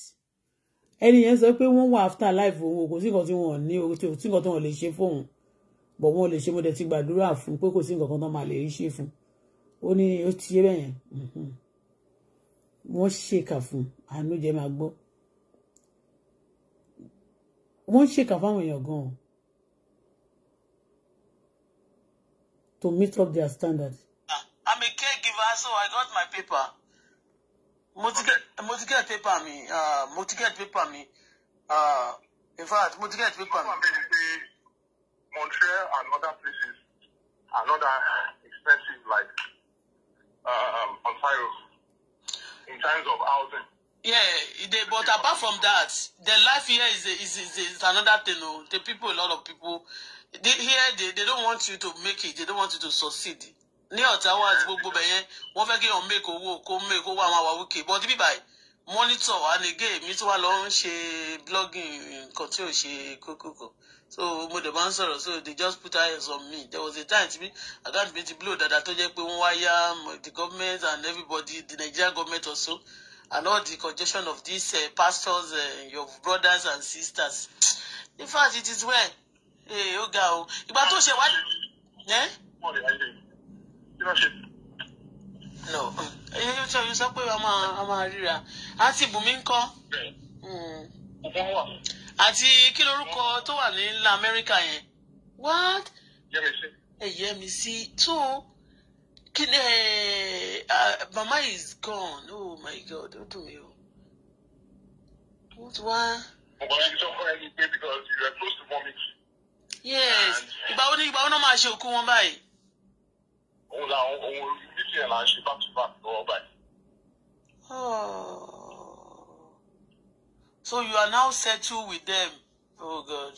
Speaker 1: ẹni yẹn sọ pé wọ́n wà after life òun kò sí nǹkan tí wọ́n ní o tí nǹkan tí wọ́n lè ṣe fóun bọ̀ wọ́n lè ṣe mo dẹ̀ ti gbàdúrà fún pé kò sí nǹkan tó máa lè rí ṣe fún ó ní ó ti yé bẹ́ẹ̀ yẹn mm-hmm. ṣèkà fún àánú máa gbọ́ wọ́n ṣèkà fáwọn èèyàn gan to meet up their standard. Ah, I'm a caregiver so I got my paper mo ti get paper mi ah, mo ti get paper mi ah, in fact mo ti get paper mi. Montreal and other
Speaker 4: places are not expensive like ah, um, Ontario in terms of housing.
Speaker 1: Yeah, they, but apart from that, the life here is is, is, is another thing. You oh. the people, a lot of people, they, here they, they don't want you to make it. They don't want you to succeed ní ọ̀tá wa àti gbogbo bẹ̀yẹn wọ́n fẹ́ kí èèyàn mẹ́kọ̀ owó kó mẹ́kọ̀ owó àwọn àwàwíkè bọ́dí bíbáyìí mọ́nítọ̀ anigé mi tí wà lọ ń ṣe blogging nǹkan tí ò ṣe kókó so mo dẹ̀ máa ń sọ̀rọ̀ so they just put eyes on me there was a time tí àkáǹtì mi ti blow dada tó jẹ́ pé wọ́n wá yá um, the government and everybody the Nigerian government also and all the congestion of these uh, pastors uh, your brothers and sisters in fact it is well. ó ga o ìgbà tó ṣe wá. Eh? kí ló ṣe. lọ ẹyẹ tí ọyọ sọ pé a máa a máa ríra àti Bùnmi ńkọ. ògùn hmm. wà. àti kí lorúkọ tó wà ní ilẹ̀ Amẹ́ríkà yẹn. what. Yẹ́misí. ẹ Yẹ́misí tó kí ni mama eh, is gone oh my god ó dùn mí o. what wá. ọ̀gbọ́n yìí sọ fún ẹni pé because you are close to mommy. yes eh, ìgbà wo ni ìgbà wo náà máa ṣe òkú wọn báyìí
Speaker 4: òun làwọn òun oríṣiríṣi ẹ̀ là ń ṣe back to back lọ́wọ́ báyìí.
Speaker 1: Oh. So you are now settled with them. Oh God.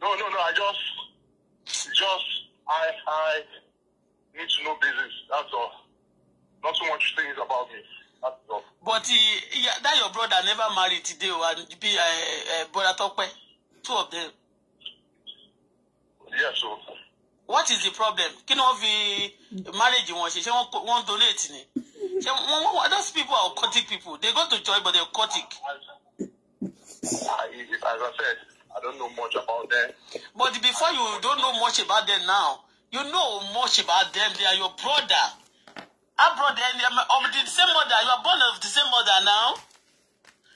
Speaker 1: No, no, no. I just,
Speaker 4: just, I, I need to know business. That's all. Not so much
Speaker 1: things about me. That's all. But he, he, that your brother never married today, and be a uh, uh, eh, brother Tope, two of them. Yes, yeah, so what is the problem kí ni wọ́n fi marriage wọn ṣe ṣé wọ́n donate ni ṣé wọ́n those people are occultic people they go to church but they are occultic.
Speaker 4: as I said I don't know much about them.
Speaker 1: but before you don't know much about them now you know much about them they are your brother our brother and them of the same mother you are born of the same mother now.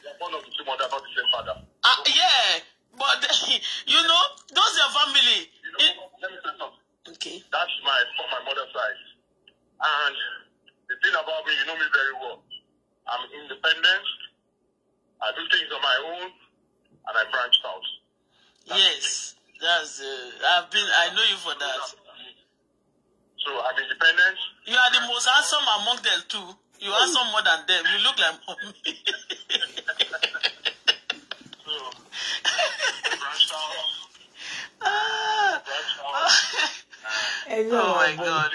Speaker 4: you are born of the same mother not the same father.
Speaker 1: ah uh, yeah but [LAUGHS] you know those are family. It,
Speaker 4: Okay. That's my from my mother's side. And the thing about me, you know me very well. I'm independent. I do things on my own,
Speaker 1: and I branched out. yes, that's. I've been. I know you for that. So I'm independent. You are the most handsome among them too. You are more than them. You look like mommy. [LAUGHS] out. [LAUGHS] Ah oh my god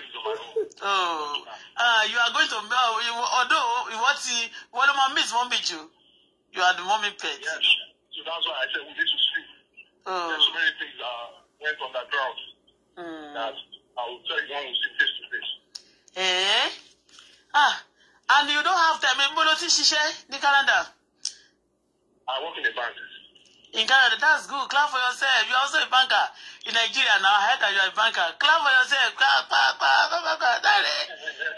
Speaker 1: oh uh, you are going to uh, you, although ìwọ ti wọ́n ló máa miss won't jù you You are the mommy pet. yes
Speaker 4: so that's why i said we need to sleep. Oh. there's so many things that went on underground.
Speaker 1: Mm. that i will tell you when we see face to face. Eh? ah and you don't have time gbọ́dọ̀ ti ṣiṣẹ́ ní Canada. i work in the bank in Canada. That's good. Clap for yourself. You're also a banker in Nigeria now. I heard that you're a banker. Clap for yourself. Clap, clap, clap, clap,
Speaker 2: clap. Dare,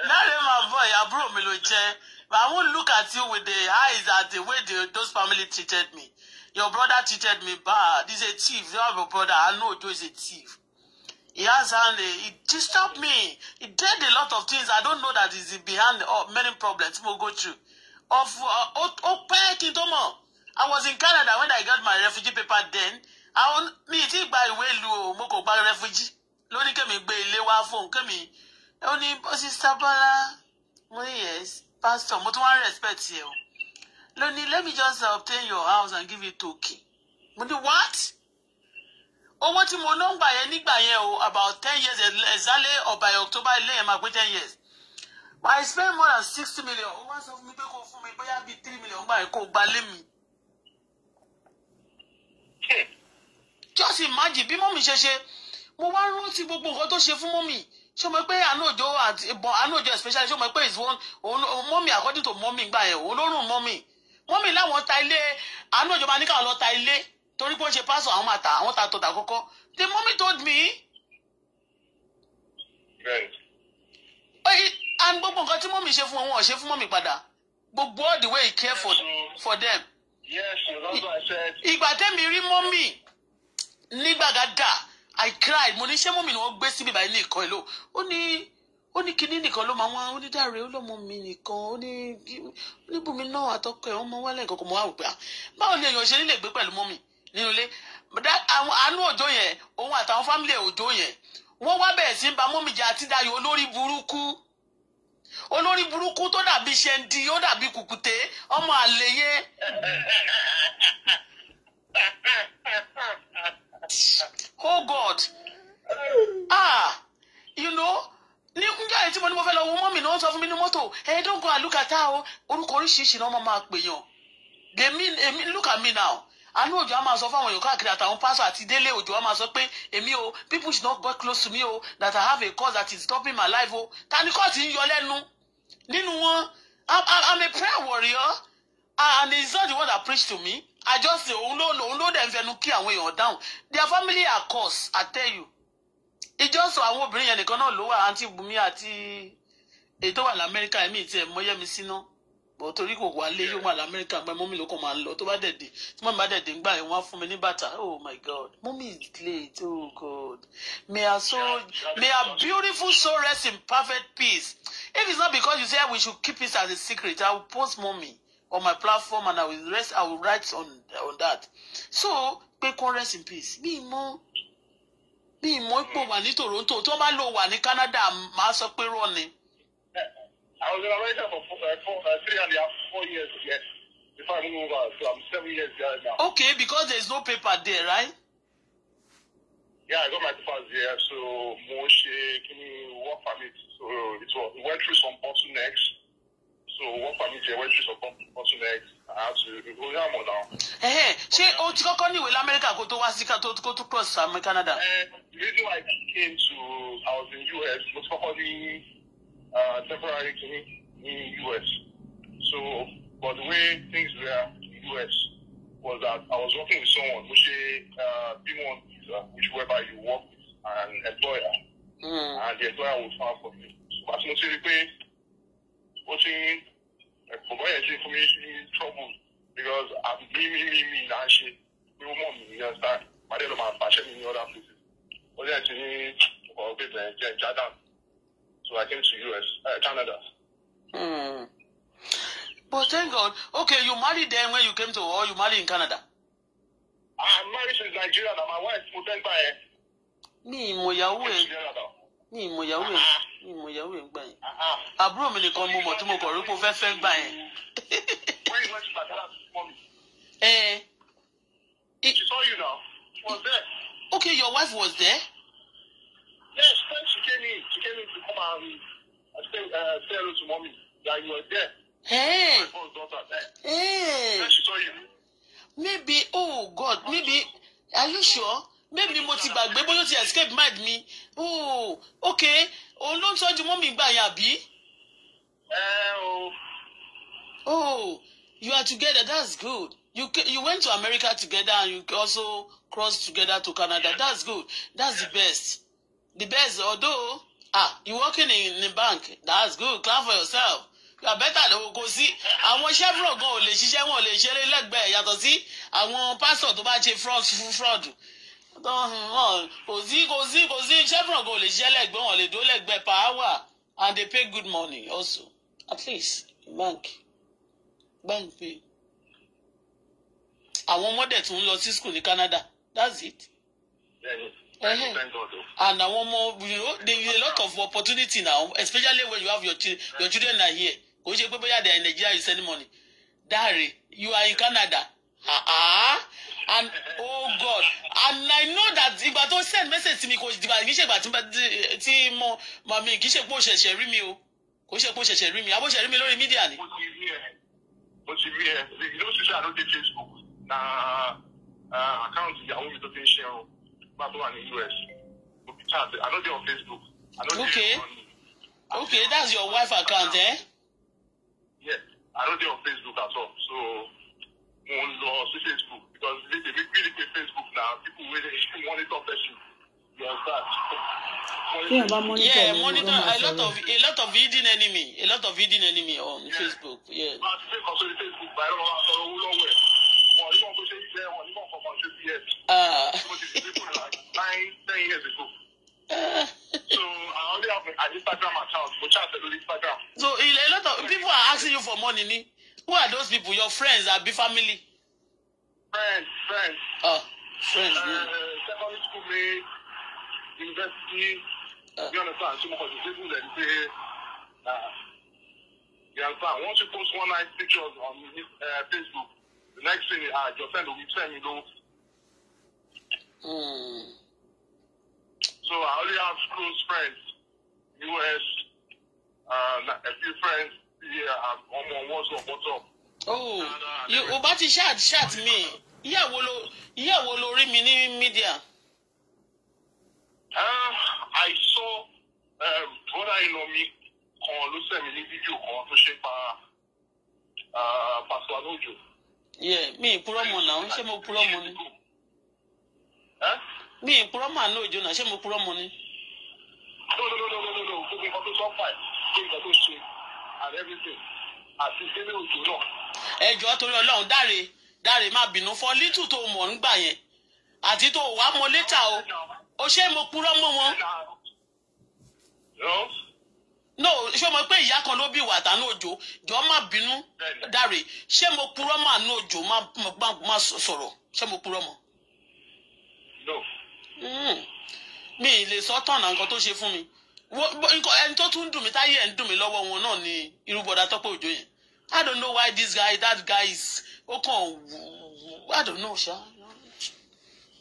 Speaker 2: my
Speaker 1: boy, I mi me jẹ́. But I won't look at you with the eyes at the way the, those family treated me. Your brother treated me bad. He's a thief. You have a brother. I know Joe is a thief. He has hand. He disturbed me. He did a lot of things. I don't know that is behind uh, many problems. Mo go through. Of, uh, ó pẹ́ kí I was in Canada when I got my refugee paper then. Àwọn mi ti gba ìwé ìlú o, mo kò gba refugee. Lóní kèmi gbé ilé wá fóun kèmi. Ó ní Sista Bọ́lá, mo ní yes, pastor, mo tún wá respect yẹ o. Lóní let me just obtain your house and give you token. Mo ní what? Owó tí mo ná ń gbà yẹn nígbà yẹn o, about ten years exactly or by October ilé yẹn pé ten years. But I spend more than sixty million.
Speaker 3: Ó wá sọ fún mi pé kó fún mi bóyá bíi three million gbà
Speaker 1: yẹn kó gbalé mi just imagine bí mọ́mì ṣe ṣe mo wá rántí gbogbo nǹkan tó ṣe fún mọ́mì ṣé o mọ̀ pé ànájọ àti ìbọn ànájọ especially ṣé o mọ̀ pé is one mọ́mì according to mọ́mì gbà yẹn òun ló rùn mọ́mì mọ́mì láwọn ta ilé ànájọ máa ní káwọn lọ ta ilé torí pé ó ń ṣe pásọ àwọn máa ta àwọn ta tọ̀tà kọ́kọ́ the mommy told me. and gbogbo nǹkan tí mọ́mì ṣe fún wọn wọn ò ṣe fún mọ́mì padà gbogbo all the way he care for, mm-hmm. for them.
Speaker 4: Yes, you remember I
Speaker 1: said. Ìgbà tẹ́mi rí mọ́mì ní Gbàgádà, I cried. Mo ní ṣé mọ́mì ni wọ́n gbé síbi báyìí ní ìkan ìlú. Ó ní ó ní kinní nìkan ló máa wá ó ní dáre ó lọmọ mi nìkan ó ní níbùmí náà àtọkọ ẹ wọn máa wálé nǹkan kò mọ àwùgbà báwo ni èèyàn ṣe nílè gbé pẹ̀lú mọ́mì nínú ilé àwọn àánú òjò yẹn òun àtàwọn fámìlì òjò yẹn wọ́n wá bẹ̀rẹ̀ sí ń ba mọ́mì jẹ́ àtidáyò olórí burúkú olórí burúkú tó dàbí ṣẹ́ndí ó dàbí kùkùté ọmọ àlè oh god ah you know ní tí mo ní mo fẹ́ lọ wo mọ́mì náà sọ fún mi ní mọ́tò ẹ̀ẹ́dọ́gbọ̀n àlùkàtà o orúkọ oríṣiríṣi náà wọ́n máa pèèyàn they mean look at me now àánú òjò á máa sọ fáwọn èèyàn káàkiri àtàwọn pásọ àti délé òjò á máa sọ pé èmi o people should not get close to me o that I have a cause that is stopping my life o ta ni kóòtù ń yọ lẹ́nu nínú wọn I'm a prayer warrior and it's not the one that preach to me I just say òun ló òun ló dẹ̀ ń fẹnu kí àwọn èèyàn down their family are cause I tell you ìjọsọ àwọn obìnrin yẹn nìkan náà ló wà àǹtí Bùnmi àti èyí tó wà lamẹ́ríkà ẹ̀mí ìtì ẹ̀ mọ́yẹ́mi síná bọ̀ torí kò wálé yóò wà lamẹ́ríkà pé mọ́mí ló kàn máa ń lọ tó bá dẹ̀dẹ̀ tí mọ́mí bá dẹ̀dẹ̀ ń gbà yẹn wọ́n á fún mi ní bàtà oh my god mọ́mí is great oh god may her so may her beautiful soul rest in perfect peace if it's not because you say we should keep it as a secret i will post mọ́mí on my platform and i will rest i will write on on that so pé kó rest in peace mi mọ́ mi mọ́ ipò wà ní Toronto tó bá lò wà ní Canada màá sọ pé rọ́ ni. I was in America
Speaker 4: for, four, uh, four, uh, three and a half, four years, yes, before I moved over. So I'm seven years there now.
Speaker 1: Okay, because there's no paper there, right?
Speaker 4: Yeah, I got my papers there. So Moshe, can you work permit? So it, went through some bottlenecks. So work permit here went through some bottlenecks. I had to go down more now.
Speaker 1: Eh, ṣé o ti kọ́kọ́ níwèé l'Amẹ́ríkà kó tó wá sí ká tó tó cross Canada? Uh,
Speaker 4: the reason why I came to I was in US, mo ti kọ́kọ́ ní uh, temporary clinic in US. So, but the way things were in US was that I was working with someone, which uh, B1 visa, which whereby you work with an employer, mm. and the employer will file for me. So, as much as you pay, watching, bàbá yẹn ṣe fún mi ní trouble because I'm mi mi mi là ń ṣe pé ó mọ̀ mí ní ọ̀sán pàdé ló máa fàṣẹ mi ní other places. ó yẹ ti ní ọ̀rọ̀ pé bẹ̀rẹ̀ jẹ́ jádàmù. So I came to US, uh, Canada.
Speaker 1: Hmm. But thank God. Okay, you married them when you came to, or you married in Canada? Ah, I'm married since Nigeria now. My wife put them by. Mi Mo ìyàwó ẹ̀ mi ìmọ̀ ìyàwó ẹ̀ ah, ah. mi ìmọ̀ ìyàwó ẹ̀ ń gbà yẹn. Àbúrò mi nìkan mo mọ̀ tí mo kọ̀ rí kó fẹ́ fẹ́ gbà yẹn.
Speaker 4: Ẹ. She eh. saw you now. was there.
Speaker 1: Okay, your wife was there.
Speaker 4: Yes, thanks. she came in. She came in to come and uh, say, uh, say hello to mommy that you are there.
Speaker 3: Hey. Eh. My
Speaker 4: boss daughter there.
Speaker 3: Hey. Eh. Then she saw you. Maybe,
Speaker 1: oh God, maybe, are you sure? Maybe mo ti gbàgbé bóyá ti escape mind mi. Oh, okay. Òun ló ń tọ́jú mọ́mì gbà yà bí? Ẹ eh, o. Oh, you are together, that's good. You you went to America together and you also crossed together to Canada. That's good. That's the best the best although ah you working in the bank that's good clap for yourself you are better than kò sí àwọn chevron gan ò lè ṣiṣẹ́ wọn ò lè ṣeré lẹ́gbẹ̀ẹ́ yàtọ̀ sí àwọn pásítọ̀ tó bá ṣe fraud fraud kò sí kò sí kò sí chevron gan ò lè ṣiṣẹ́ lẹ́gbẹ̀ẹ́ wọn ò lè dúró lẹ́gbẹ̀ẹ́ per hour and they pay good money also at least bank bank pay àwọn ọmọdé tún ń lọ sí school ní Canada that's it. Yeah, yeah. Thank God. And now one more, you know, there is a lot of opportunity now, especially when you have your children. Your children are here. Kò ṣe pé bóyá they are in Nigeria you send money. Dare, you are in Canada. Ah ah. And oh God, and I know that ìgbà tó send message to me, kò ìgbà kì í ṣe ìgbà tí mo màmí kì í ṣe pé ó ṣẹ̀ṣẹ̀ rí mi o. Kò ṣe pé ó ṣẹ̀ṣẹ̀ rí mi. Àbó ṣe rí mi lórí mídíà ni.
Speaker 4: Mo ti rí ẹ. Mo ti rí ẹ. You know, ṣiṣẹ́ àlọ́ dé Facebook na ah, account. ìyàwó mi tó fi ń ṣe o. I no
Speaker 1: dey on Facebook I no okay. on. Okay, that's your wife account, eh?
Speaker 4: Yeah, I no dey on Facebook at all so
Speaker 2: mo n
Speaker 4: Facebook because
Speaker 1: they dey make really dey Facebook now. people really monitor person you understand. Yeah, but monitor, yeah, monitor a lot of a lot of hidden enemy a lot of hidden enemy on yeah. Facebook. Yeah wọ́n rí wọn bó ṣe ń jẹ
Speaker 4: wọ́n nígbà kọ̀ọ̀kan tó bí ẹ̀. mo ah. ti fi people like nine ten years ago.
Speaker 2: Ah.
Speaker 1: so I only have an Instagram account. Mo chat lórí Instagram. So a lot of people are asking you for money ni. Who are those people? Your friends abi family? Friends, friends. Uh, friends. Uh, yeah. Secondary school mate, university.
Speaker 4: Uh. You understand? So mo kàn ti ṣe fún them say. You understand? post one nice pictures on uh, Facebook the next thing àjọ ah, fẹ́
Speaker 2: you know. ló. Hmm.
Speaker 4: So I only have close friends US uh, a few friends here
Speaker 1: ọmọ what's up what's up. Oh, uh, o bá ti ṣáàt ṣáàt mi Yeah, ló ìyàwó ló rí mi media. mídíà. Uh,
Speaker 4: I saw um, brother in know me, kan ló sẹ̀ mí ní fídíò kan tó ṣe uh, Pastor Anojo.
Speaker 1: Yeah, mi ìpúrọ́ mọ̀ náà ṣé mo púrọ́ mọ́ ni. Mi ìpúrọ́ mà ní òjò náà ṣé mo púrọ́ mọ́ ni.
Speaker 3: Lọ́lọ́lọ́lọ́lọ́lọ́ gbogbo nǹkan tó sọ́fà ṣe nǹkan tó ṣe and everything àti délé òjò náà. Ẹ jọ̀ọ́ torí Ọlọ́run dáre dáre má bínú fọ lítù
Speaker 1: tó mọ̀ nígbà yẹn àti tó wàá mọ létà o ó ṣé mo púrọ́ mọ́ wọn no ṣé o mọ̀ pé ìyá kan ló bí ìwà àtànú òjò jọ má bínú dáre ṣé mo purọ́ mà ní òjò má sọ̀rọ̀ ṣé mo purọ́ mọ́. Hmm. mi ì lè sọ tọ̀nà nǹkan tó ṣe fún mi ẹni tó tún dùn mí táyé ẹ̀ ń dùn mí lọ́wọ́ wọn náà ni irú bọ̀dá tọ́pẹ́ òjò yẹn I don't know why this guy that guy is ó kàn I don't know ṣá.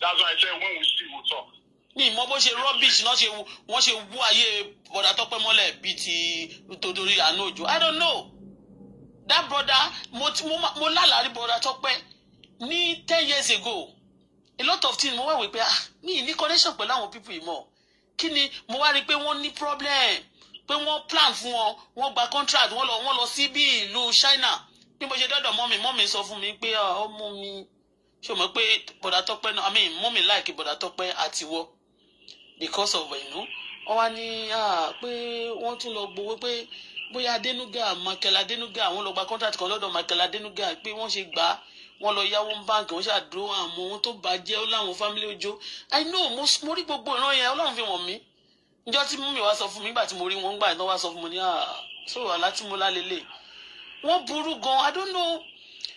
Speaker 3: that's why I say when we see we talk ní ìmọ̀ bó ṣe rubbish náà ṣe
Speaker 1: wọ́n ṣe wú ayé bọ̀dà tọ́pẹ́ mọ́lẹ̀ bíi ti torí àánú òjò i don't know that brother mo ti mo mo lálàárí bọ̀dà tọ́pẹ́ ní ten years ago a lot of things mo wá wí pé ah mi ní connection pẹ̀lú àwọn people yìí mọ̀ kí ni mo wá rí i pé wọ́n ní problem pé wọ́n plan fún wọn wọ́n gba contract wọ́n lọ wọ́n lọ sí bí ìlú China bí mo ṣe dọ́dọ̀ mọ́mi mọ́mi sọ fún mi pé ah, ọmọ mi ṣe mọ̀ pé bọ̀dà tọ́pẹ́ náà i mean mọ́mi láìkí bọ̀dà tọ́pẹ́ àtiwọ́ because of ìlú wọn wá ní ah, pé wọn tún lọ gbowó pé bóyá Adenuga Michael Adenuga àwọn lọ gba contract kan lọ́dọ̀ Michael Adenuga pé wọ́n ṣe gbà á wọ́n lọ yáwó báǹkì wọ́n ṣàdúró àmọ́ ohun tó bàjẹ́ ó family fámílì ọjọ́ i know mo, mo rí gbogbo ìran yẹn Ọlọ́run fi wọ̀n mí níjọ́ tí mímì wá sọ fún mi nígbà tí mo rí wọn gbà tí wọ́n wá sọ fún mi ní sọ̀rọ̀ alátìmọ́lá lélẹ̀ wọ́n burú gan i don't know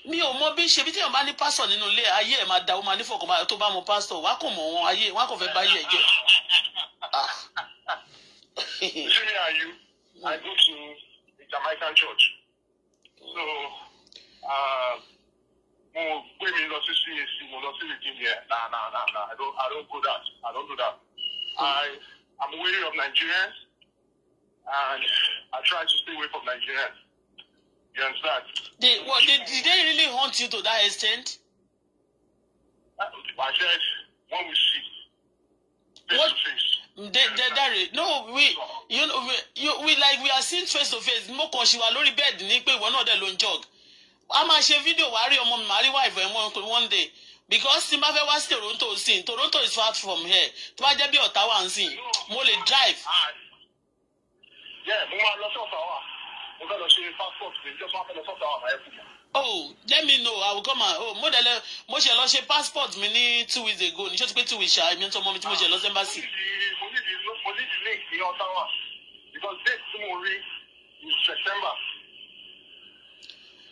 Speaker 1: mi ò mọ bí ṣe bí téèyàn ní pásítọ̀ nínú ilé ayé ẹ̀ máa da ó máa nífọ̀kàn tó bá mọ pásítọ̀ wá kò mọ̀ wọn ayé wọn kò fẹ́ bá ayé ẹ̀ jẹ́.
Speaker 4: I go to Jamaican church so uh, mo gbé mi lọ sí CAC mo lọ sí Virginia na na na na I don't I don't go that I don't do that I I'm wary of Nigerians and I try to stay away from Nigerians. You understand? They, what? they, did
Speaker 1: they really haunt you to that extent? I said, when we see face what? to face. dẹ́dẹ́rẹ́ no we you know we, you, we like we are seeing face to face mo kàn ṣì wà lórí bed ní pé ìwọ náà dẹ̀ ló jog a máa ṣe fídíò wàá rí ọmọ mi màá rí wá ìfẹ́ one day because tí n bá fẹ́ Toronto sin Toronto is far from here To bá jẹ́ bí Ottawa ń sìn mo lè drive.
Speaker 4: Ah, yeah, mo máa lọ sí Ottawa
Speaker 1: oh let me know i will come and oh mo dẹ̀lẹ̀ mo ṣe lọ ṣe passport mi ní two weeks ago ní ṣé o ti pé two weeks ṣáà èmi tó mọ mi tí mo ṣe lọ sí embassy.
Speaker 4: mo ní ìdí mo ní ìdí link ní ọ̀tá wa because date tí mo rí is September.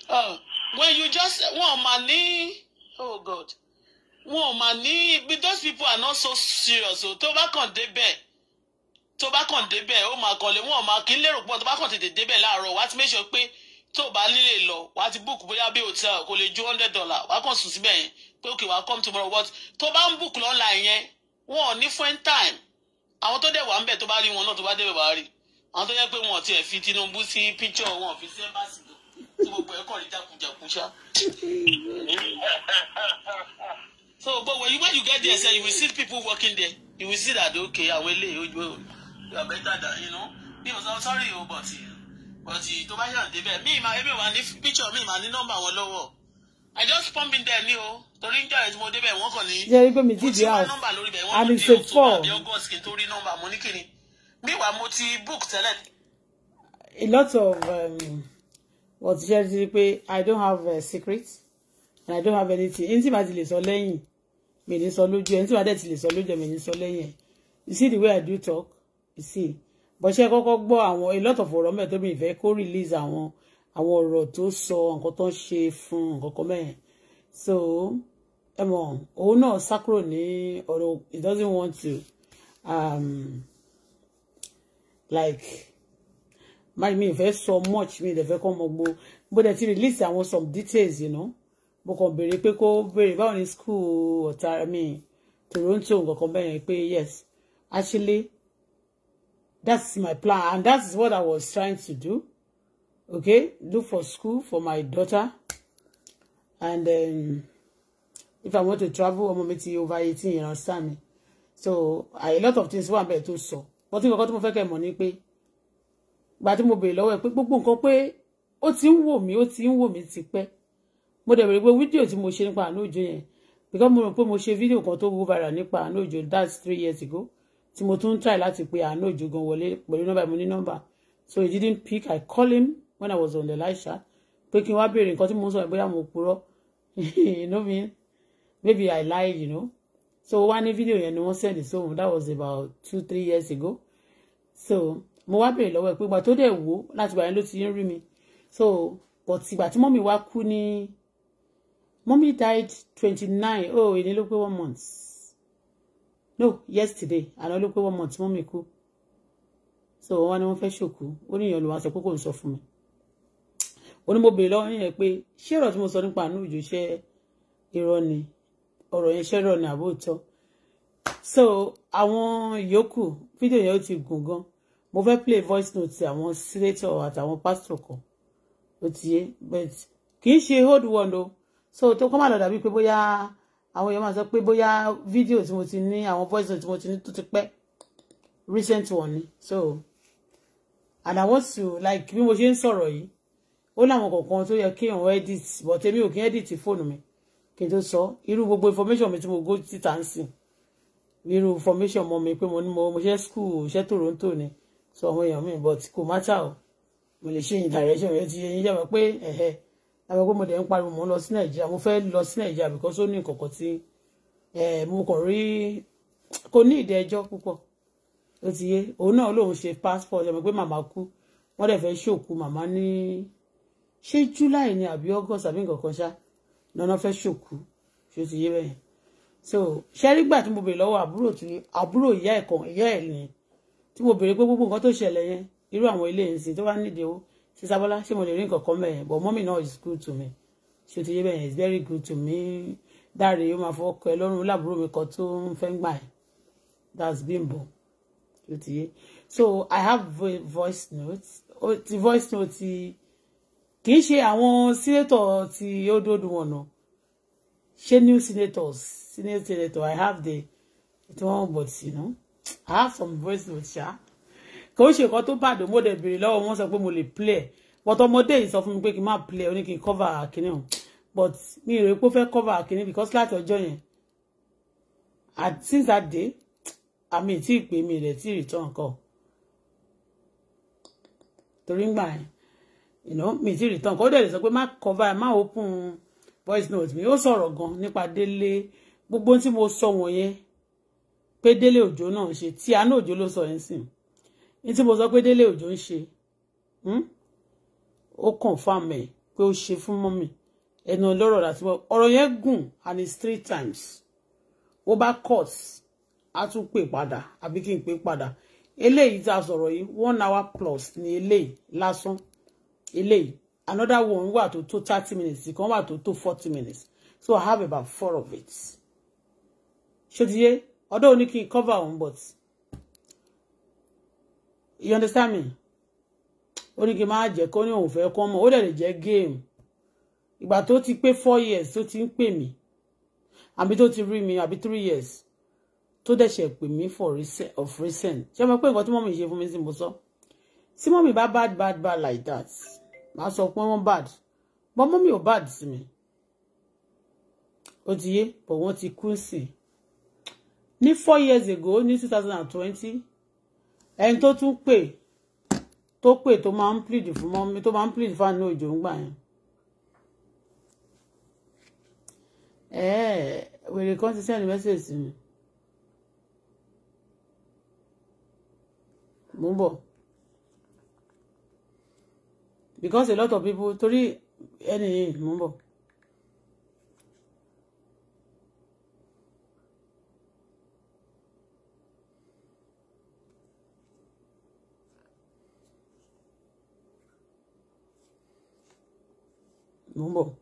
Speaker 1: Oh, when you just wọn ma ní oh God wọn ma ní those people are not so serious o oh. tó bá kàn débẹ̀ tó bá kàn débẹ̀ ó máa kàn lé wọn máa kí n lérò pọ̀ tó bá kàn tètè débẹ̀ láàárọ̀ wá ti make sure pé tó bá nílé lọ wá ti book bóyá bí hotel kò lè ju hundred dollar wá kàn sùn síbẹ̀ yẹn pé okay wá come tomorrow what tó bá ń book lọ́la yẹn wọn ò ní fún time àwọn tó dẹ̀ wà ń bẹ̀ tó bá rí wọn náà tó bá débẹ̀ wá rí àwọn tó yẹ pé wọn ò tiẹ̀ fi Tinubu sí picture wọn fi sí embassy tí gbogbo
Speaker 3: ẹ̀ rí jákujàku
Speaker 1: so but when you, when you get there sef you will see people working there you will see that okay àwọn eléyìí ojú ẹ̀ òní you are better than you know mi ò sọ sorry o but but tó bá yàn débẹ̀ mi ma èmi ò ní picture mi ma ní nọ́mbà wọn lọ́wọ́ i just pump in there ni o torí ń jàre tí mo débẹ̀ wọ́n kàn ní. jẹ́rí pé mi and it's a four. mo ti wá nọ́mbà lórí bẹ̀ wọ́n kàn ní august kí mo ti book tẹ́lẹ̀. a lot of um, what ti ṣe é ti i don't have a secret and i don't have anything ẹni tí màá ti lè sọ lẹ́yìn mi ní sọ lójú ẹni tí màá dẹ̀ ti lè sọ lójú ẹ̀ mi ní sọ lẹ́yìn ẹ̀ you see the way i do talk you see bọ́sẹ̀ kọ́kọ́ gbọ́ àwọn a lot of ọ̀rọ̀ mẹ́ẹ̀ tó bí ìfẹ́ release àwọn àwọn ọ̀rọ̀ tó sọ nǹkan tó ń ṣe fún nǹkan kan mẹ́ẹ̀ so ẹ mọ̀ òun náà sákúrò ní ọ̀rọ̀ he doesn't want to um, like marry me ìfẹ́ so much Me the very come gbó bó dẹ̀ ti release àwọn some details you know mo kàn béèrè pé kó béèrè báwo ni school I mean, Toronto nǹkan kan bẹ́ẹ̀ yẹn yes actually That's my plan. And that's what I was trying to do. Okay? Look for school for my daughter. And um, if I want to travel, ọmọ mi ti over 18, you understand me? So, a lot of things wà bẹ́ẹ̀ tó but Wọ́n ti kọ́kọ́ tí mo but kẹ́ mọ̀ ni pé, gba tí mo bèèrè lọ́wọ́ ẹ̀ pé gbogbo nǹkan pé ó ti ń wò mí, ó ti ń wò mí tipẹ́. Mo dẹ̀ bèrè pé fídíò tí mo ṣe nípa Àánú Òjó yẹn, because mo rò pé mo ṣe fídíò kan tó wú viral nípa Àánú Òjó that's three years ago tí mo tún try láti pe àánú òjògan wọlé pẹ̀lú nọ́mbà mo ní nọ́mbà so he didn't pick I call him when I was on the live chat pé kí n wá béèrè nǹkan tí mo ń sọ ẹ̀ bóyá mo purọ́ [LAUGHS] you know me maybe I lie you know so wá ní fídíò yẹn ni wọ́n send it sóhun that was about two three years ago so mo wá béèrè lọ́wọ́ ẹ̀ pé ìgbà tó dẹ̀ wò láti gbà yẹn ló ti ń rí mi so but ìgbà tí mọ́mì wá kú ní mọ́mì died twenty nine oh èyí ló pé one month no yesterday àná ló pé wọ́n mọ̀ tí mọ́mì kú so wọ́n ní wọ́n fẹ́ ṣòkú ó ní ìyànlọ́wọ́ aṣọ kókò ń sọ fún mi ó ní mo bèèrè lọ́wọ́ yẹn pé ṣé ọ̀rọ̀ tí mo sọ nípa àánú ìjò ṣe irọ́ ni ọ̀rọ̀ yẹn ṣe irọ́ ni àbóòtọ́ so àwọn yòókù fídíò yẹn ó ti gùn gan mo fẹ́ play voice note àwọn senator àtàwọn pastor kan ó ti yé but kì í ṣe old one o so tó kọ́ má lọ dàbí pé bóyá àwọn èèyàn máa sọ pé bóyá fídíò tí mo ti ní àwọn voice note tí mo ti ní tó ti pẹ́ recent one ni so and I want to like bí mo ṣe ń sọ̀rọ̀ yìí ó láwọn kọ̀ọ̀kan tó yẹ kí òun edit but èmi ò kí edit fóònù mi kí n tó sọ irú gbogbo information mi tí mo go síta ń sìn irú information mọ mi pé mo ní mo mo ṣe school ṣe Toronto ni so àwọn èèyàn mi but kò má ta o mo lè ṣe ìdàrẹ́ṣẹ̀ rẹ ti yẹ yín jẹ́ mọ́ pé ẹ̀hẹ́ àwọn pé mo dẹ̀ ń pariwo mo lọ sí nàìjíríà mo fẹ́ lọ sí nàìjíríà because ó ní ìkọ̀kọ̀ tí mo kàn rí kò ní ìdẹ́jọ́ púpọ̀ ó ti yé òun náà lòun ṣe passport ẹ̀mọ́ pé màmá kú wọ́n dẹ̀ fẹ́ ṣòkú màmá ní ṣé july ni àbí august àbí nǹkan kan ṣá lọ́nà fẹ́ ṣòkú ṣé ó ti yé bẹ́ẹ̀ so ṣẹ́rí gbà tí mo bèrè lọ́wọ́ àbúrò tí àbúrò ìyá ẹ̀ kan ìyá ẹ̀ ni tí mo bèrè pé gbogbo nǹkan tó ṣẹlẹ̀ yẹn irú àwọn ilé ìsìn tó bá nídìí owó sísá bọ́lá ṣé mo lè rí nǹkan kan mẹ́ẹ̀ but mommy náà is good to me ṣé o ti yé bẹ́ẹ̀ yẹn is very good to me dáre yóò máa fọkọ ẹ lọ́rùn láàbúrò mi kan tó ń fẹ́ gbà ẹ̀ that's bimbo ṣé ti yé so i have voice note ti voice note ti kì í ṣe àwọn senator ti ódòdó wọn náà ṣé new senators senator, senator i have the the one but you know i have some voice note ṣáá kò ṣe nǹkan tó bàdó mo dẹ̀ béèrè lọ́wọ́ wọn sọ pé mo lè play but ọmọdé yìí sọ fún mi pé kí n má play ó ní kí n cover akínní hàn but mi rè pé ó fẹ́ cover akínní because láti ọjọ́ yẹn and since that day àmì tí ìpè mi rẹ̀ tí return call torí ngbà yẹn you know mi ti return kó dẹ̀ lè sọ pé má cover má open voice note mi ó sọ̀rọ̀ gan nípa délé gbogbo tí mo sọ wọ̀nyẹn pé délé òjò náà ṣe tí àánú òjò ló sọ yẹn sìn ní tí mo sọ pé délé òjò ń ṣe hmm, ó kàn fáàmù ẹ pé ó ṣe fún mọ́mì ẹnu ọlọ́rọ̀ láti wọ́n ọ̀rọ̀ yẹn gùn and three times ó bá cut á tún pè padà àbí kí n pè padà eléyìí tá a sọ̀rọ̀ yìí one hour plus ni eléyìí lásán eléyìí another one wà tó tó thirty minutes kan wà tó tó forty minutes so I have about four of it ṣé ti yé ọdọ́ òní kí n cover on but you understand me ó ní kí n máa jẹ́ kó ní òun fẹ́ kọ́ mọ́ ó dẹ̀ lè jẹ́ game ìgbà tó ti pé four years tó ti ń pè mí àbí tó ti rí mi àbí three years tó dẹ̀ ṣe pè mí for recent of recent ṣé mo pé nǹkan tí mọ́mì ṣe fún mi sí mo sọ tí mọ́mì bá bad bad bad like that màá sọ pé wọ́n bad but mọ́mì ò bad sí mi ó ti yé but wọ́n ti kú sí ní four years ago ní two thousand and twenty ẹni tó tún pè tó pè tó máa ń plead fún mọ́mí tó máa ń plead fún àánú òjò ń gbà yẹn. wèrè kan ti send message sí mi. mo ń bọ̀ because a lot of people torí ẹni yìí mo ń bọ̀. mo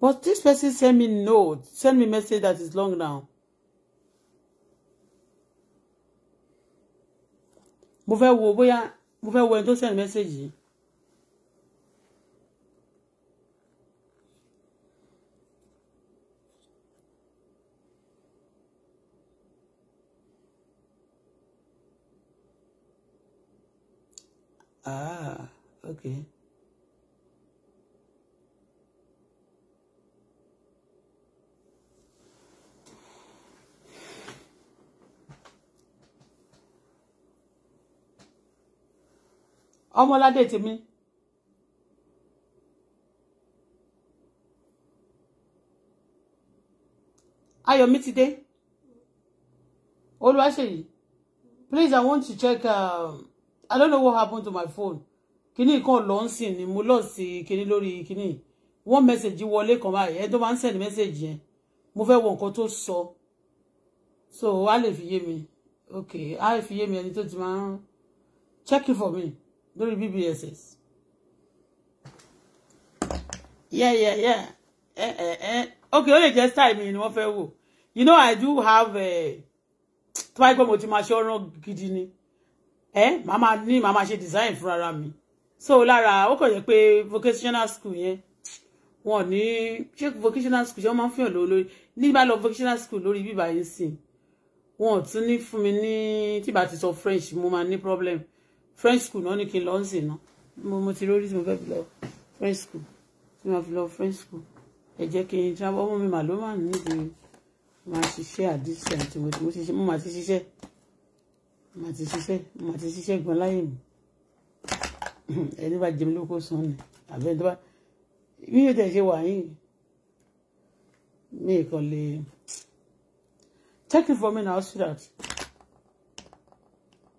Speaker 1: But this person send me note, send me message that is long now. 无法我不元，无法我 i n 里 s 面升级。
Speaker 2: 啊，OK。
Speaker 1: ọmọládé tèmi ayọ̀mí ti dé olùwàṣeyì please i want to check um, i don't know what happened to my phone kíní kan lọ ń sìn ni mo lọ sí kíní lórí kíní one message wọlé kan báyìí ẹ tó máa ń send message yẹn mo fẹ́ wọ nǹkan tó sọ so a lè fi yé mi okay a lè fi yé mi ẹni tó ti máa ń check it for me lórí bbss yeah yeah yeah eh, eh, eh. okay only just time in mi ni you know i do have a eh, twice yẹ pé mo ti eh? Mama, ni mama she ní màá máa ṣe design fún ara so Lara, ó kàn jẹ́ pé vocational school yẹn wọn ni ṣé vocational school ṣé wọ́n máa ń fihàn lówó lórí vocational school lórí bíbá yìí sìn wọn ò tún ní fún mi ní tí bá ti sọ french mo máa ní problem french school náà ní kí n lọ ń sìn ná mo mo ti lórí tí mo fẹ́ fi lọ french school tí mo fi lọ french school ẹ jẹ́ kí n travel ọmọ mi mà ló mà níbi máa ṣiṣẹ́ àdìsẹ́ àti mo ti ṣiṣẹ́ mo mà ti ṣiṣẹ́ mo mà ti ṣiṣẹ́ mo mà ti ṣiṣẹ́ gan láyè mi [CLEARS THROAT] ẹni bá jẹun lóko sàn ni àbẹ́ tó bá mi ò tẹ̀ ṣe wà yìí mi kò lè check it for me now so that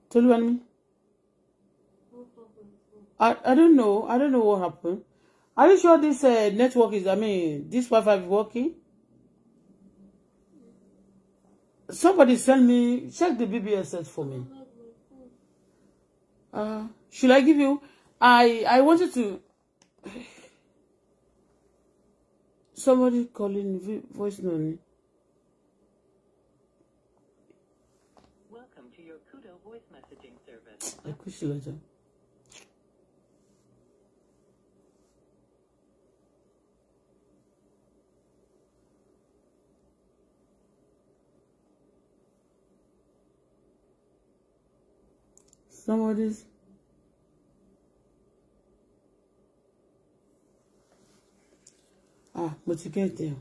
Speaker 1: tolúwa ni I, I don't know. I don't know what happened. Are you sure this uh, network is, I mean, this Wi-Fi is working? Somebody send me, check the BBSS for me. Uh, should I give you? I I wanted to. Somebody calling voice note.
Speaker 4: Welcome to your Kudo voice messaging service.
Speaker 1: somebody's ah but you get there.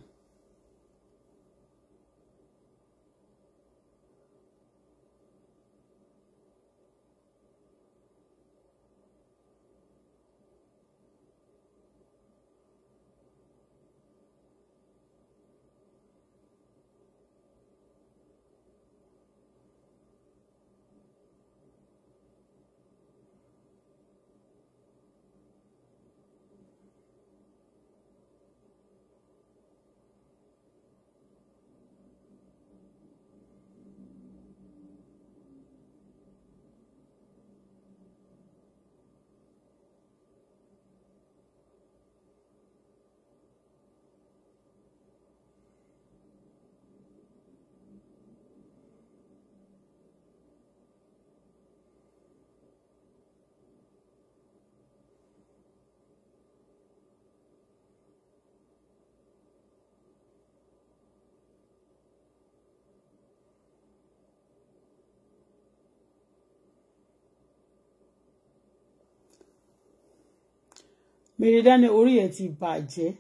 Speaker 1: Mary Daniel orí ẹ̀ ti bàjẹ́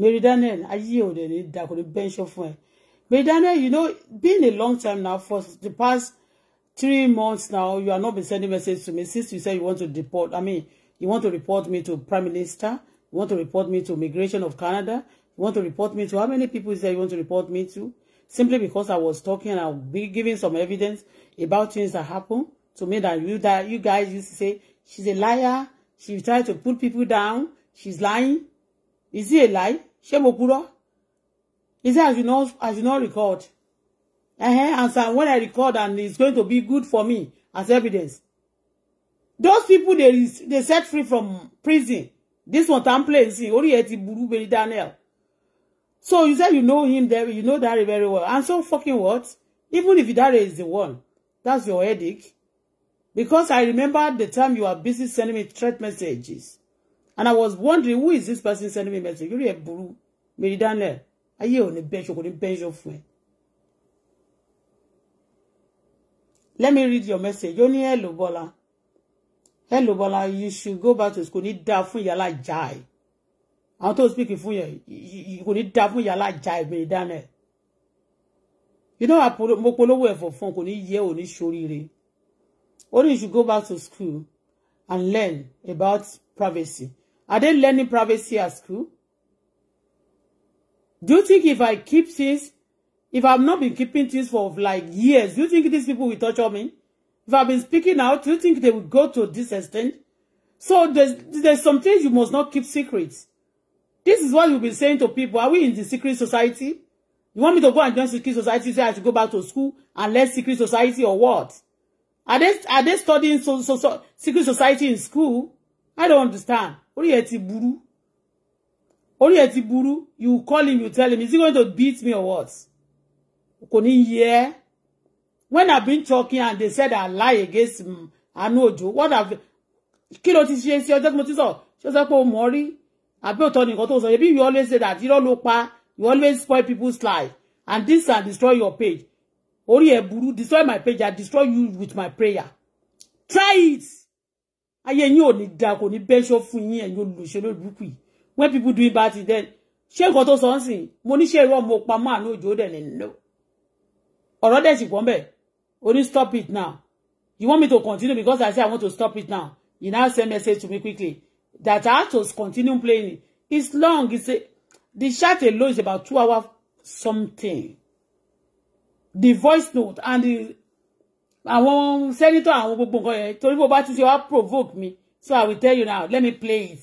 Speaker 1: Mary Daniel ayé ò dẹ̀ ní dàkọ̀ ní bẹ́ńṣọ́ fún ẹ Mary Daniel you know being a long time now for the past three months now you have not been sending message to me since you said you want to deport I mean you want to report me to Prime Minister you want to report me to Immigration of Canada you want to report me to how many people you said you want to report me to simply because I was talking and I was giving some evidence about things that happened to me that you that you guys used to say she's a liar she try to put people down she's lying is it a lie ṣé mo purọ́ he say i should not i should not record uh -huh. and so when i record and it's going to be good for me as evidence those people they they set free from prison this one time playing see orí ẹ ti burú beri daniel so you say you know him there you know Dare very well and so fucking what even if Dare is the one that's your headache Because I remember the time you were busy sending me threat messages. And I was wondering, who is this person sending me message? Lórí ẹ̀bùrú, Mary Daniel, ayé ò ní bẹ́ńṣọ, kò ní bench fún ẹ. Let me read your message. Ó ní hello bola, Hello bola. you should go back to school. Kò ní dáa fún ìyá alájà ẹ̀. to speak speak fún You kò ní dáa fún ìyá alájà ẹ̀ Mary Daniel. You know, mo polówó ẹ̀fọ̀ fún ọ, kò ní yẹ ò ní ṣoríire. Or you should go back to school and learn about privacy. Are they learning privacy at school? Do you think if I keep things, if I've not been keeping things for like years, do you think these people will torture me? If I've been speaking out, do you think they will go to this extent? So there's, there's some things you must not keep secrets. This is what you've been saying to people. Are we in the secret society? You want me to go and join secret society? You say I should go back to school and let secret society or what? Are they are they studying so so so secret society in school? I don't understand. Orí ẹ ti burú. Orí ẹ ti burú. You call him, you tell him, is he going to beat me or what? Kò ní yẹ. When I've been talking and they said I lie against I know Ojo, what have kí ló ti ṣe sí ọjọ́ tí mo ti sọ? Ṣé o sọ pé o mọ̀ rí? Àbí òótọ́ ni nǹkan tó sọ? you always say that you don't look pa. You always spoil people's life and this and destroy your page. Ori eburu destroy my page i destroy you with my prayer try it ayé yín ò ní da kò ní bẹ́ṣọ́ fún yín ẹ̀yin olùṣèlú no yìí when people do it bad then them ṣé nǹkan tó sọ ń sìn mo ní ṣe pa máa ní òjò dẹ̀ no ọ̀rọ̀ dẹ̀ sì pọ̀ mbẹ̀ stop it now you want me to continue because i say i want to stop it now you now send message to me quickly that i have to continue playing it's long it's a the chat alone is about two hours something the voice note and the àwọn senator àwọn gbogbo nǹkan yẹn torí bó bá ti ṣe wá provoke me so i will tell you now let me play it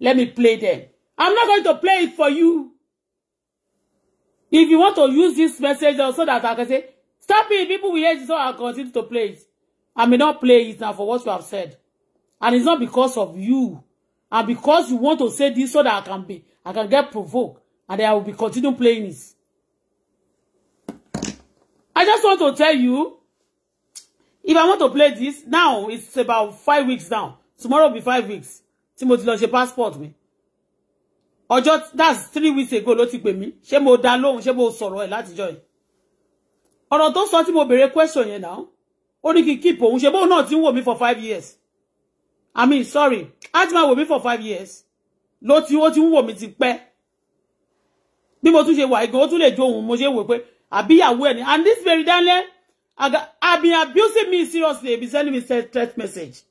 Speaker 1: let me play them i'm not going to play it for you if you want to use this message so that i can say stop it people will hear it so i continue to play it i may not play it now for what you have said and it's not because of you and because you want to say this so that i can be i can get provoked and then i will be continue playing it I just want to tell you, if I want to play this, now it's about five weeks now. Tomorrow will be five weeks. Tí mo ti lọ ṣe passport mi. Ọjọ́ that's three weeks ago ló ti pè She Ṣé mo dá lóhùn? Ṣé mo sọ̀rọ̀ ẹ̀ látijọ́ yìí? Ọ̀rọ̀ tó sọ mo bere question yẹn now. Ó ní kí keep òun ṣe bóun náà ti ń wò for five years. I mean sorry, á ti máa wò for five years. Ló ti ó ti ń wò mí ti pẹ́. Bí mo tún ṣe wà igan, ó tún lè jó òun mo ṣe wò pé àbí ìyàwó ẹ̀ ni and this very Daniel have been abusing me seriously Be sending me text message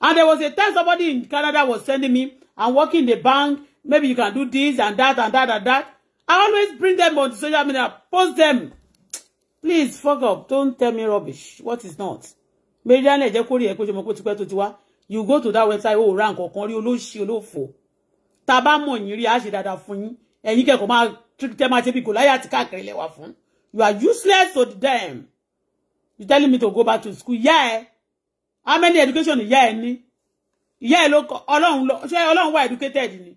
Speaker 1: and there was a time somebody in Canada was sending me I'm working in the bank maybe you can do this and that and that and that I always bring them on the social media post them please fuck up don't tell me rubbish what is not Mary Daniel you go to that website Oh, rank nǹkan kan rí olóṣì olófò tá a bá mọ̀ yín rí a ṣe dáadáa fún tẹ́ máa ṣe bí Goliath káàkiri lẹ̀ wá fún you are useless to them you telling me to go back to school Yeah. how many education Yeah, ni. Yeah, ìyá ẹ ló kọ ọlọ́run lọ educated ni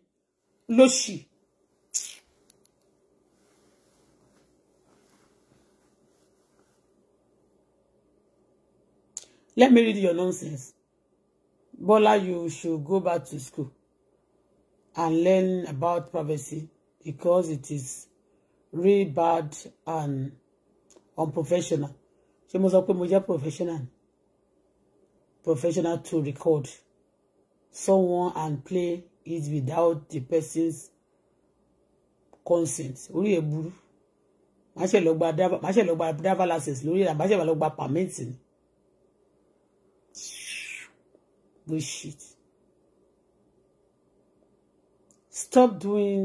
Speaker 1: ló ṣì. Let me read your nonsense. Bola, you should go back to school and learn about privacy because it is really bad and unprofessional ṣé must sọ pé professional professional to record someone and play it without the person's consent orí ẹ̀ burú má ṣe lọ gba má ṣe lọ gba driver license lórí ẹ̀ má ṣe lọ gba permit ni bullshit stop doing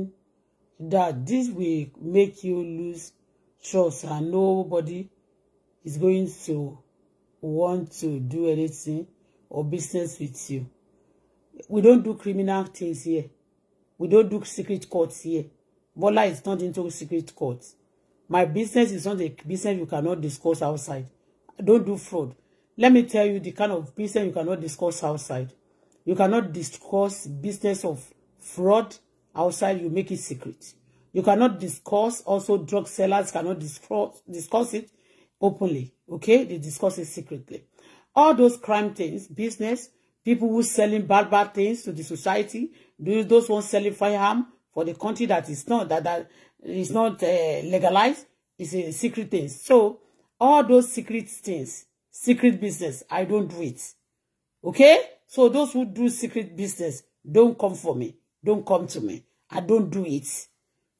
Speaker 1: that this will make you lose trust and nobody is going to want to do anything or business with you. We don't do criminal things here. We don't do secret courts here. Bola is not into secret courts. My business is not a business you cannot discuss outside. I don't do fraud. Let me tell you the kind of business you cannot discuss outside. You cannot discuss business of fraud, outside you make it secret you cannot discuss also drug sellers cannot discuss discuss it openly okay they discuss it secretly all those crime things business people who selling bad bad things to the society those those ones selling firearm for the country that is not that that is not uh, legalized is a secret thing so all those secret things secret business i don't do it okay so those who do secret business don't come for me Don't come to me. I don't do it.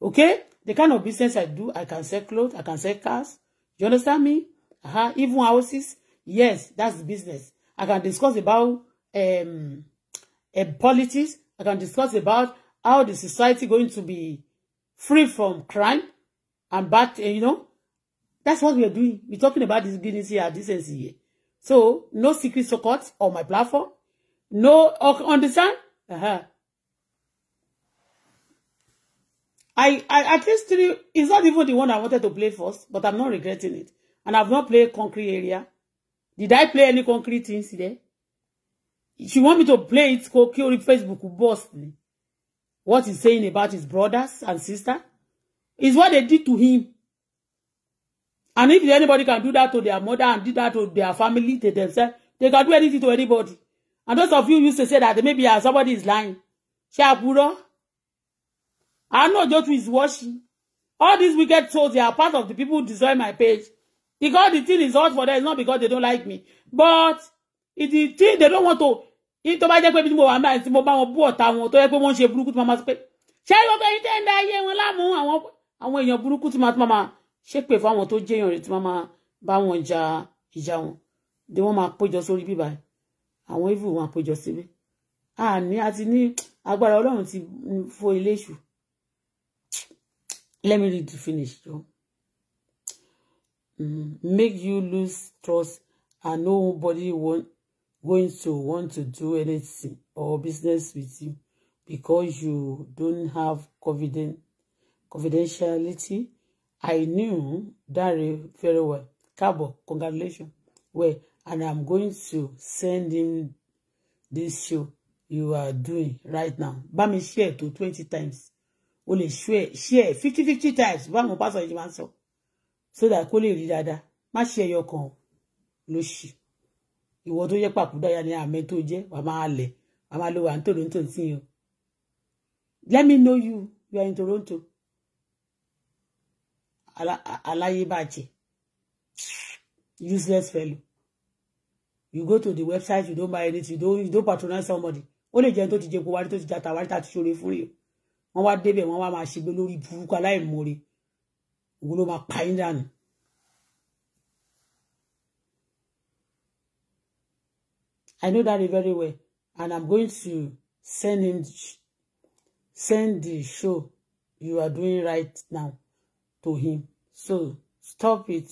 Speaker 1: Okay? The kind of business I do, I can sell clothes, I can sell cars. You understand me? Uh-huh. Even houses. Yes, that's business. I can discuss about um, uh, politics. I can discuss about how the society going to be free from crime and bad, uh, you know. That's what we are doing. We're talking about this business dignity and decency here. So, no secret support on my platform. No, understand? Uh-huh. I, I at least three it's not even the one I wanted to play first, but I'm not regretting it. And I've not played concrete area. Did I play any concrete things today? She want me to play it Kokiori Facebook boss. What he's saying about his brothers and sister is what they did to him. And if anybody can do that to their mother and do that to their family, to themselves, they can do anything to anybody. And those of you used to say that maybe ah, somebody is lying. Ṣé àbúrò? I know just who is watching. All these wicked souls, they are part of the people who destroy my page. Because the thing is hard for them, it's not because they don't like me. But it's the thing they don't want to. Ní tó bá jẹ́ pé bí mo wà máa tí mo bá wọn bú ọ̀tá wọn tó yẹ pé wọ́n ń ṣe burúkú tí màmá sọ pé ṣé ìwọ pé ìtẹ́ ń da ayé wọn láàmú àwọn àwọn èèyàn burúkú tí màmá ṣépè fáwọn tó jẹ́yàn rẹ̀ tí màmá bá wọn ja ìjà wọn de wọn máa péjọ sórí bíbá àwọn evil wọn àpéjọ a ní Let me read the finish, Joe. Mm, make you lose trust and nobody want, going to want to do anything or business with you because you don't have confident, confidentiality. I knew Dare very well. Cabo, congratulations. Well, and I'm going to send him this show you are doing right now. Bá share to 20 times o lè share fifty fifty times báwọn pásọ yìí máa ń sọ so that kó lè rí dáadáa má ṣe ẹyọ kan ló ṣì ìwọ to jẹ́ pàkúdà ya ni àmẹ tó jẹ́ wà máa lẹ wà máa lo wà ń tòrò ń tò sí let me know you you are in Toronto aláyébàjẹ́ useless fellow you go to the website you don't buy anything you don't, you don't patronize somebody ó lè jẹun tó ti jẹ kó wárí tó ti jata wárí tá ti ṣoore fún rèé wọ́n wá débẹ̀ wọ́n wá máa ṣe gbé lórí burúkú aláìmoore òun ló máa pa yín dànù. I know that very well and I'm going to send him send the show you are doing right now to him so stop it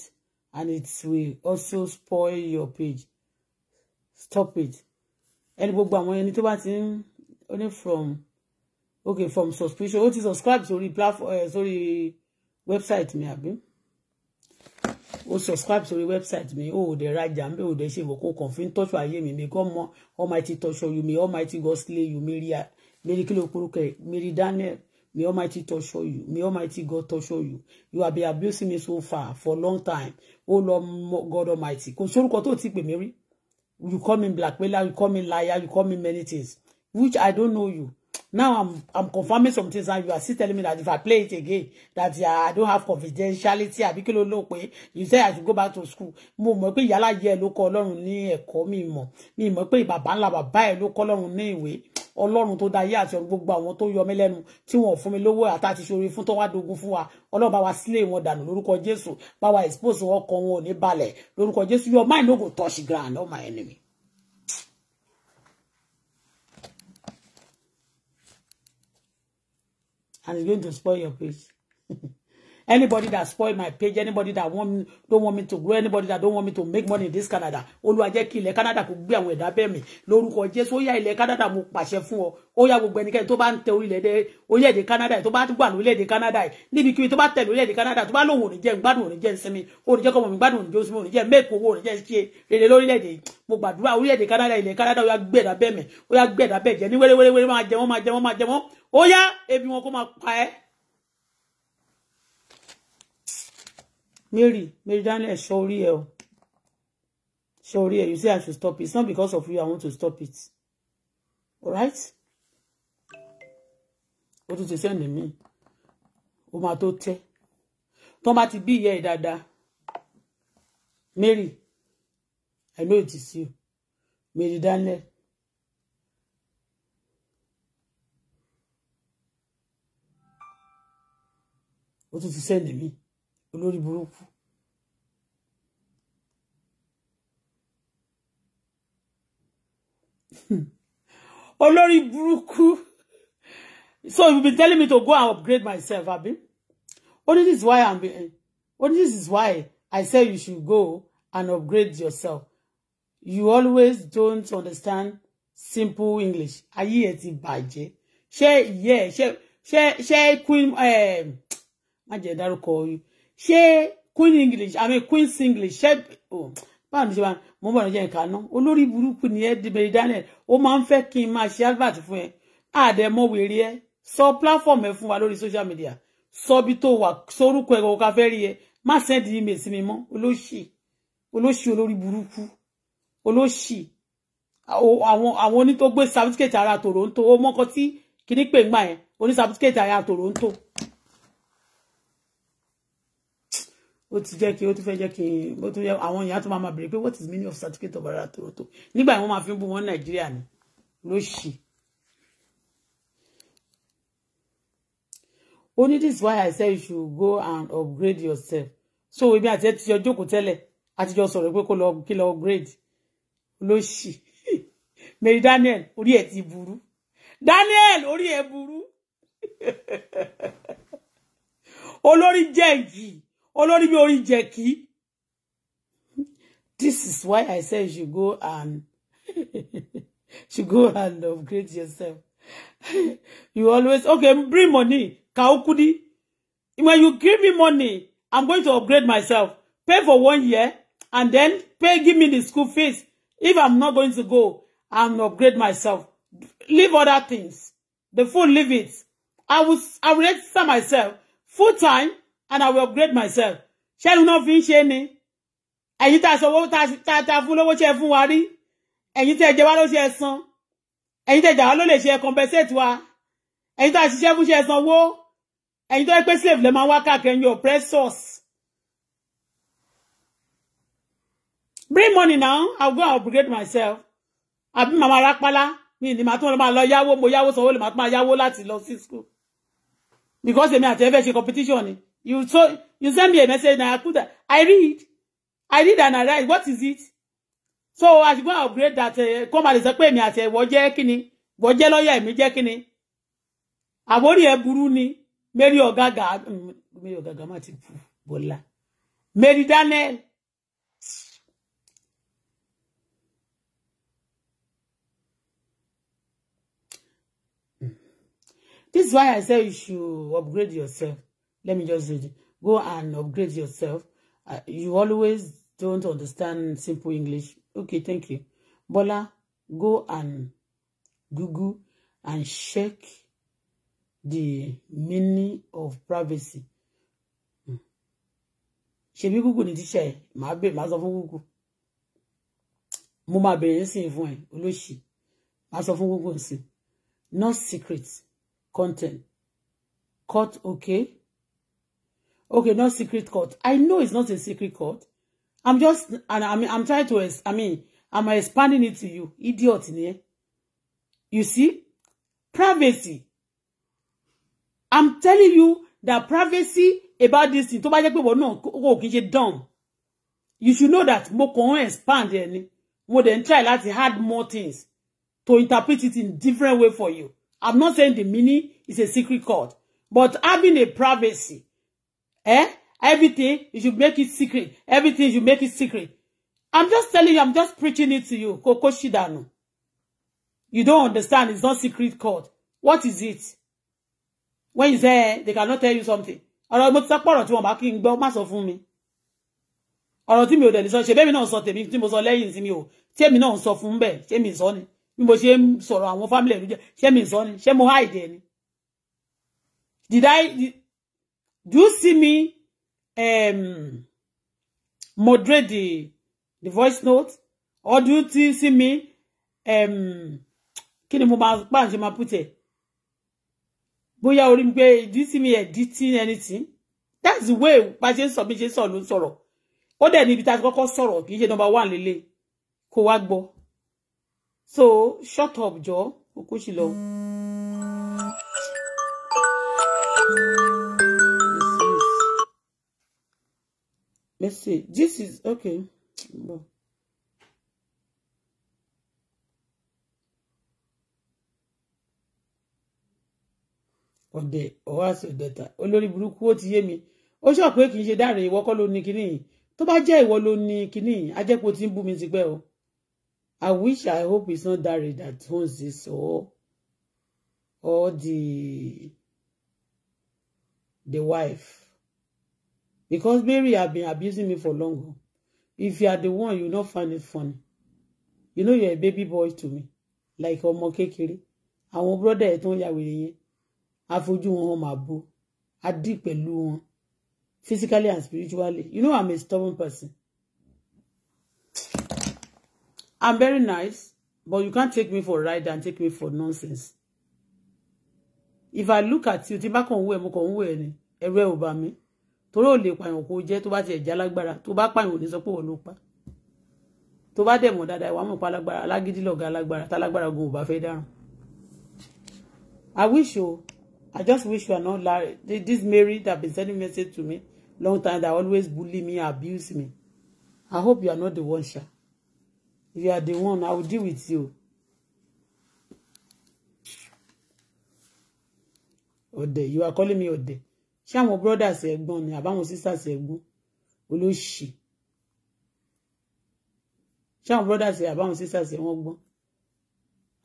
Speaker 1: and it will also spoil your page stop it ẹni gbogbo àwọn ẹni tó bá ti ń ó ní from okay from subscription ó ti subscribe sórí platform uh, sórí website mi àbí ó subscribe sórí website mi ó dẹ̀ rajà ń bẹ̀ ó dẹ̀ ṣe ìwọ̀n kó kàn fi ń tọ́jú ayé mi mi kọ́ mọ almighty tọ́jú you mi almighty God slay you mi rí mary kí ló mary daniel May Almighty torture you. May Almighty God torture you. You have been abusing me so far for long time. Oh Lord God Almighty. Kò sórúkọ tó ti pè mí rí. You call me blackmailer, you call me liar, you call me many things. Which I don't know you. Now I'm I'm confirming some things and you are still telling me that if I play it again, that yeah, I don't have confidentiality. I kí ló ló pé you say I should go back to school. Mo mọ̀ pé ìyálà yẹ ló kọ́ Ọlọ́run ní ẹ̀kọ́ mi mọ̀. Mi mọ̀ pé bàbá ńlá bàbá ẹ̀ ló kọ́ Ọlọ́run ní ìwé. Ọlọ́run tó dáyé àti ọ̀run gbogbo àwọn tó yọ mí lẹ́nu tí wọ́n fún mi lówó àtàtì ṣoore fún tó wá dogun fún wa. Ọlọ́run bá wa sílé wọn dànù lórúkọ Jésù. Bá wa expose wọn ọkàn wọn ò ní balẹ̀ Your mind no go touch ground, oh my enemy. and it's going to spoil your praise. [LAUGHS] anybody that spoil my page anybody that want me, don't want me to grow anybody that don't want me to make money in this Canada Olúwa jẹ́ kí ilẹ̀ Canada kó gbé àwọn ẹ̀dá bẹ́ẹ̀ mi lórúkọ Jésù ó yá Canada mo pàṣẹ fún Oya ó yá gbogbo ẹnikẹ́ni tó bá ń tẹ orílẹ̀-èdè orílẹ̀-èdè Canada tó bá wà lórílẹ̀-èdè Canada níbikíbi tó bá tẹ lórílẹ̀-èdè Canada tó bá lòun ò ní jẹ́ gbádùn ò ní jẹ́ ìsinmi ò ní jẹ́ kọ́mọ mi gbádùn ò ní jẹ́ òsinmi ò ní jẹ́ mẹ́ẹ̀kọ́ owó ò ní jẹ́ ṣe rere lórílẹ̀-èdè mo gbàdúrà orílẹ̀-èdè Canada ilẹ̀ Canada ó yá gbẹ̀dà bẹ́ẹ̀ mẹ́ ó yá gbẹ̀dà bẹ́ẹ̀ jẹ́ ní wẹ́rẹ́wẹ́rẹ́ máa jẹ wọ́n máa jẹ wọ́n máa jẹ wọ́n ó ebi wọn kó máa pa ẹ́ Mary Mary Daniel ṣọ́ orí ẹ o you say I should stop it it's not because of you I want to stop it All right? What did you mí o máa tó tẹ́ tọ́ bá ti bí ìyá Mary I know it is you Mary Daniel o tún ti sẹ́ndì me? olórí burúkú [LAUGHS] olórí burúkú so you been telling me to go and upgrade myself abi only this is why i'm being only eh, this is why i say you should go and upgrade yourself you always don't understand simple english ayé ẹ ti bàjẹ́ ṣé ìyẹ́ ṣé ṣé ṣé queen eh, má jẹ́ dárúkọ yìí ṣé queen english àmì queen english ṣé báwo ni ṣe wà mo bọ̀ lọ́jọ́ ìka ná olórí burúkú ni ẹ dìbèrè daniel ó máa ń fẹ́ kí n máa ṣe advert fún ẹ àdẹ̀mọ́ wèrè ẹ sọ platform ẹ fún wa lórí social media sọ bí tó wà sórúkọ ẹ̀kọ́ ká fẹ́ rí ẹ má send email sí mi mọ́ olóṣì olóṣì olórí burúkú olóṣì àwọn àwọn onítọ̀gbé certificate ara Toronto ó mọ́kọ tí kìíní pè ń gbà yẹn oní ara Toronto. ó ti jẹ́ kí ó tún fẹ́ jẹ́ kí ó tún yẹ àwọn èèyàn tó máa máa béèrè pé what is meaning of certificate of ara tòótọ́ nígbà yẹn wọ́n máa fi ń bú wọn nàìjíríà ni lóṣì. ó ní this is why I say you should go and upgrade yourself so ebi àti ẹ ti jọ jókòó tẹ́lẹ̀ àtijọ́ sọ̀rọ̀ pé kó lọ kí lọ upgrade lóṣì [LAUGHS] Mary Daniel orí ẹ̀ ti burú Daniel orí ẹ̀ burú [LAUGHS] olórí jẹ́ yìí olórí bí orí jẹ̀kí this is why i say you go and you [LAUGHS] go and upgrade yourself [LAUGHS] you always okay bring money Kaukudi. when you give me money i'm going to upgrade myself pay for one year and then pay give me the school fees if i'm not going to go and upgrade myself leave other things the food leave it i will i will register myself full time and I will upgrade myself ṣẹ́nu náà fi ń ṣe ni ẹ̀yin tá a sọ owó tá a ta fún lówó ṣe fún wa rí ẹ̀yin tẹ́ ẹ jẹ wá ló ṣe ẹ san ẹ̀yin tẹ́ ẹ jà wá ló lè ṣe ẹ compensate wa ẹ̀yin tá a ṣiṣẹ́ fún ṣe ẹ sanwó ẹ̀yin tó yẹ pé slave lè máa wá káàkiri ẹ̀yin oppressors. bring money now i will go and upgrade myself àbí màmá arápálá mi ni màá tún lọ máa lọ yáwó mo yáwó sanwó lè máa tún máa yáwó láti lọ sí school because èmi àti ẹ fẹ́ ṣe competition ni. You told you sent me a message and I put I read. I read and I write. What is it? So I should go and upgrade that. Uh, eh, come and say, me mi àti waje jẹ́ kíni. Wọ́n jẹ́ lọ́yà mi jẹ́ kíni. Àwórí ni. Mary Ogaga. Mm, Mary Ogaga ma ti kú. Bọ́lá. Mary Daniel. Hmm. This is why I say you should upgrade yourself. Let me just read it. Go and upgrade yourself. Uh, you always don't understand simple English. Okay, thank you. Bola, go and Google and check the meaning of privacy. Hmm. ṣebí Google ní tíṣà ẹ màá bè màá Google mo máa bèrè nísìnyí fún ẹ olóṣì màá sọ Google sí not secret content cut okay okay not secret court i know it's not a secret court i'm just and I'm, i'm trying to i mean i'm expanding it to you idiot ni you see privacy i'm telling you that privacy about this thing tó bá jẹ́ pé wọ́n náà dumb you should know that mo kàn ń expand ẹ ni mo dẹ̀ try láti add more things to interpret it in different way for you i'm not saying the mini is a secret court, but having a privacy Eh? Everything, you should make it secret. Everything, you make it secret. I'm just telling you, I'm just preaching it to you. Koko Shidano. You don't understand. It's not secret code. What is it? When you say eh, they cannot tell you something. Ọ̀rọ̀ mo ti sọ pọ̀rọ̀ tí wọ́n bá kí n gbọ́ má sọ fún mi. Ọ̀rọ̀ tí mi ò dẹ̀ lè sọ ṣe bẹ́ẹ̀ náà sọ tèmi tí mo sọ lẹ́yìn sí mi o. Ṣé mi náà sọ fún bẹ́ẹ̀? Ṣé mi sọ ni? Bí mo ṣe ń sọ̀rọ̀ Did I? Did, Do you see me um, moderate the, the voice note? Or do you see me um, kí ni mo máa pa ṣe máa put it? Bóyá orí mi pé do you see me editing anything? That's the way bá ṣe ń sọ bí ṣe ń sọ ló ń sọ̀rọ̀. Ó dẹ̀ níbi tá number one lélẹ̀ kó wá gbọ́. So shut up jọ, okú sì lọ. Mm Let's see. This is okay. No. ọ̀dẹ̀ ọ̀wá sọ̀dẹ̀ta olórí burúkú ó ti yé mi ó sọ pé kì í ṣe dáre ìwọ kọ́ ló ní To yìí tó bá jẹ́ ìwọ ló ní kinní yìí á jẹ́ mi ti o I wish I hope it's not dáre that owns this or or the the wife. Because Mary have been abusing me for long. If you are the one, you not find it funny. You know you're a baby boy to me. Like ọmọ kékeré. our brother ẹ̀ tó ń ya wèrè yẹn. home wọn I bú. A dì Physically and spiritually. You know I'm a stubborn person. I'm very nice, but you can't take me for a ride and take me for nonsense. If I look at you, tí bá kàn ń wò ẹ́, mo kàn ń wò ni, ẹ̀rù ẹ̀ ò torí ò lè pààyàn kó jẹ́ tó bá tiẹ̀ já lágbára tó bá pààyàn ò ní sọ pé wọ́n ló pa tó bá dẹ̀ dáadáa ìwà mọ̀ pa alágbára alágídí lọ̀gá alágbára tálágbára ogun ò bá fẹ́ dáràn. I wish you I just wish you are not like this Mary that been sending message to me long time that always bully me abuse me I hope you are not the one sha if you are the one I will deal with you. Ode you are calling me Ode ṣé àwọn brothers ẹ̀gbọ́n ni àbáwọn sisters ẹ̀gbọ́n olóṣì ṣé àwọn brothers àbáwọn sisters ẹ̀wọ̀n gbọ́n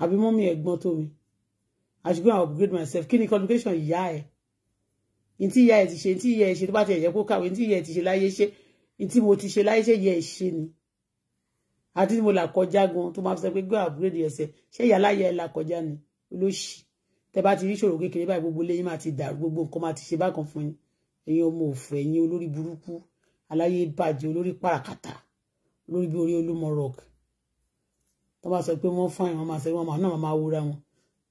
Speaker 1: àbí mọ́mí ẹ̀gbọ́n tó mi I should go and upgrade myself kí ni communication ìyá ẹ̀ ntí ìyá ẹ̀ ti ṣe ntí ìyá ẹ̀ ṣe tó bá ti ẹ̀yẹ kó kàwé ntí ìyá ẹ̀ ti ṣe láyé ṣe ntí mo ti ṣe láyé ṣe ìyá ẹ̀ ṣe ni àti mo là kọjá gan tó máa fi sọ pé go upgrade yourself ṣé ìyá láyé ẹ̀ là kọjá ni olóṣì tẹ bá ti rí ṣòro kékeré báyìí gbogbo lẹ́yìn máa ti dàrú gbogbo nǹkan máa ti ṣe bákan fún yín ẹ̀yin ọmọ òfò ẹ̀yin olórí burúkú aláyé bàjẹ́ olórí pàràkàtà olórí bí orí olúmọ rock tó bá sọ pé wọ́n fún àwọn máa sọ pé wọ́n náà máa wúra wọn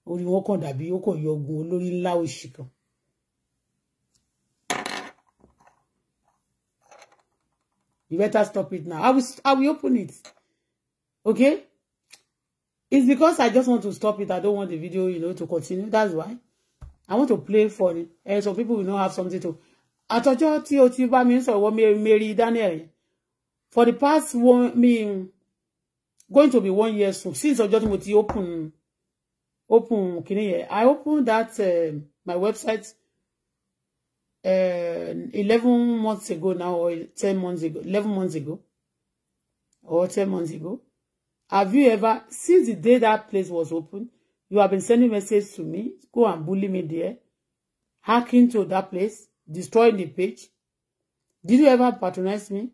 Speaker 1: orí wọn kàn dàbí ó kàn yọ ogun olórí ńlá òṣì kan You better stop it now. I will, I will open it. Okay? It's because I just want to stop it. I don't want the video, you know, to continue. That's why. I want to play for it. And so people will not have something to. Àtọ́jọ́ tí o ti bá I want Mary Daniel. For the past one, me, going to be one year soon. Since I just mo ti open, open kìíní yẹn. I opened that, uh, my website, uh, eh, 11 months ago now, or 10 months ago, 11 months ago, or 10 months ago. Have you ever, since the day that place was open, you have been sending messages to me, go and bully me there, hacking to that place, destroying the page? Did you ever patronize me?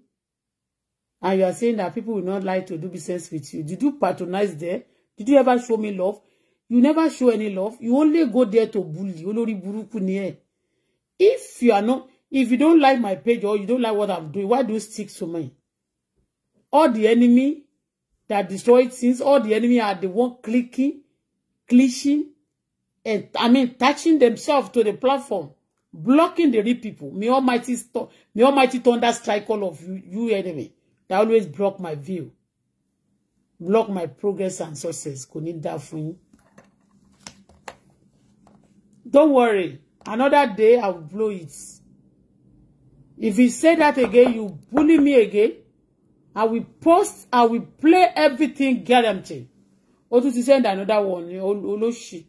Speaker 1: And you are saying that people will not like to do business with you. Did you patronize there? Did you ever show me love? You never show any love. You only go there to bully. Olórí burúkú ni ẹ́. If you are not, if you don't like my page or you don't like what I'm doing, why do you stick to me? All the enemy that destroyed things. All the enemy are the one clicking, glitching, and I mean touching themselves to the platform, blocking the real people. May Almighty May Almighty thunder strike all of you, you enemy that always block my view, block my progress and success. Kò ní dá fún Don't worry, another day I'll blow it. If you say that again, you bully me again. I will post, I will play everything guarantee. Ó tún ti send another one shit.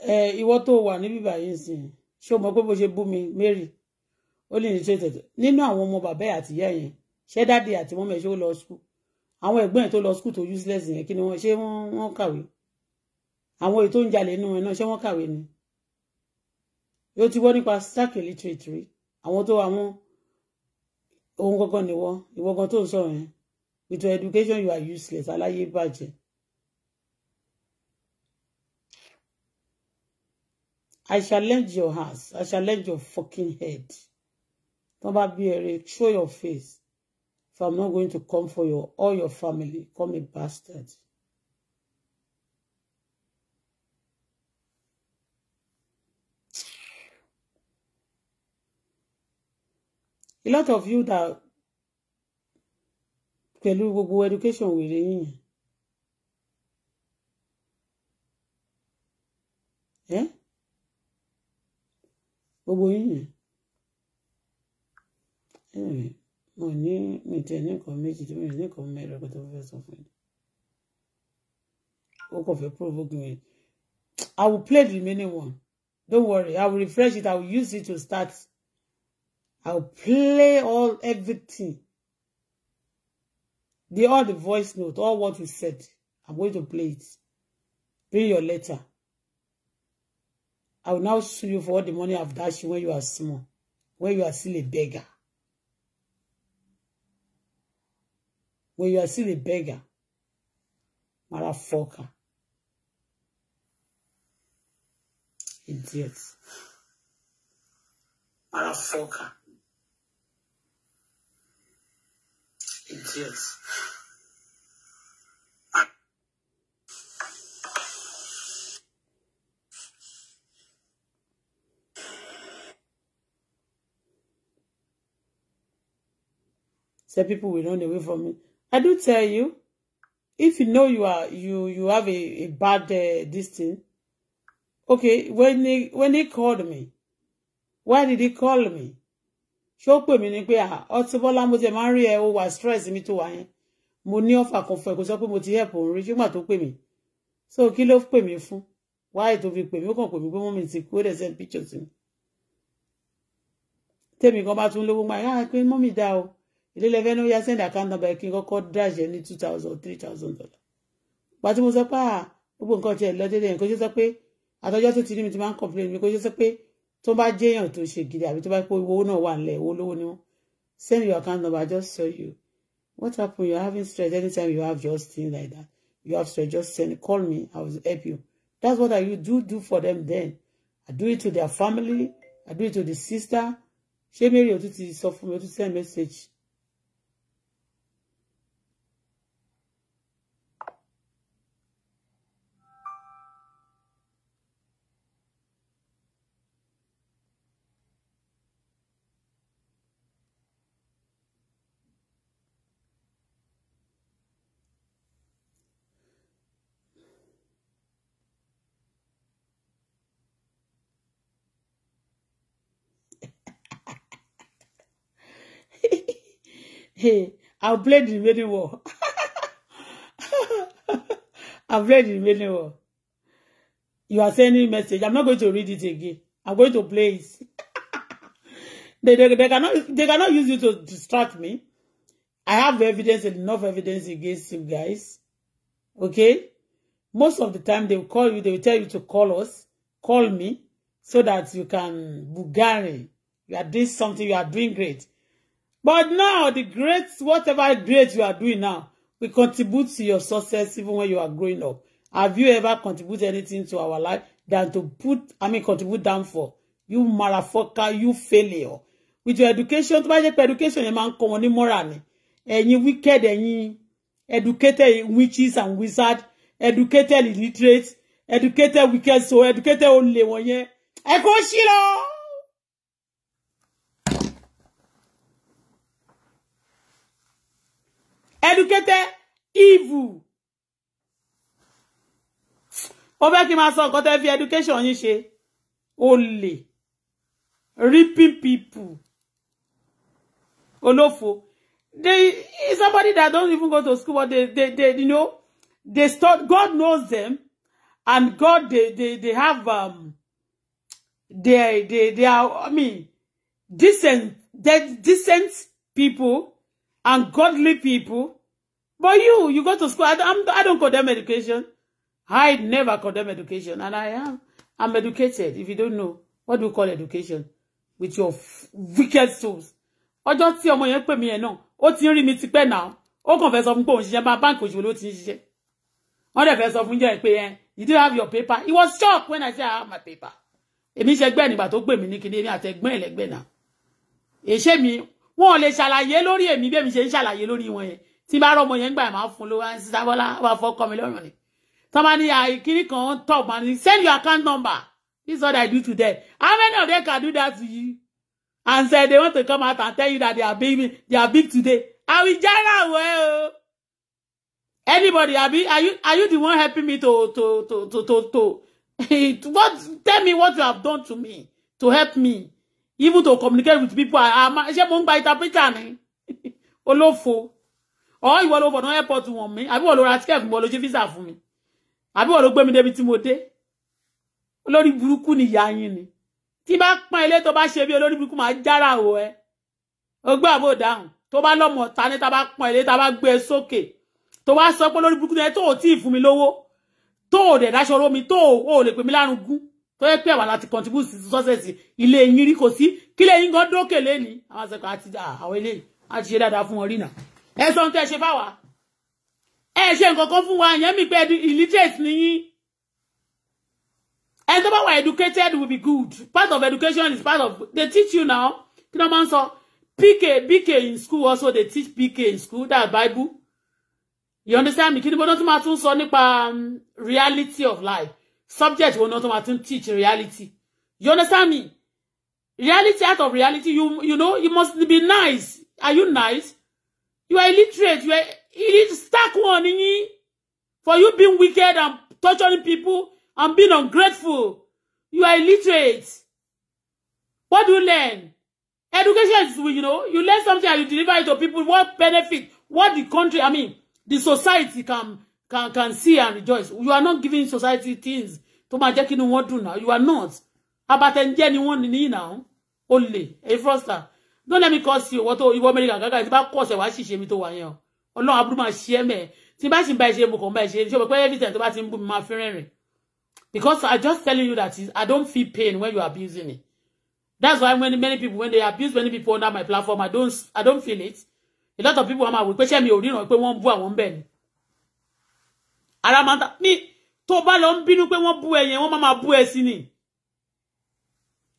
Speaker 1: ẹ ìwọ tó wà níbí báyìí sìn ṣé o mọ pé bó ṣe bú mi Mary ó lè ní tètè nínú àwọn ọmọ bàbá ẹ àtìyá yẹn ṣé dáàdi àti mọ́mọ́ ẹ ṣé ó lọ school àwọn ẹ̀gbọ́n ẹ tó lọ school tó useless yẹn kí ni wọ́n ṣé wọ́n kàwé àwọn èyí tó ń jalè nínú ẹ náà ṣé wọ́n kàwé ni yóò ti wọ́ nípa stark literature àwọn tó àwọn ohun gangan nìwọ ìwọ gan tó ń sọ yẹn with your education you are useless aláyé bàjẹ́ I challenge your hands. I challenge your fucking head. Number be show your face. If I'm not going to come for you or your family, call me bastard. A lot of you that pẹ̀lú gbogbo education wèrè yìnyín. Eh? gbogbo yìnyín ẹnìyẹn mo ní mi tẹ ní nǹkan méjì tí mo ní nǹkan mẹ́rin ọkọ tó fẹ́ sọ fún yìí ó kàn fẹ́ provoke me I will play the remaining one don't worry I will refresh it I will use it to start I will play all everything the all the voice note all what you said I'm going to play it bring your letter I will now sue you for all the money I've dashed you when you are small, when you are still a beggar. When you are still a beggar, motherfucker. Idiot.
Speaker 2: Motherfucker. Idiot.
Speaker 1: so people will run away from me. I do tell you, if you know you are you you have a, a bad uh, this thing, okay. When they when they called me, why did they call me? ṣé ó me. mí ni pé ah, Auto Bola mo tẹ máa ń rí ẹ me. wà stress mi tó wà yẹn mo ní ọ̀fà kan fún ẹ kó sọ pé mo ti help òun rí ṣùgbọ́n tó pè mí so kí ló pè mí fún wáyé tó fi pè mí ó kàn pè mí pé mo mi ti kú ó dẹ̀ send pictures mi tèmi kan bá tún lówó máa yára ah, pé come dá o ilé lẹ́fẹ́ ní ó yá send account number kí n kọ́kọ́ dash ẹ ní two thousand three thousand dollar pàtí mo sọ pé à ah, gbogbo nǹkan tiẹ̀ lọ dédé yẹn kó ṣe sọ pé àtọ́jọ́ tó ti rí mi ti máa ń complain mi kó ṣe sọ pé tó bá jẹ́ èèyàn tó ṣe gidi àbí tó bá pé owó náà wà nílẹ̀ owó lówó ni wọ́n send your account number I just tell you what happen you having stress anytime you have just things like that you have stress just send call me I will help you that's what I do do for them then I do it to their family I do it to the sister ṣé mary o tún ti sọ fún mi o tún send message Hey, I've played the many war. I've played the many war. You are sending message. I'm not going to read it again. I'm going to play it. [LAUGHS] they, they, they, cannot, they cannot use you to distract me. I have evidence and enough evidence against you guys. Okay? Most of the time, they will call you. They will tell you to call us. Call me so that you can Bulgari. You are doing something. You are doing great. But now the great, whatever great you are doing now, we contribute to your success even when you are growing up. Have you ever contributed anything to our life than to put, I mean, contribute down for? You motherfucker, you failure. With your education, tó bá education you máa ń kọ́ wọn ní moral ni. Ẹ̀yin wicked, ẹ̀yin educated witches and wizards, educated illiterates, educated wicked so, educated olè wọ̀nyẹn. Ẹ kò sí lọ. educated evil ó fẹ́ kí n máa sọ nǹkan tẹ́ fi education yín ṣe olè ripping people olófo they somebody that don't even go to school but they they they you know they start God knows them and God they they they have um they they they are I mean decent they decent people and godly people. But you, you go to school. I, I'm, I don't condemn education. I never condemn education. And I am. I'm educated. If you don't know, what do you call education? With your wicked souls. Ọjọ́ just see yẹn pè mí ẹ̀ náà, What ti ń rí mi tipẹ́ náà. Ó kàn fẹ́ sọ fún pé òun ṣiṣẹ́ bá báńkì òṣèlú ló ti ń ṣiṣẹ́. Wọ́n dẹ̀ eh, you didn't have your paper. He was shocked when I said I have my paper. He said, Èmi ṣẹgbẹ́ nígbà tó pè mí ní kinní, èmi àtẹ̀gbọ́n ẹ̀lẹ́gbẹ́ náà. Èṣé mi wọn ò lè ṣàlàyé lórí èmi bí èmi ṣe ń ṣàlàyé lórí wọn yẹn tí bá rọmọ yẹn gbà máa fún lówó àti sábọlá wà fọkọ mi lọ́rùn ni tọ́mọ ní àìkiri kan tọ̀ mọ́ ni send your account number this is what I do today how many of them can do that to you and say they want to come out and tell you that they are big they are big today I will jara well oh. anybody abi are you are you the one helping me to to to to to to [LAUGHS] what tell me what you have done to me to help me even to communicate with people i am ṣé mo ń gba interpreter ni [LAUGHS] olófo ọ ìwọ ló fọ̀nà airport wọ̀n mi àbí wọ́n ló ra ticket fún mi wọ́n ló ṣe visa fún mi àbí wọ́n ló gbé mi débi tí mo dé olórí burúkú ni ìyá yín ni tí bá pọ́n ilé tó bá ṣe bí olórí burúkú máa jára o ẹ o gbé àbò dáhùn tó bá lọ́mọ ta ni ta bá pọ́n ilé ta bá gbé ẹ e sókè tó bá sọ pé olórí burúkú ni ẹ tó ò tí ì fún mi lówó tó ò dẹ̀ dáṣọ rómi tó ò lè pè mí lárugún tó yẹ pé àwa láti contribute sí success ilé yín rí kò sí kí lè yín gan dókè lẹ́ni àwọn àṣẹ àti àwọn eléyìí àti ṣe dáadáa fún wọn rí náà ẹ sọ ohun tẹ ṣe fáwa ẹ ṣe nǹkan kan fún wa yẹn mi pé illiterate ni yín ẹ tó bá wà educated will be good part of education is part of they teach you now kí ni wọ́n máa ń sọ PK BK in school also they teach BK in school that Bible you understand me kí ni bọ́dọ̀ tún máa tún sọ nípa um, reality of life subject will not tó teach reality you understand me reality out of reality you you know you must be nice are you nice you are illiterate you are illiterate stuck one in you for you being wicked and torturing people and being ungrateful you are illiterate what do you learn education is you know you learn something and you deliver it to people what benefit what the country i mean the society can can can see and rejoice you are not giving society things to my jẹ́ no inú wọn now. you are not abatẹnjẹ ni wọ́n in náà ó lè a froster don't let me cause you what you want. Me gàgàgà tí bá about ọ̀sẹ̀ wá ṣìṣe mi tó wà yẹn o ọlọ́run aburú máa ṣe é mẹ́ẹ̀ tí bá sì ń bá ẹ ṣe mo kàn bá ẹ ṣe because i just telling you that i don't feel pain when you are abusing it that's why when many people when they abuse many people on my platform i don't i don't feel it a lot of people wọ́n máa wò pé ṣé mi ò ríran pé wọ́n ń bú àwọn ara máa ń ta mi tó bá lọ ń bínú pé wọ́n bú ẹ yẹn wọ́n máa máa bú ẹ sí ni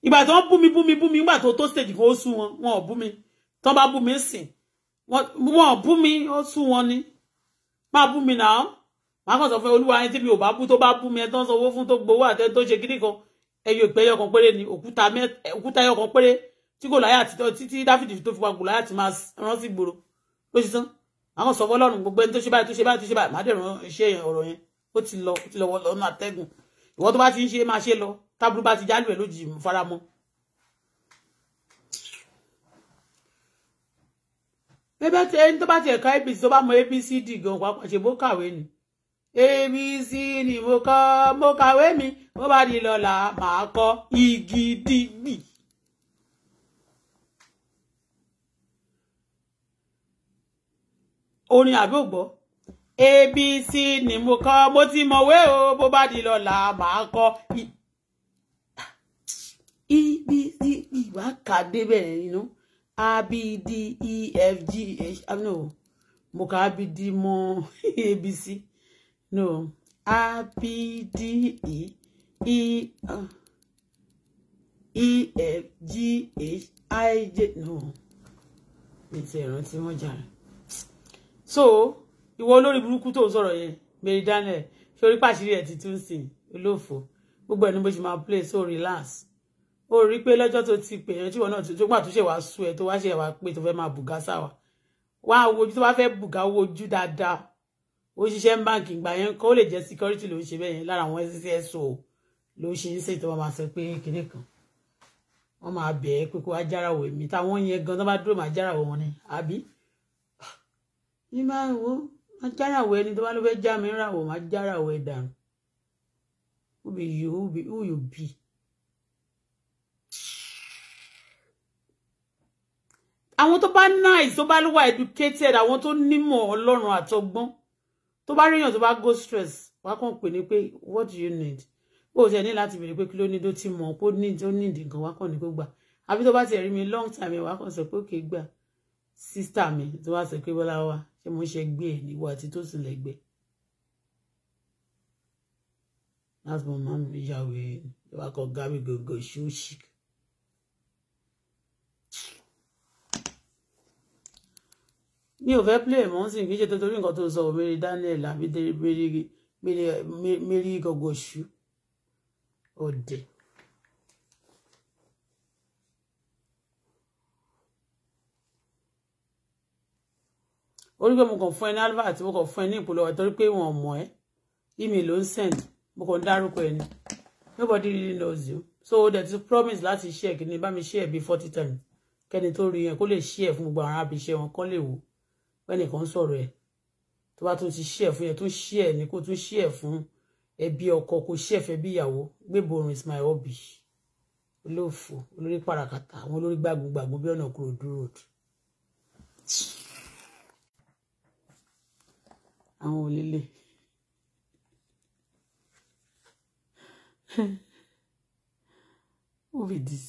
Speaker 1: ìgbà tó ń bú mi bú mi bú mi ìgbà tó tó stage kó sú wọn wọn ò bú mi tó bá bú mi sìn wọn ò bú mi ó sú wọn ni máa bú mi náà máa kàn sọ fún olúwa ẹni tí mi ò bá bú tó bá bú mi ẹ tó ń sanwó fún tó gbowó àtẹ tó ṣe kíní kan ẹyọ ìpẹ ẹyọ kan péré ni òkúta ẹyọ kan péré tí kò láyà títí dáfídì tó fi wá kò láyà tí máa rán sí ìgboro ló ṣe àwọn sọ fọlọ́run gbogbo ẹni tó ṣe báyìí tó ṣe báyìí tó ṣe báyìí má dẹ̀rùn ṣe ọ̀rọ̀ yẹn ó ti lọ ó ti lọ lọ́nà àtẹ́gùn ìwọ tó bá ti ń ṣe máa ṣe lọ tábùrú bá ti jálù ẹ̀ lójijì faramọ́. bẹ́ẹ̀ tí ẹni tó bá ti ẹ̀ka abc tó bá mọ abcd gan pàápàá ṣe bó kàwé ni abc ni mo kọ́ mo kàwé mi bó bá di lọ́la màá kọ́ igi dìgbì. orin àbí ògbọ́ abc ni mo kọ mo ti mọ̀wé o bó bá di lọ́la màá kọ abc ìwà kà débẹ̀ nínú abd efg ah, no mo kà abd mọ [LAUGHS] abc no abd e e ah, e f g h i j no mi ti rántí wọn jàre so ìwọ olórí burúkú tó ń sọ̀rọ̀ yẹn Mary Daniel sori pàṣírí ẹ̀ ti tún sí olófo gbogbo ẹ̀ ní bó ṣe play so relax o rí pé lọ́jọ́ tó ti pè é tíwọ́ náà tó gbà tó ṣe wàá sú ẹ tó wá ṣe wàá pé tó fẹ́ máa bùgá sáwà wá wojú tó bá fẹ́ bùgá wojú dáadáa ó ṣiṣẹ́ ń báǹkì ìgbà yẹn kó lè jẹ́ security ló ń ṣe bẹ́ẹ̀ yẹn lára SSO ló ṣe ń ṣètò wọn máa sọ pé kan wọn máa bẹ̀ pé kó wá járawọ̀ èmi táwọn yẹn gan tó bá dúró máa járawọ̀ wọn ni àbí yín máa ń wo má járàwọ ẹni tó bá ló fẹ́ já mi ràwọ má járàwọ ẹ dànù who be you who be àwọn tó bá nice tó bá ló wà educated àwọn tó nímọ̀ ọlọ́run àtọgbọ́n tó bá ríyàn tó bá go stress wá kàn pè ní pé what do you need bó o ṣe ní láti béèrè pé kí ló ní tó ti mọ̀ kó ní tó ní ìdí nǹkan wá kàn ní kó gbà àbí tó bá ti rí mi long time ẹ̀ wá kàn sọ pé ó kéé gbà sister mi tó wá sọ pé bọ́lá wà ṣé mo ṣe gbé ẹ níwọ àti tó sì lẹ́gbẹ́ láti mọ máa mi yàwé ìwakọ gábí gògò ṣóṣì. mi ò fẹ́ play mọ́ sí kí n ṣe torí nǹkan tó sọ mary daniel àbí mary gògò ṣú ọ̀dẹ̀. orí pé mo kàn fún ẹ ní alva àti mo kàn fún ẹ ní ìpolówó torí pé wọn mọ ẹ email ló ń send mo kàn dárúkọ ẹ ní nobody really knows you so that dẹ̀ promise láti share kí ni bá mi share bíi forty times kẹ́ni tó rí yẹn kó lè share fún gbogbo àwọn abiṣẹ́ wọn kán lè wò ẹnìkan sọ̀rọ̀ ẹ̀ tó bá tún ti share fún yẹn tó share ni kó tún share fún ẹbí ọkọ kó share fẹ́ bí ìyàwó gbéborin is my hobby olóòfò olórí parakata àwọn olórí gbàgbọ́gbàgbọ́ bí ọ̀nà kúrò dúró àwọn òlélẹ̀ [LAUGHS] who be this.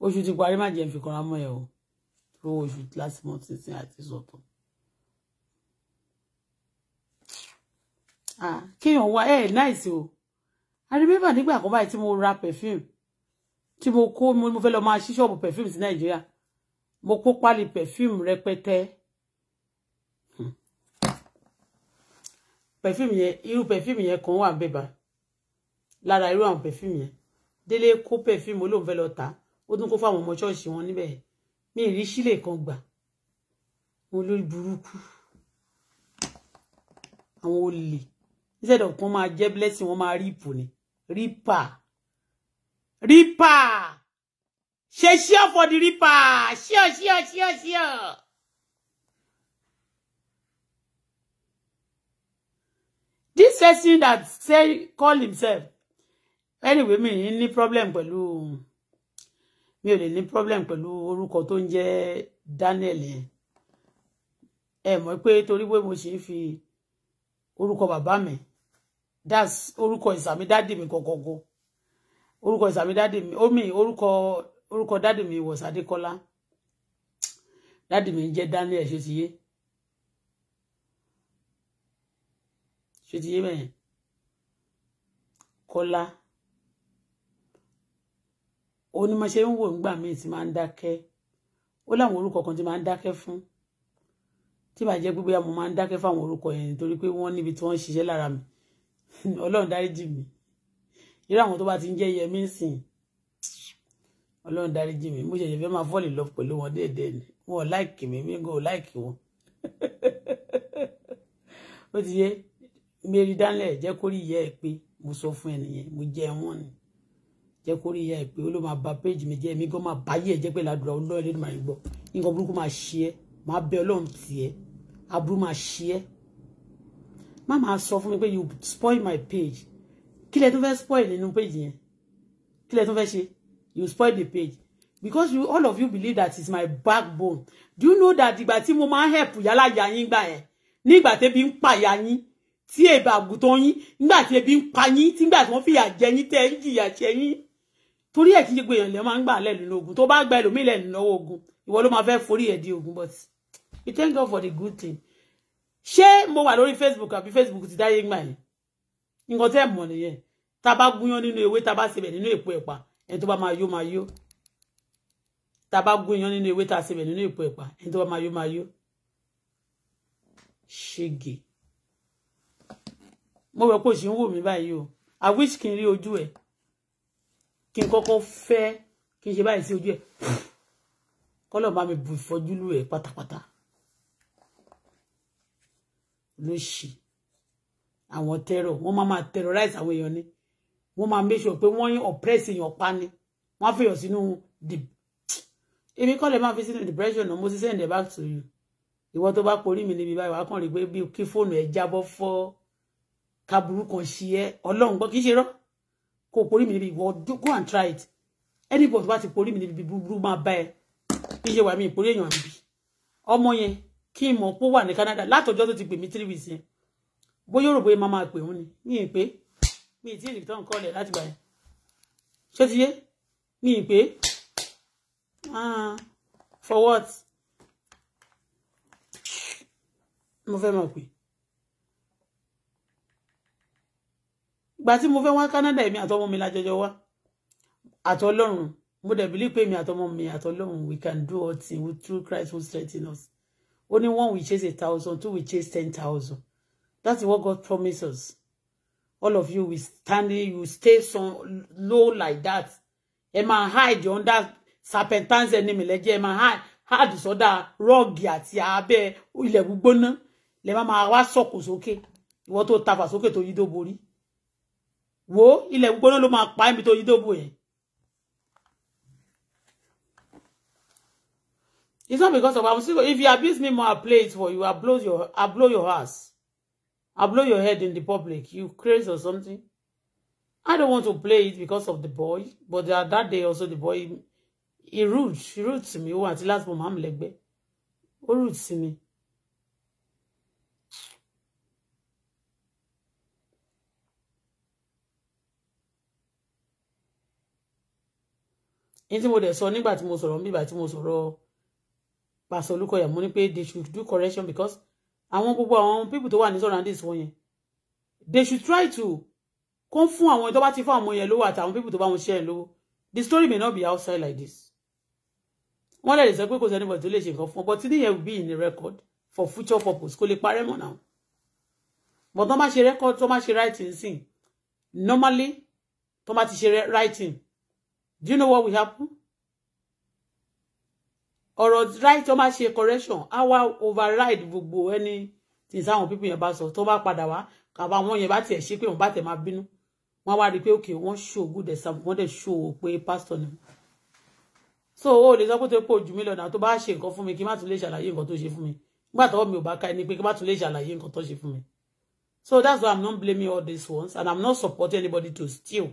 Speaker 1: oṣù ti parí má jẹ́ fi kanra mọ́ ẹ o owó oṣù last month sísìn àti sọ̀tọ̀. Ah, kéèyàn wá ẹ̀ náìsí o. I remember nígbà kan báyìí tí mo ra perfume tí mo kó mo fẹ́ lọ máa ṣí ṣọ́ọ̀bù perfume sí Nàìjíríà mo kó pálí perfume rẹpẹtẹ hmm. perfume yẹn irú perfume yẹn kan wà bẹ́bà lára irú àwọn perfume yẹn Délé kó perfume olóhùn fẹ́ lọ tà ó tún kó fáwọn ọmọ ṣọ́ọ̀ṣì wọn níbẹ̀ mi ì rí kan gbà mo lórí burúkú àwọn olè instead of kan máa jẹ́ blessing wọ́n máa rí ipò ni. Reaper. Reaper. Say sure for the Reaper. Sure, sure, sure, sure. This person that say call himself. Anyway, me any problem pẹ̀lú mi ò lè ní problem pẹ̀lú orúkọ tó ń jẹ́ Daniel yẹn. Ẹ mọ̀ pé torí pé mo ṣe ń fi orúkọ bàbá mi that's orúkọ isami dáàdì mi gọgọgọ orúkọ isami dáàdì mi omi orúkọ orúkọ dáàdì mi wọ Sàdékọ́lá dáàdì mi ń jẹ́ Daniel ṣe ti yé ṣe ti yé mẹyìn Kọ́lá onímọ̀ṣe ń wò ńgbà míì tí máa ń dákẹ́ ó láwọn orúkọ kan tí máa ń dákẹ́ fún tí bàjẹ́ pé bóyá mo máa ń dákẹ́ fáwọn orúkọ yẹn nítorí pé wọ́n níbi tí wọ́n ń ṣiṣẹ́ lára mi ọlọ́run dáríjì mi irú àwọn tó bá ti ń jẹ́ yẹmí sìn ọlọ́run dáríjì mi mo ṣẹ̀ṣẹ̀ fẹ́ máa fọ́ọ̀lì lọ pẹ̀lú wọn déédéé ni wọn ò láìkì mi mi gò láìkì wọn [LAUGHS] ó ti yé mary daniel jẹ́ kó rí ìyá ẹ̀ pé mo sọ fún ẹ nìyẹn mo jẹ wọn ni jẹ́ kó rí ìyá ẹ̀ pé ó ló máa ba péjì mi jẹ́ mi gan máa báyé ẹ̀ jẹ́ pé ládùúrà ọlọ́run lẹ́nu màá gbọ́ nǹkan burúkú máa ṣe é máa bẹ ọlọ́run tiẹ̀ aburú máa ṣe é Mama, máa sọ fún mi pé you spoil my page kí lẹ tún fẹ́ spoil nínú page yẹn kí lẹ tún fẹ́ ṣe you spoil the page because you, all of you believe that is my backbone do you know that ìgbà tí mo máa ń help yálà ya yín gbà yẹn nígbà tẹ́bi ń pàyà yín tí èbà àgùntàn yín nígbà tí ebi ń pa yín tí nígbà tí wọ́n fìyà jẹ yín tẹ́ ń jìyà jẹ yín torí ẹ̀ kí gbogbo èèyàn lè máa ń gbà lẹ́nu lógun tó bá gba ẹlòmíì lẹ́nu lọ́wọ́ ogun ìwọ ló máa fẹ́ forí ẹ̀ di ogun but you thank God for the good thing ṣé mo wà lórí facebook àbí facebook ti dáyé gbà yẹn nǹkan tẹ́ mọ̀ nìyẹn tá a bá gúnyán nínú ewé tá a bá sebẹ̀ nínú èpo ẹ̀pà ẹni tó bá máa yó máa yó tá a bá gúnyán nínú ewé tá a sebẹ̀ nínú èpo ẹ̀pà ẹni tó bá máa yó máa yó ṣègè mo wẹ kó ṣì ń wò mí báyìí o i wish kí n rí ojú ẹ kí n kọ́kọ́ fẹ́ kí n ṣe báyìí sí ojú ẹ kọlọ bá mi bù ìfọjú lù ẹ pátápátá lóṣì àwọn tẹ́rọ̀ wọ́n máa máa terrorize àwọn èèyàn ni wọ́n máa make sure pé wọ́n yín oppress èèyàn pa ni wọ́n á fèèyàn sínú the èmi kọ́ lè máa fi sínú depression No, mo ti send it back to you ìwọ tó bá porí mi níbi báyìí wàá kàn rí pé bí kí fóònù ẹ jábọ́ fọ́ kaburú kan ṣí ẹ ọlọ́run gbọ́ kì í ṣe rọ́ kó porí mi níbi ìwọ go and try it anybody bá ti porí mi níbi búburú máa bá ẹ kí ṣe wà mí ìporí èèyàn àbí ọmọ yẹn kí n mọ̀ pé ó wà ní Canada látọjọ́ tó ti pè mí three weeks yẹn bóyá ó rò bóyá máa máa pè òun ni mi ì pé mi ì tí ì rí tán kọ́lẹ̀ láti gbà yẹn ṣé ti yé mi ì pé ah, for what mo fẹ́ máa pè ìgbà tí mo fẹ́ wá Canada èmi àtọmọ mi lájọjọ wá àtọlọ́run mo dẹ̀ believe pé èmi àtọmọ mi àtọlọ́run we can do all things through Christ who strengthens us Only one will chase a thousand, two will chase ten thousand. That's what God promises. All of you will stand, you will stay so low like that. Ẹ máa hide under serpentine's enemy. Ẹ máa hide, hide sọ́dọ̀ rọ́ọ̀gì àti abẹ́ ilẹ̀ gbígbóná. Lẹ máa wá sọ̀kò sókè. Ìwọ tó tafà sókè tó yí bori. Wò, ilẹ̀ gbígbóná lo ma pa ẹ́ mi tó yí dóbo It's not because of I'm single. If you abuse me more, I play it for you. I blow your I blow your ass. I blow your head in the public. You crazy or something. I don't want to play it because of the boy. But that, that day also the boy he rude. He rude to me. What last mom I'm legbe. Oh rude to me. ní tí mo dẹ̀ sọ nígbà tí mo sọ̀rọ̀ nígbà tí mo pàṣẹ Olúkọ̀yà mo ní pé they should do correction because àwọn gbogbo àwọn people tó wà ní surroundings wọn yẹn they should try to kó fún àwọn tó bá ti fún àwọn yẹn lówó àtàwọn people tó bá wọn share lówó the story may not be outside like this wọ́n lè sọ pé kò sí anybody tó lè ṣe nǹkan fún ọ but today yẹn will be in the record for future purpose kó lè parẹ́ mọ́ náà but tó má ṣe record tó má ṣe writing sìn normally tó má ti ṣe writing do you know what will happen ọ̀rọ̀ right tó máa ṣe correction á wá override gbogbo ẹni tí sáwọn pípín yẹn bá sọ tó bá padà wá kàbá wọn yẹn bá tiẹ̀ ṣe pé wọn bá tẹ̀ máa bínú wọn wá rí i pé òkè wọn show good example wọn dẹ̀ show pé pastor ni so o lè sọ pé tó pọ̀ jù mí lọ́nà tó bá ṣe nǹkan fún mi kí n má tún lè ṣàlàyé nǹkan tó ṣe fún mi nígbà tọ́wọ́ mi ò bá ká ẹni pé kí n má tún lè ṣàlàyé nǹkan tó ṣe fún mi so that's why i'm not blaming all these ones and i'm not supporting anybody to steal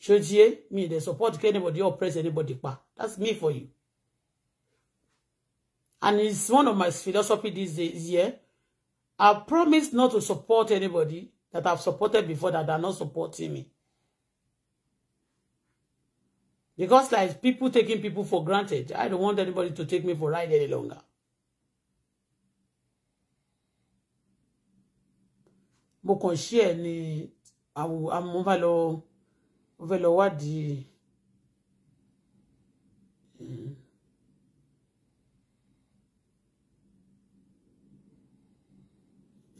Speaker 1: ṣojie mi dey support kí anybody oppress anybody pa that's me for you and it's one of my philosophy this days here. I promise not to support anybody that I've supported before that are not supporting me. Because like people taking people for granted, I don't want anybody to take me for ride any longer. Mo kàn ṣí ẹ ni àwọn amúfàlọ́ mo fẹ́ lọ wádìí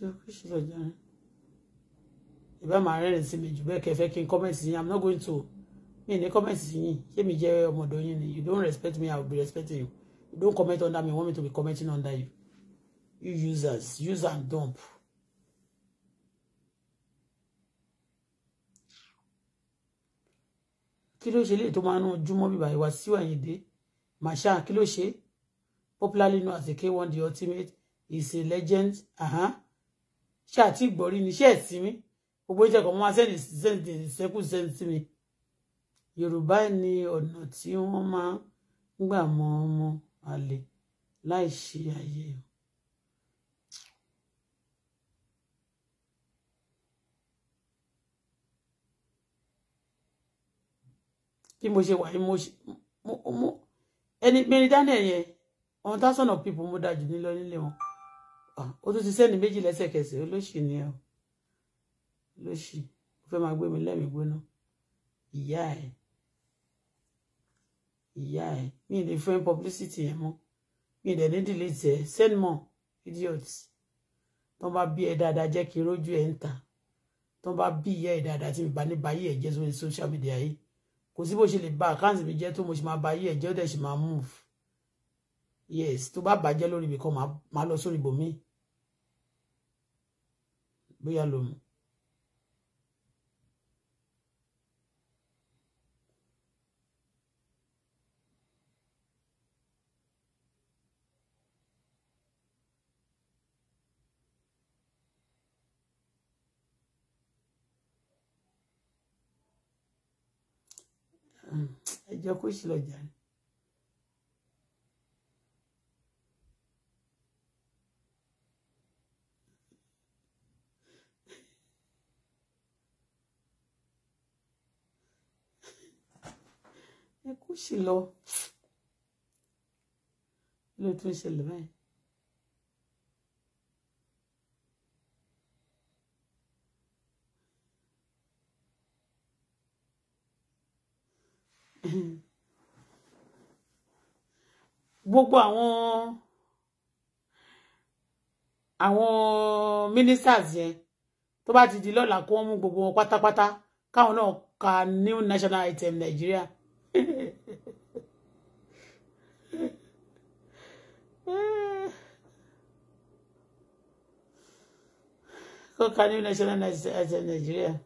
Speaker 1: oríṣiríṣi ọjà rẹ ìbá máa rẹ́rìn sí mi jù bẹ́ẹ̀ kẹfẹ́ kí n comment sí yín i'm not going to mi ní comment sí yín ṣé mi jẹ́ ọmọdọ̀ yín ni you don't respect me i will be respecting you you don't comment under me you want me to be commenting under you you users use and dump. kí ló ṣe lè tó máa ń júmọ́ bíbá ìwà síwá yìí dé màṣá kí ló ṣe popularly known as the K1 the ultimate is a legend uh-huh ṣé àti ni ṣé ẹ̀sìn mi gbogbo ìjẹ́ kan wọ́n sẹ́ni sẹ́ni sẹ́kù sẹ́ni sí mi yorùbá ni ọ̀nà tí wọ́n máa ń gbà mọ ọmọ àlè láì ṣe ayé o. bí mo ṣe wà ní mo ṣe mo ẹni mary daniel yẹn one thousand of people mo dájú nílọ nílé wọn. Ah, ó tún ti sẹ́ni méjì lẹ́sẹ̀kẹsẹ̀ olóṣì ni ọ olóṣì ó fẹ́ máa gbé mi lẹ́mìí gbóná ìyá ẹ̀ ìyá ẹ̀ mi ì lè fẹ́ publicity yẹn mọ́ mi ì dẹ̀ ní delete ẹ̀ send more idiot tó bá bí ẹ dáadáa jẹ́ kí rójú ẹ̀ ń ta tó bá bí ìyá ẹ̀ dáadáa tí mi bá ní báyé ẹ̀ jẹ́ sórí social media yìí kò sí bó ṣe lè ba àkáǹtì mi jẹ́ tó mo ṣe máa báyé ẹ̀ jẹ́ ó dẹ̀ ṣe máa move yes tó bá bàjẹ́ lórí ibì kan máa lọ sórí ibòmíì bóyá lòun. Hmm, ẹ jẹ́ kó ṣì lọ jàre. ó sì lọ ló tún ṣẹlẹ̀ báyìí. gbogbo àwọn àwọn ministers yẹn tó bá ti di lọ́la kó wọ́n mú gbogbo wọn pátápátá káwọn náà ka new national item Nigeria. called Kano National as in Nigeria.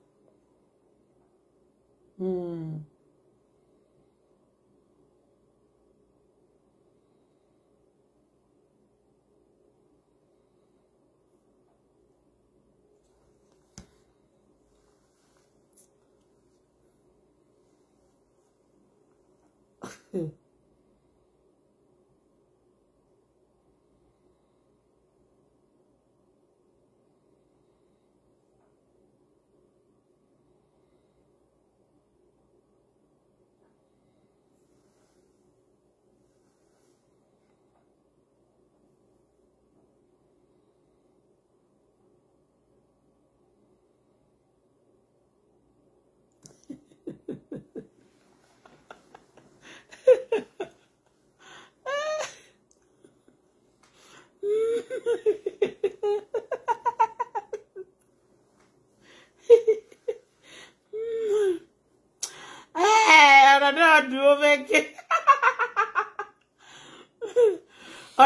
Speaker 1: Hmm. Hmm. [LAUGHS]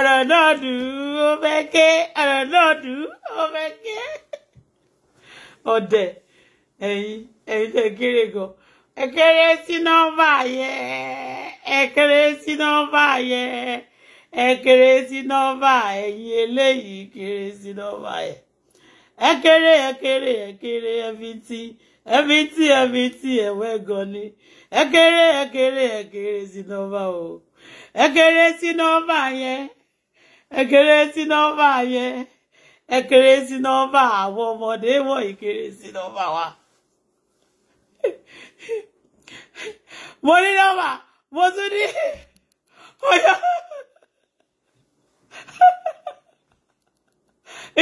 Speaker 1: Ọ̀rọ̀nàdù ọ̀fẹ́kẹ́ ọ̀rọ̀nàdù ọ̀fẹ́kẹ́. Ọ̀dẹ̀ ẹ̀yin ẹ̀yin tẹ̀ kéré gan. Ẹ kéré sí nọ́mbà yẹ. Ẹ kéré si nọ́mbà yẹ. Ẹ kéré sí nọ́mbà ẹ̀yin eléyìí kéré sí nọ́mbà yẹ. Ẹ kéré ẹ ekere ẹ kéré ẹ ẹwẹ gan ni ekere ekere si sí o ẹ kéré sí nọ́mbà yẹn ẹ kéré sí nọ́mbà àwọn ọmọdé wọ̀nyí kéré sí nọ́mbà wa mo ní nọ́mbà mo tún ní ọjọ́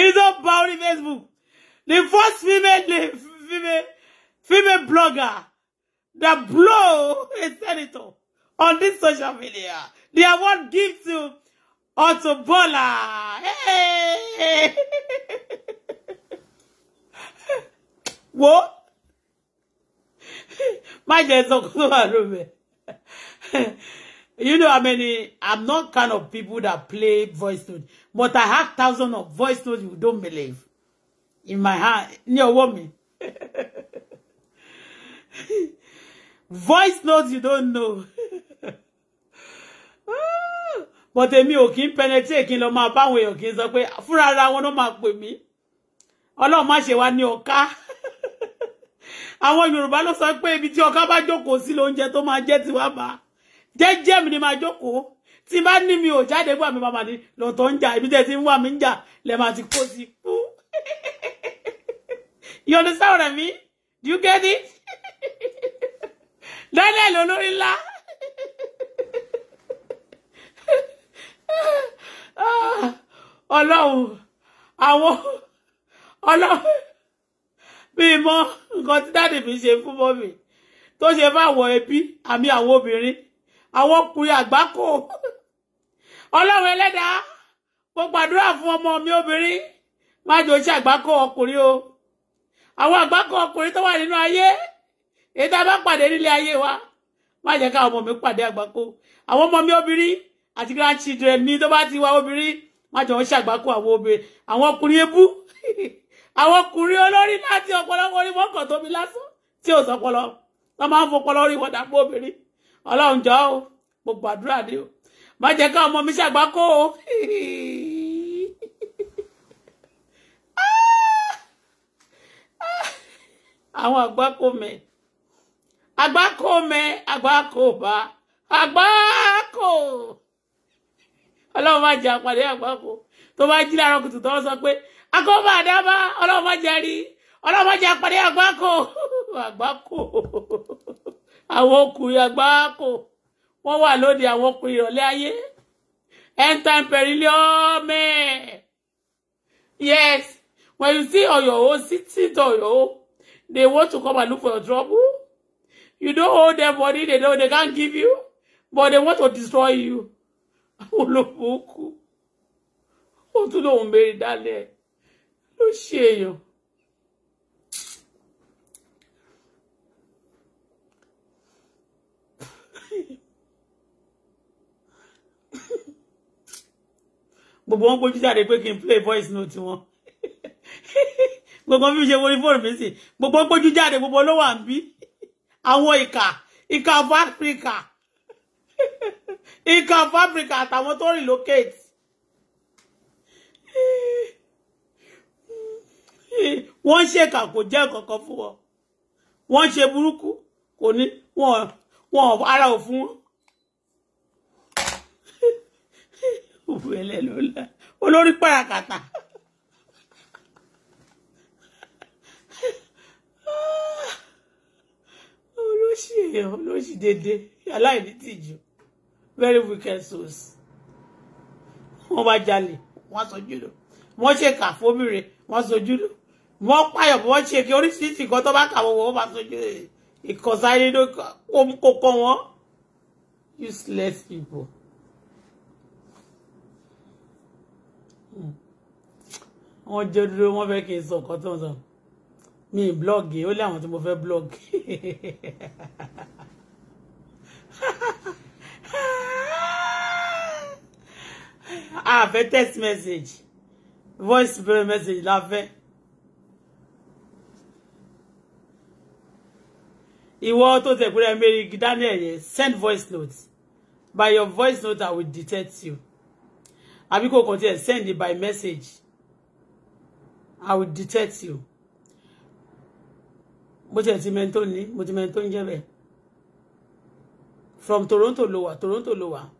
Speaker 1: it's all about Facebook the first female female female blogger that blow a senator on this social media They are award gives to. Auto Bola.
Speaker 2: Hey.
Speaker 1: [LAUGHS] Wo? My dear, so You know how many, I'm not kind of people that play voice notes, but I have thousands of voice notes you don't believe in my hand. You want me? voice notes you don't know. [LAUGHS] but èmi ò kí ń penetrate kí n lọ máa báwọn èèyàn kí n sọ pé fúnra ara wọn ló máa pè mí ọlọ́run má ṣe wá ní ọ̀ká [LAUGHS] àwọn yorùbá ló sọ pé ibi tí ọ̀ká bá jókòó sí lóúnjẹ tó máa jẹ́ tiwa bá jẹ́jẹ́ mi ni máa jókòó tí bá ní mi ò jáde gbà mí bàbá ni lọ́tọ̀ ń jà ibi tẹ́ ti ń wà mí ń jà lẹ́ máa ti kó sí kú [LAUGHS] you understand what I mean do you get it Daniel [LAUGHS] olórí ńlá. ọlọ́run àwọn ọlọ́run mi mọ nǹkan tí dáàdì mi ṣe fún mọ́mì tó ṣe fáwọn ẹbí àmì àwọn obìnrin àwọn ọkùnrin àgbákò ọlọ́run ẹlẹ́dàá mo gbàdúrà fún ọmọ mi obìnrin má jò ṣe àgbákò ọkùnrin o àwọn àgbákò ọkùnrin tó wà nínú ayé èyí tá a bá pàdé nílé ayé wa má jẹ́ ká ọmọ mi pàdé àgbákò àwọn ọmọ mi obìnrin àti grandchildren mi tó bá ti wá obìnrin má jọ ń ṣàgbákò àwọn obìnrin àwọn ọkùnrin ebú [LAUGHS] àwọn ọkùnrin olórí láti ọ̀pọ̀lọpọ̀ orí mọ́kàn tó mi lásán tí ò sọpọlọ tó máa ń fọpọlọ orí wọn dàpọ̀ obìnrin ọlọ́run jọ o mo gbàdúrà ni o má jẹ́ ká ọmọ mi ṣàgbákò o. [LAUGHS] àwọn àgbákò mẹ àgbákò mẹ àgbákò bá àgbákò ọlọ́run má jẹ́ àpàdé àgbákò tó bá jí láàárọ̀ kùtù tó sọ pé akọ́bà àdábá ọlọ́run má jẹ́ rí ọlọ́run má jẹ́ àpàdé àgbákò [LAUGHS] àgbákò àwọn ọkùnrin àgbákò wọ́n wà lóde àwọn ọkùnrin ìrọ̀lẹ́ ayé end time perilous man yes when you see on your own sitting on your own they want to come and look for your trouble you don't hold their body they know they can't give you but they want to destroy you àwọn olóògùn kú ó tún lóun béèrè dálẹ̀ ló ṣe èèyàn. gbogbo wọn gbójú jáde pé kí n play voice note wọn gbogbo bí mo ṣe wọlé fóònù mi sí gbogbo gbójú jáde gbogbo ló wà ń bí àwọn ìkà ìkà of Africa nǹkan fábíríkà àtàwọn tó relocate wọ́n ṣèkà kò jẹ́ kankan fún wọn wọ́n ṣe burúkú kò ní wọn wọn ara ò fún wọn. òbú ẹlẹ́nu ńlá olórí pàràkàtà. olóṣèlú olóṣèdèdè aláìní tìjú very wicked souls wọ́n bá jalè wọ́n sojú lò wọ́n ṣèkà fóbìnrin wọ́n sojú lò wọ́n pààyàn wọ́n ṣèkè oríṣiríṣi nǹkan tó bá kà wọ́n wọ́n bá sojú lò ìkọ̀sáyé ló kó kọ́ wọn useless people. Hmm. wọ́n jẹ́ dúró wọ́n fẹ́ kí n sọ nǹkan tó ń sọ mi ì blọ́ọ̀gì ó lé àwọn tí mo fẹ́ blọ́ọ̀gì. [LAUGHS] Ah, fẹ́ text message voice message la fẹ́. ìwọ tó tẹ̀ pé ẹ mẹ́rin Daniel yẹn send voice notes, by your voice note I will detect you àbí kò kàn tiẹ̀ send it by message I will detect you mo tiẹ̀ ti mẹ́ntó ní mo ti mẹ́ntó from Toronto lower. Toronto lower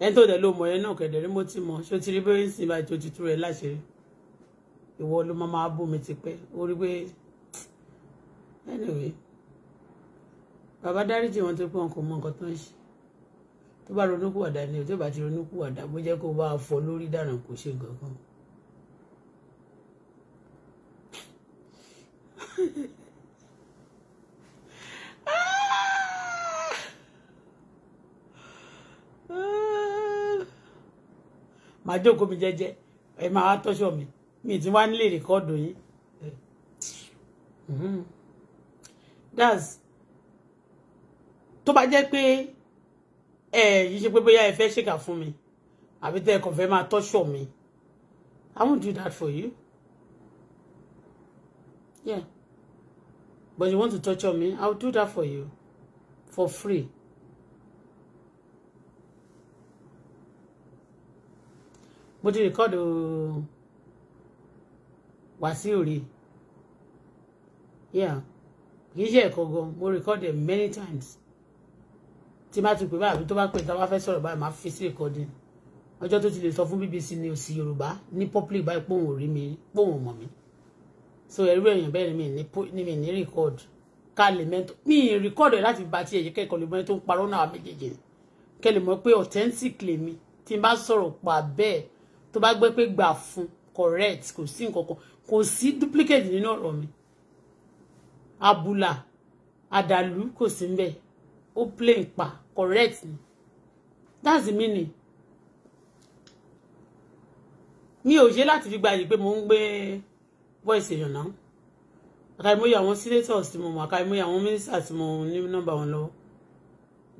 Speaker 1: ẹni dẹ̀ ló mọ̀ yẹn náà kẹ̀dẹ̀ rí mo ti mọ̀ ṣó ti rí bóyá ń sìn báyìí tó ti láṣẹ ìwọ ló máa máa bú mi ti pẹ́ pé anyway bàbá dáríjì wọn tó pé wọn kò mọ nǹkan tó ń ṣe tó bá ronúkúwàdà ni tó bá ti ronúkúwàdà bó jẹ́ kó bá a fọ lórí dànù kò ṣe nǹkan [LAUGHS] Ah! ah! máa jókòó mi jẹ́jẹ́ ẹ máa wá tọ́ṣọ̀ mi mi ti wá nílé rìkọ́ọ̀dù yín mm-hmm. that's tó bá jẹ́ pé ẹ yìí ṣe pé bóyá ẹ fẹ́ ṣèkà fún mi àbí tẹ́ ẹ kàn fẹ́ máa mi I won't do that for you yeah but you want to torture me I will do that for you for free. mo ti rìkọ́dù Wàsíù rí yeah kì í ṣe ẹ̀kọ́ gan mo rìkọ́dù ẹ̀ many times tí má ti pè báyìí àbí tó bá pè tá a bá fẹ́ sọ̀rọ̀ báyìí máa fi sí rìkọ́dìn ọjọ́ tó ti lè sọ fún BBC ní òsì Yorùbá ní public báyìí pòun rí mi pòun mọ̀ mi so ẹ̀rú èèyàn bẹ́ẹ̀ ni mi ní record ká lè mẹ́tò mi ì record ẹ̀ láti bá tiẹ̀ yẹ kẹ́kọ̀ọ́ lè mọ ẹni tó ń parọ́ náà méjèèjì kẹ́ lè pé authentic lèmi tí n bá sọ̀rọ̀ pa bẹ́ẹ̀ To bá gbé pé gbà fun, correct kò sí nǹkan kan kò duplicate nínú ọ̀rọ̀ mi abula Adalu, kò sí ń bẹ ó plain pa correct ni that's the meaning mi ò ṣe láti fi gbayì pé mo ń gbé voice èèyàn náà àkàìmọye àwọn senators tí mo mọ àkàìmọye àwọn ministers tí mo ní nọ́mbà wọn lọ́wọ́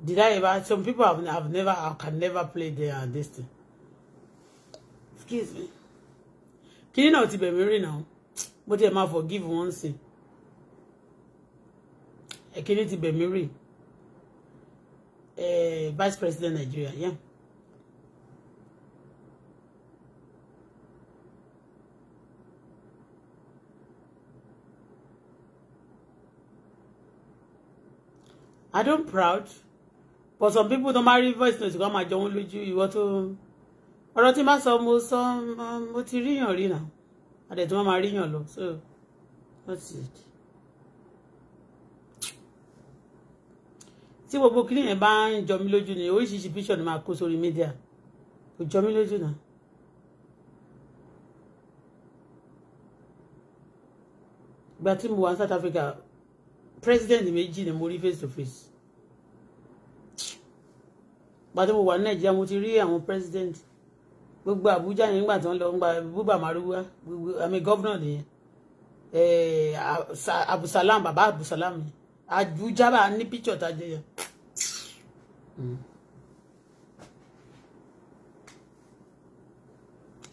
Speaker 1: did I ever some people have, have never I can never play their this thing excuse me Can you not be rìn now, but you must forgive one sin ẹ̀kíní ti bẹ̀mí rìn eh, vice president Nigeria yeah. I don't proud but some people don't marry voice note kó máa jọ wọn lójú ìwọ tó ọ̀rọ̀ tí má sọ mo sọ mo ti ríyàn rí náà tí wọ́n máa ríyàn lọ so that's it. tí gbogbo kílì yẹn bá ń jọ mí lójú ni oríṣiríṣi píṣọ̀ ni máa kó sórí mídíà kò jọ mí lójú náà. ìgbà tí mo wà ní South Africa president méjì ni mo rí face to face ìgbà tí mo wà ní Nàìjíríà mo ti rí àwọn president gbogbo abuja yẹn nígbà tí wọ́n lọ gbogbo àmì nìyẹn yẹn eh, bá ní tá a jẹ yẹn. Mm.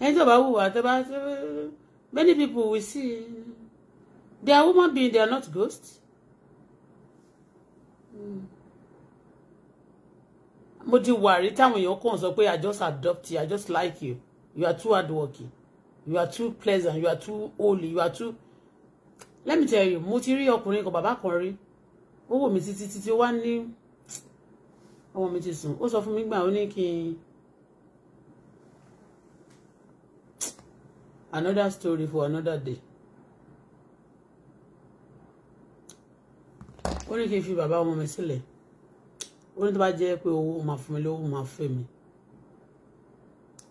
Speaker 1: ẹni tó bá wù wá tó bá many people will see they are human beings they are not ghosts. Mm. mo ti wà rí táwọn èèyàn kàn sọ pé i just adopt you i just like you you are too hardworking you are too pleasant you are too holy you are too let me tell you mo ti rí ọkùnrin kan bàbá kan rí ó wò mí títí títí ó wá ní ọmọ mi ti sùn ó sọ fún mi gbà ó ní kí n another story for another day ó ní kí n fi bàbá ọmọ mi sílẹ̀ ó ní tó bá jẹ́ pé owó máa fún mi lówó máa fẹ́ mi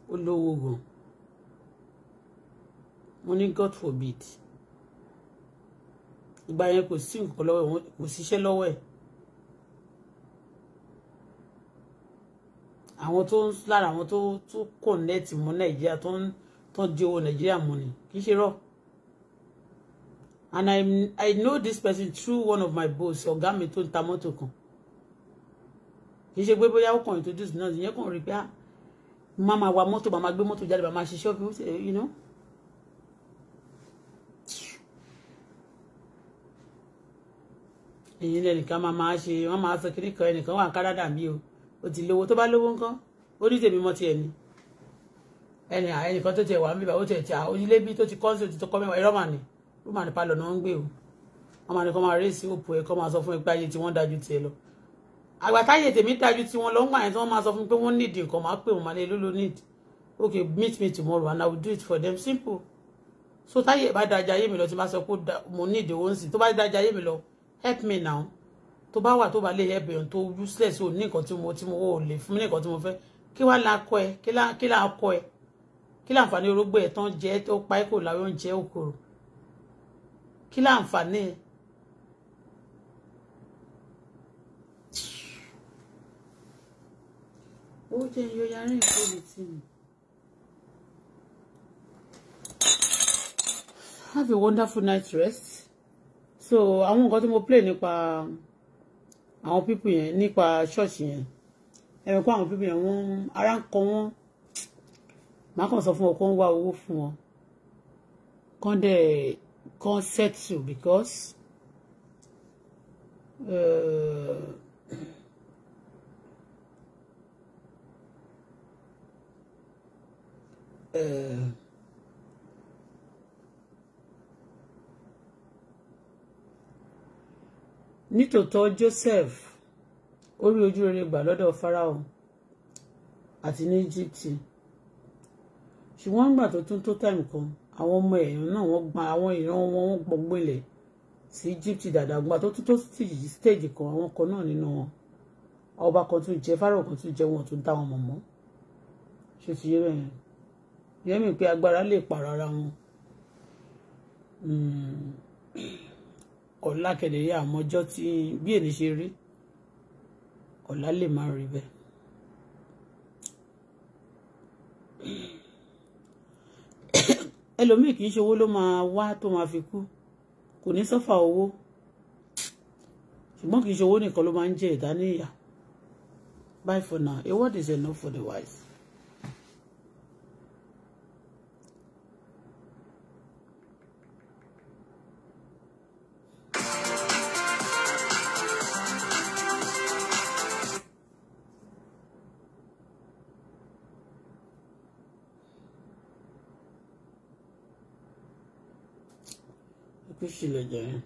Speaker 1: ó lówó gan mo ní God forbid ìgbà yẹn kò sí nǹkan lọ́wọ́ ẹ̀ kò síṣẹ́ lọ́wọ́ ẹ̀ àwọn tó ń lára àwọn tó tó kọ̀nẹ́ẹ̀tì mọ́ nàìjíríà tó ń tó ń di owó nàìjíríà mọ́ ni kì í ṣe rọ̀ and I, I know this person through one of my boss ọ̀gá mi tó ń ta mọ́tò kan kì í ṣe pé bóyá ó kàn introduce náà ìyẹn kàn rí pé ah má máa wa mọ́tò má máa gbé mọ́tò jáde má máa ṣiṣẹ́ ọ́fíìsì you know. èyí ni ẹnìkan máa máa ṣe wọn máa sọ kíní kan ẹnìkan wà kánádà bí o o ti lówó tó bá lówó ńkọ́ ó ní tèmi mọ tiẹ̀ ni ẹnì ẹnìkan tó tiẹ̀ wà ń bíbà ó tiẹ̀ tiẹ̀ onílé bí tó ti kọ́ sí o ti tó kọ́ mẹ́wàá irọ́ màní rúmàní palọ̀ náà ń gbé o wọn máa ní kọ́ máa rí sí òpó ẹ̀ kọ́ máa sọ fún ẹ pé ayé tí wọ́n dájú tiẹ̀ lọ àgbàtáyè tèmi dájú tí wọ́n lọ ń gbà yẹn tí wọ́n máa sọ fún mi pé wọ́n nídìí nǹkan máa pè wọ́n máa ní èló need okay meet me tomorrow and i will do it for them simple so táyè bá dájà ayé mi lọ tí bá sọ pé mo need owó ń sìn tó bá dájà ayé mi lọ help me now tó bá wà tó bá lè help èèyàn tó useless ò ní nǹkan tí mo tí mo ò lè fún mi ní nǹkan tí mo fẹ́ kí wàá la kọ ẹ kí là á kọ ẹ kí láǹfààní orógbó ẹ̀ tán jẹ́ ó pa kò láwọn oúnjẹ òkòrò kí láǹfààní ẹ̀ ó jẹ́ iye yarí ìkóbi tì mí. have a wonderful night rest so àwọn nǹkan tí mo play nípa àwọn pípù yẹn nípa ṣọ́ọ̀ṣì yẹn ẹ̀rọ kó àwọn pípù yẹn wọ́n ara ń kọ wọ́n màá kàn sọ fún wọn kó ń wá owó fún wọn kán dẹ̀ kán settle because. Uh, uh, nítòótọ́ Joseph ó rí ojú rere gbà lọ́dọ̀ Fáráò àti ní Íjíbítì ṣùgbọ́n nígbà tó tún tó time kan àwọn ọmọ èèyàn náà wọ́n gba àwọn ìran wọn wọ́n gbọ́ngbọ́n ilẹ̀ sí Íjíbítì dáadáa gba tó tún tó stage kan àwọn kan náà nínú wọn ọba kan tún jẹ Fáráò kan tún jẹ wọn tún dá wọn mọ̀ mọ́ ṣe ti yé bẹ́ẹ̀ yẹn ìyẹn mi pé agbára lè pààrọ̀ ara wọn ọ̀la kẹ̀dẹ̀yẹ àmọ́jọ́ tí bí èmi ṣe rí ọ̀la lè má rí bẹ́ẹ̀. ẹlòmíì kì í ṣe owó ló máa wá tó máa fi kú kò ní sọ́fà owó ṣùgbọ́n kì í ṣe owó nìkan ló máa ń jẹ ìdáníyà bye for now a word is enough for the wise. कुछ ले जाए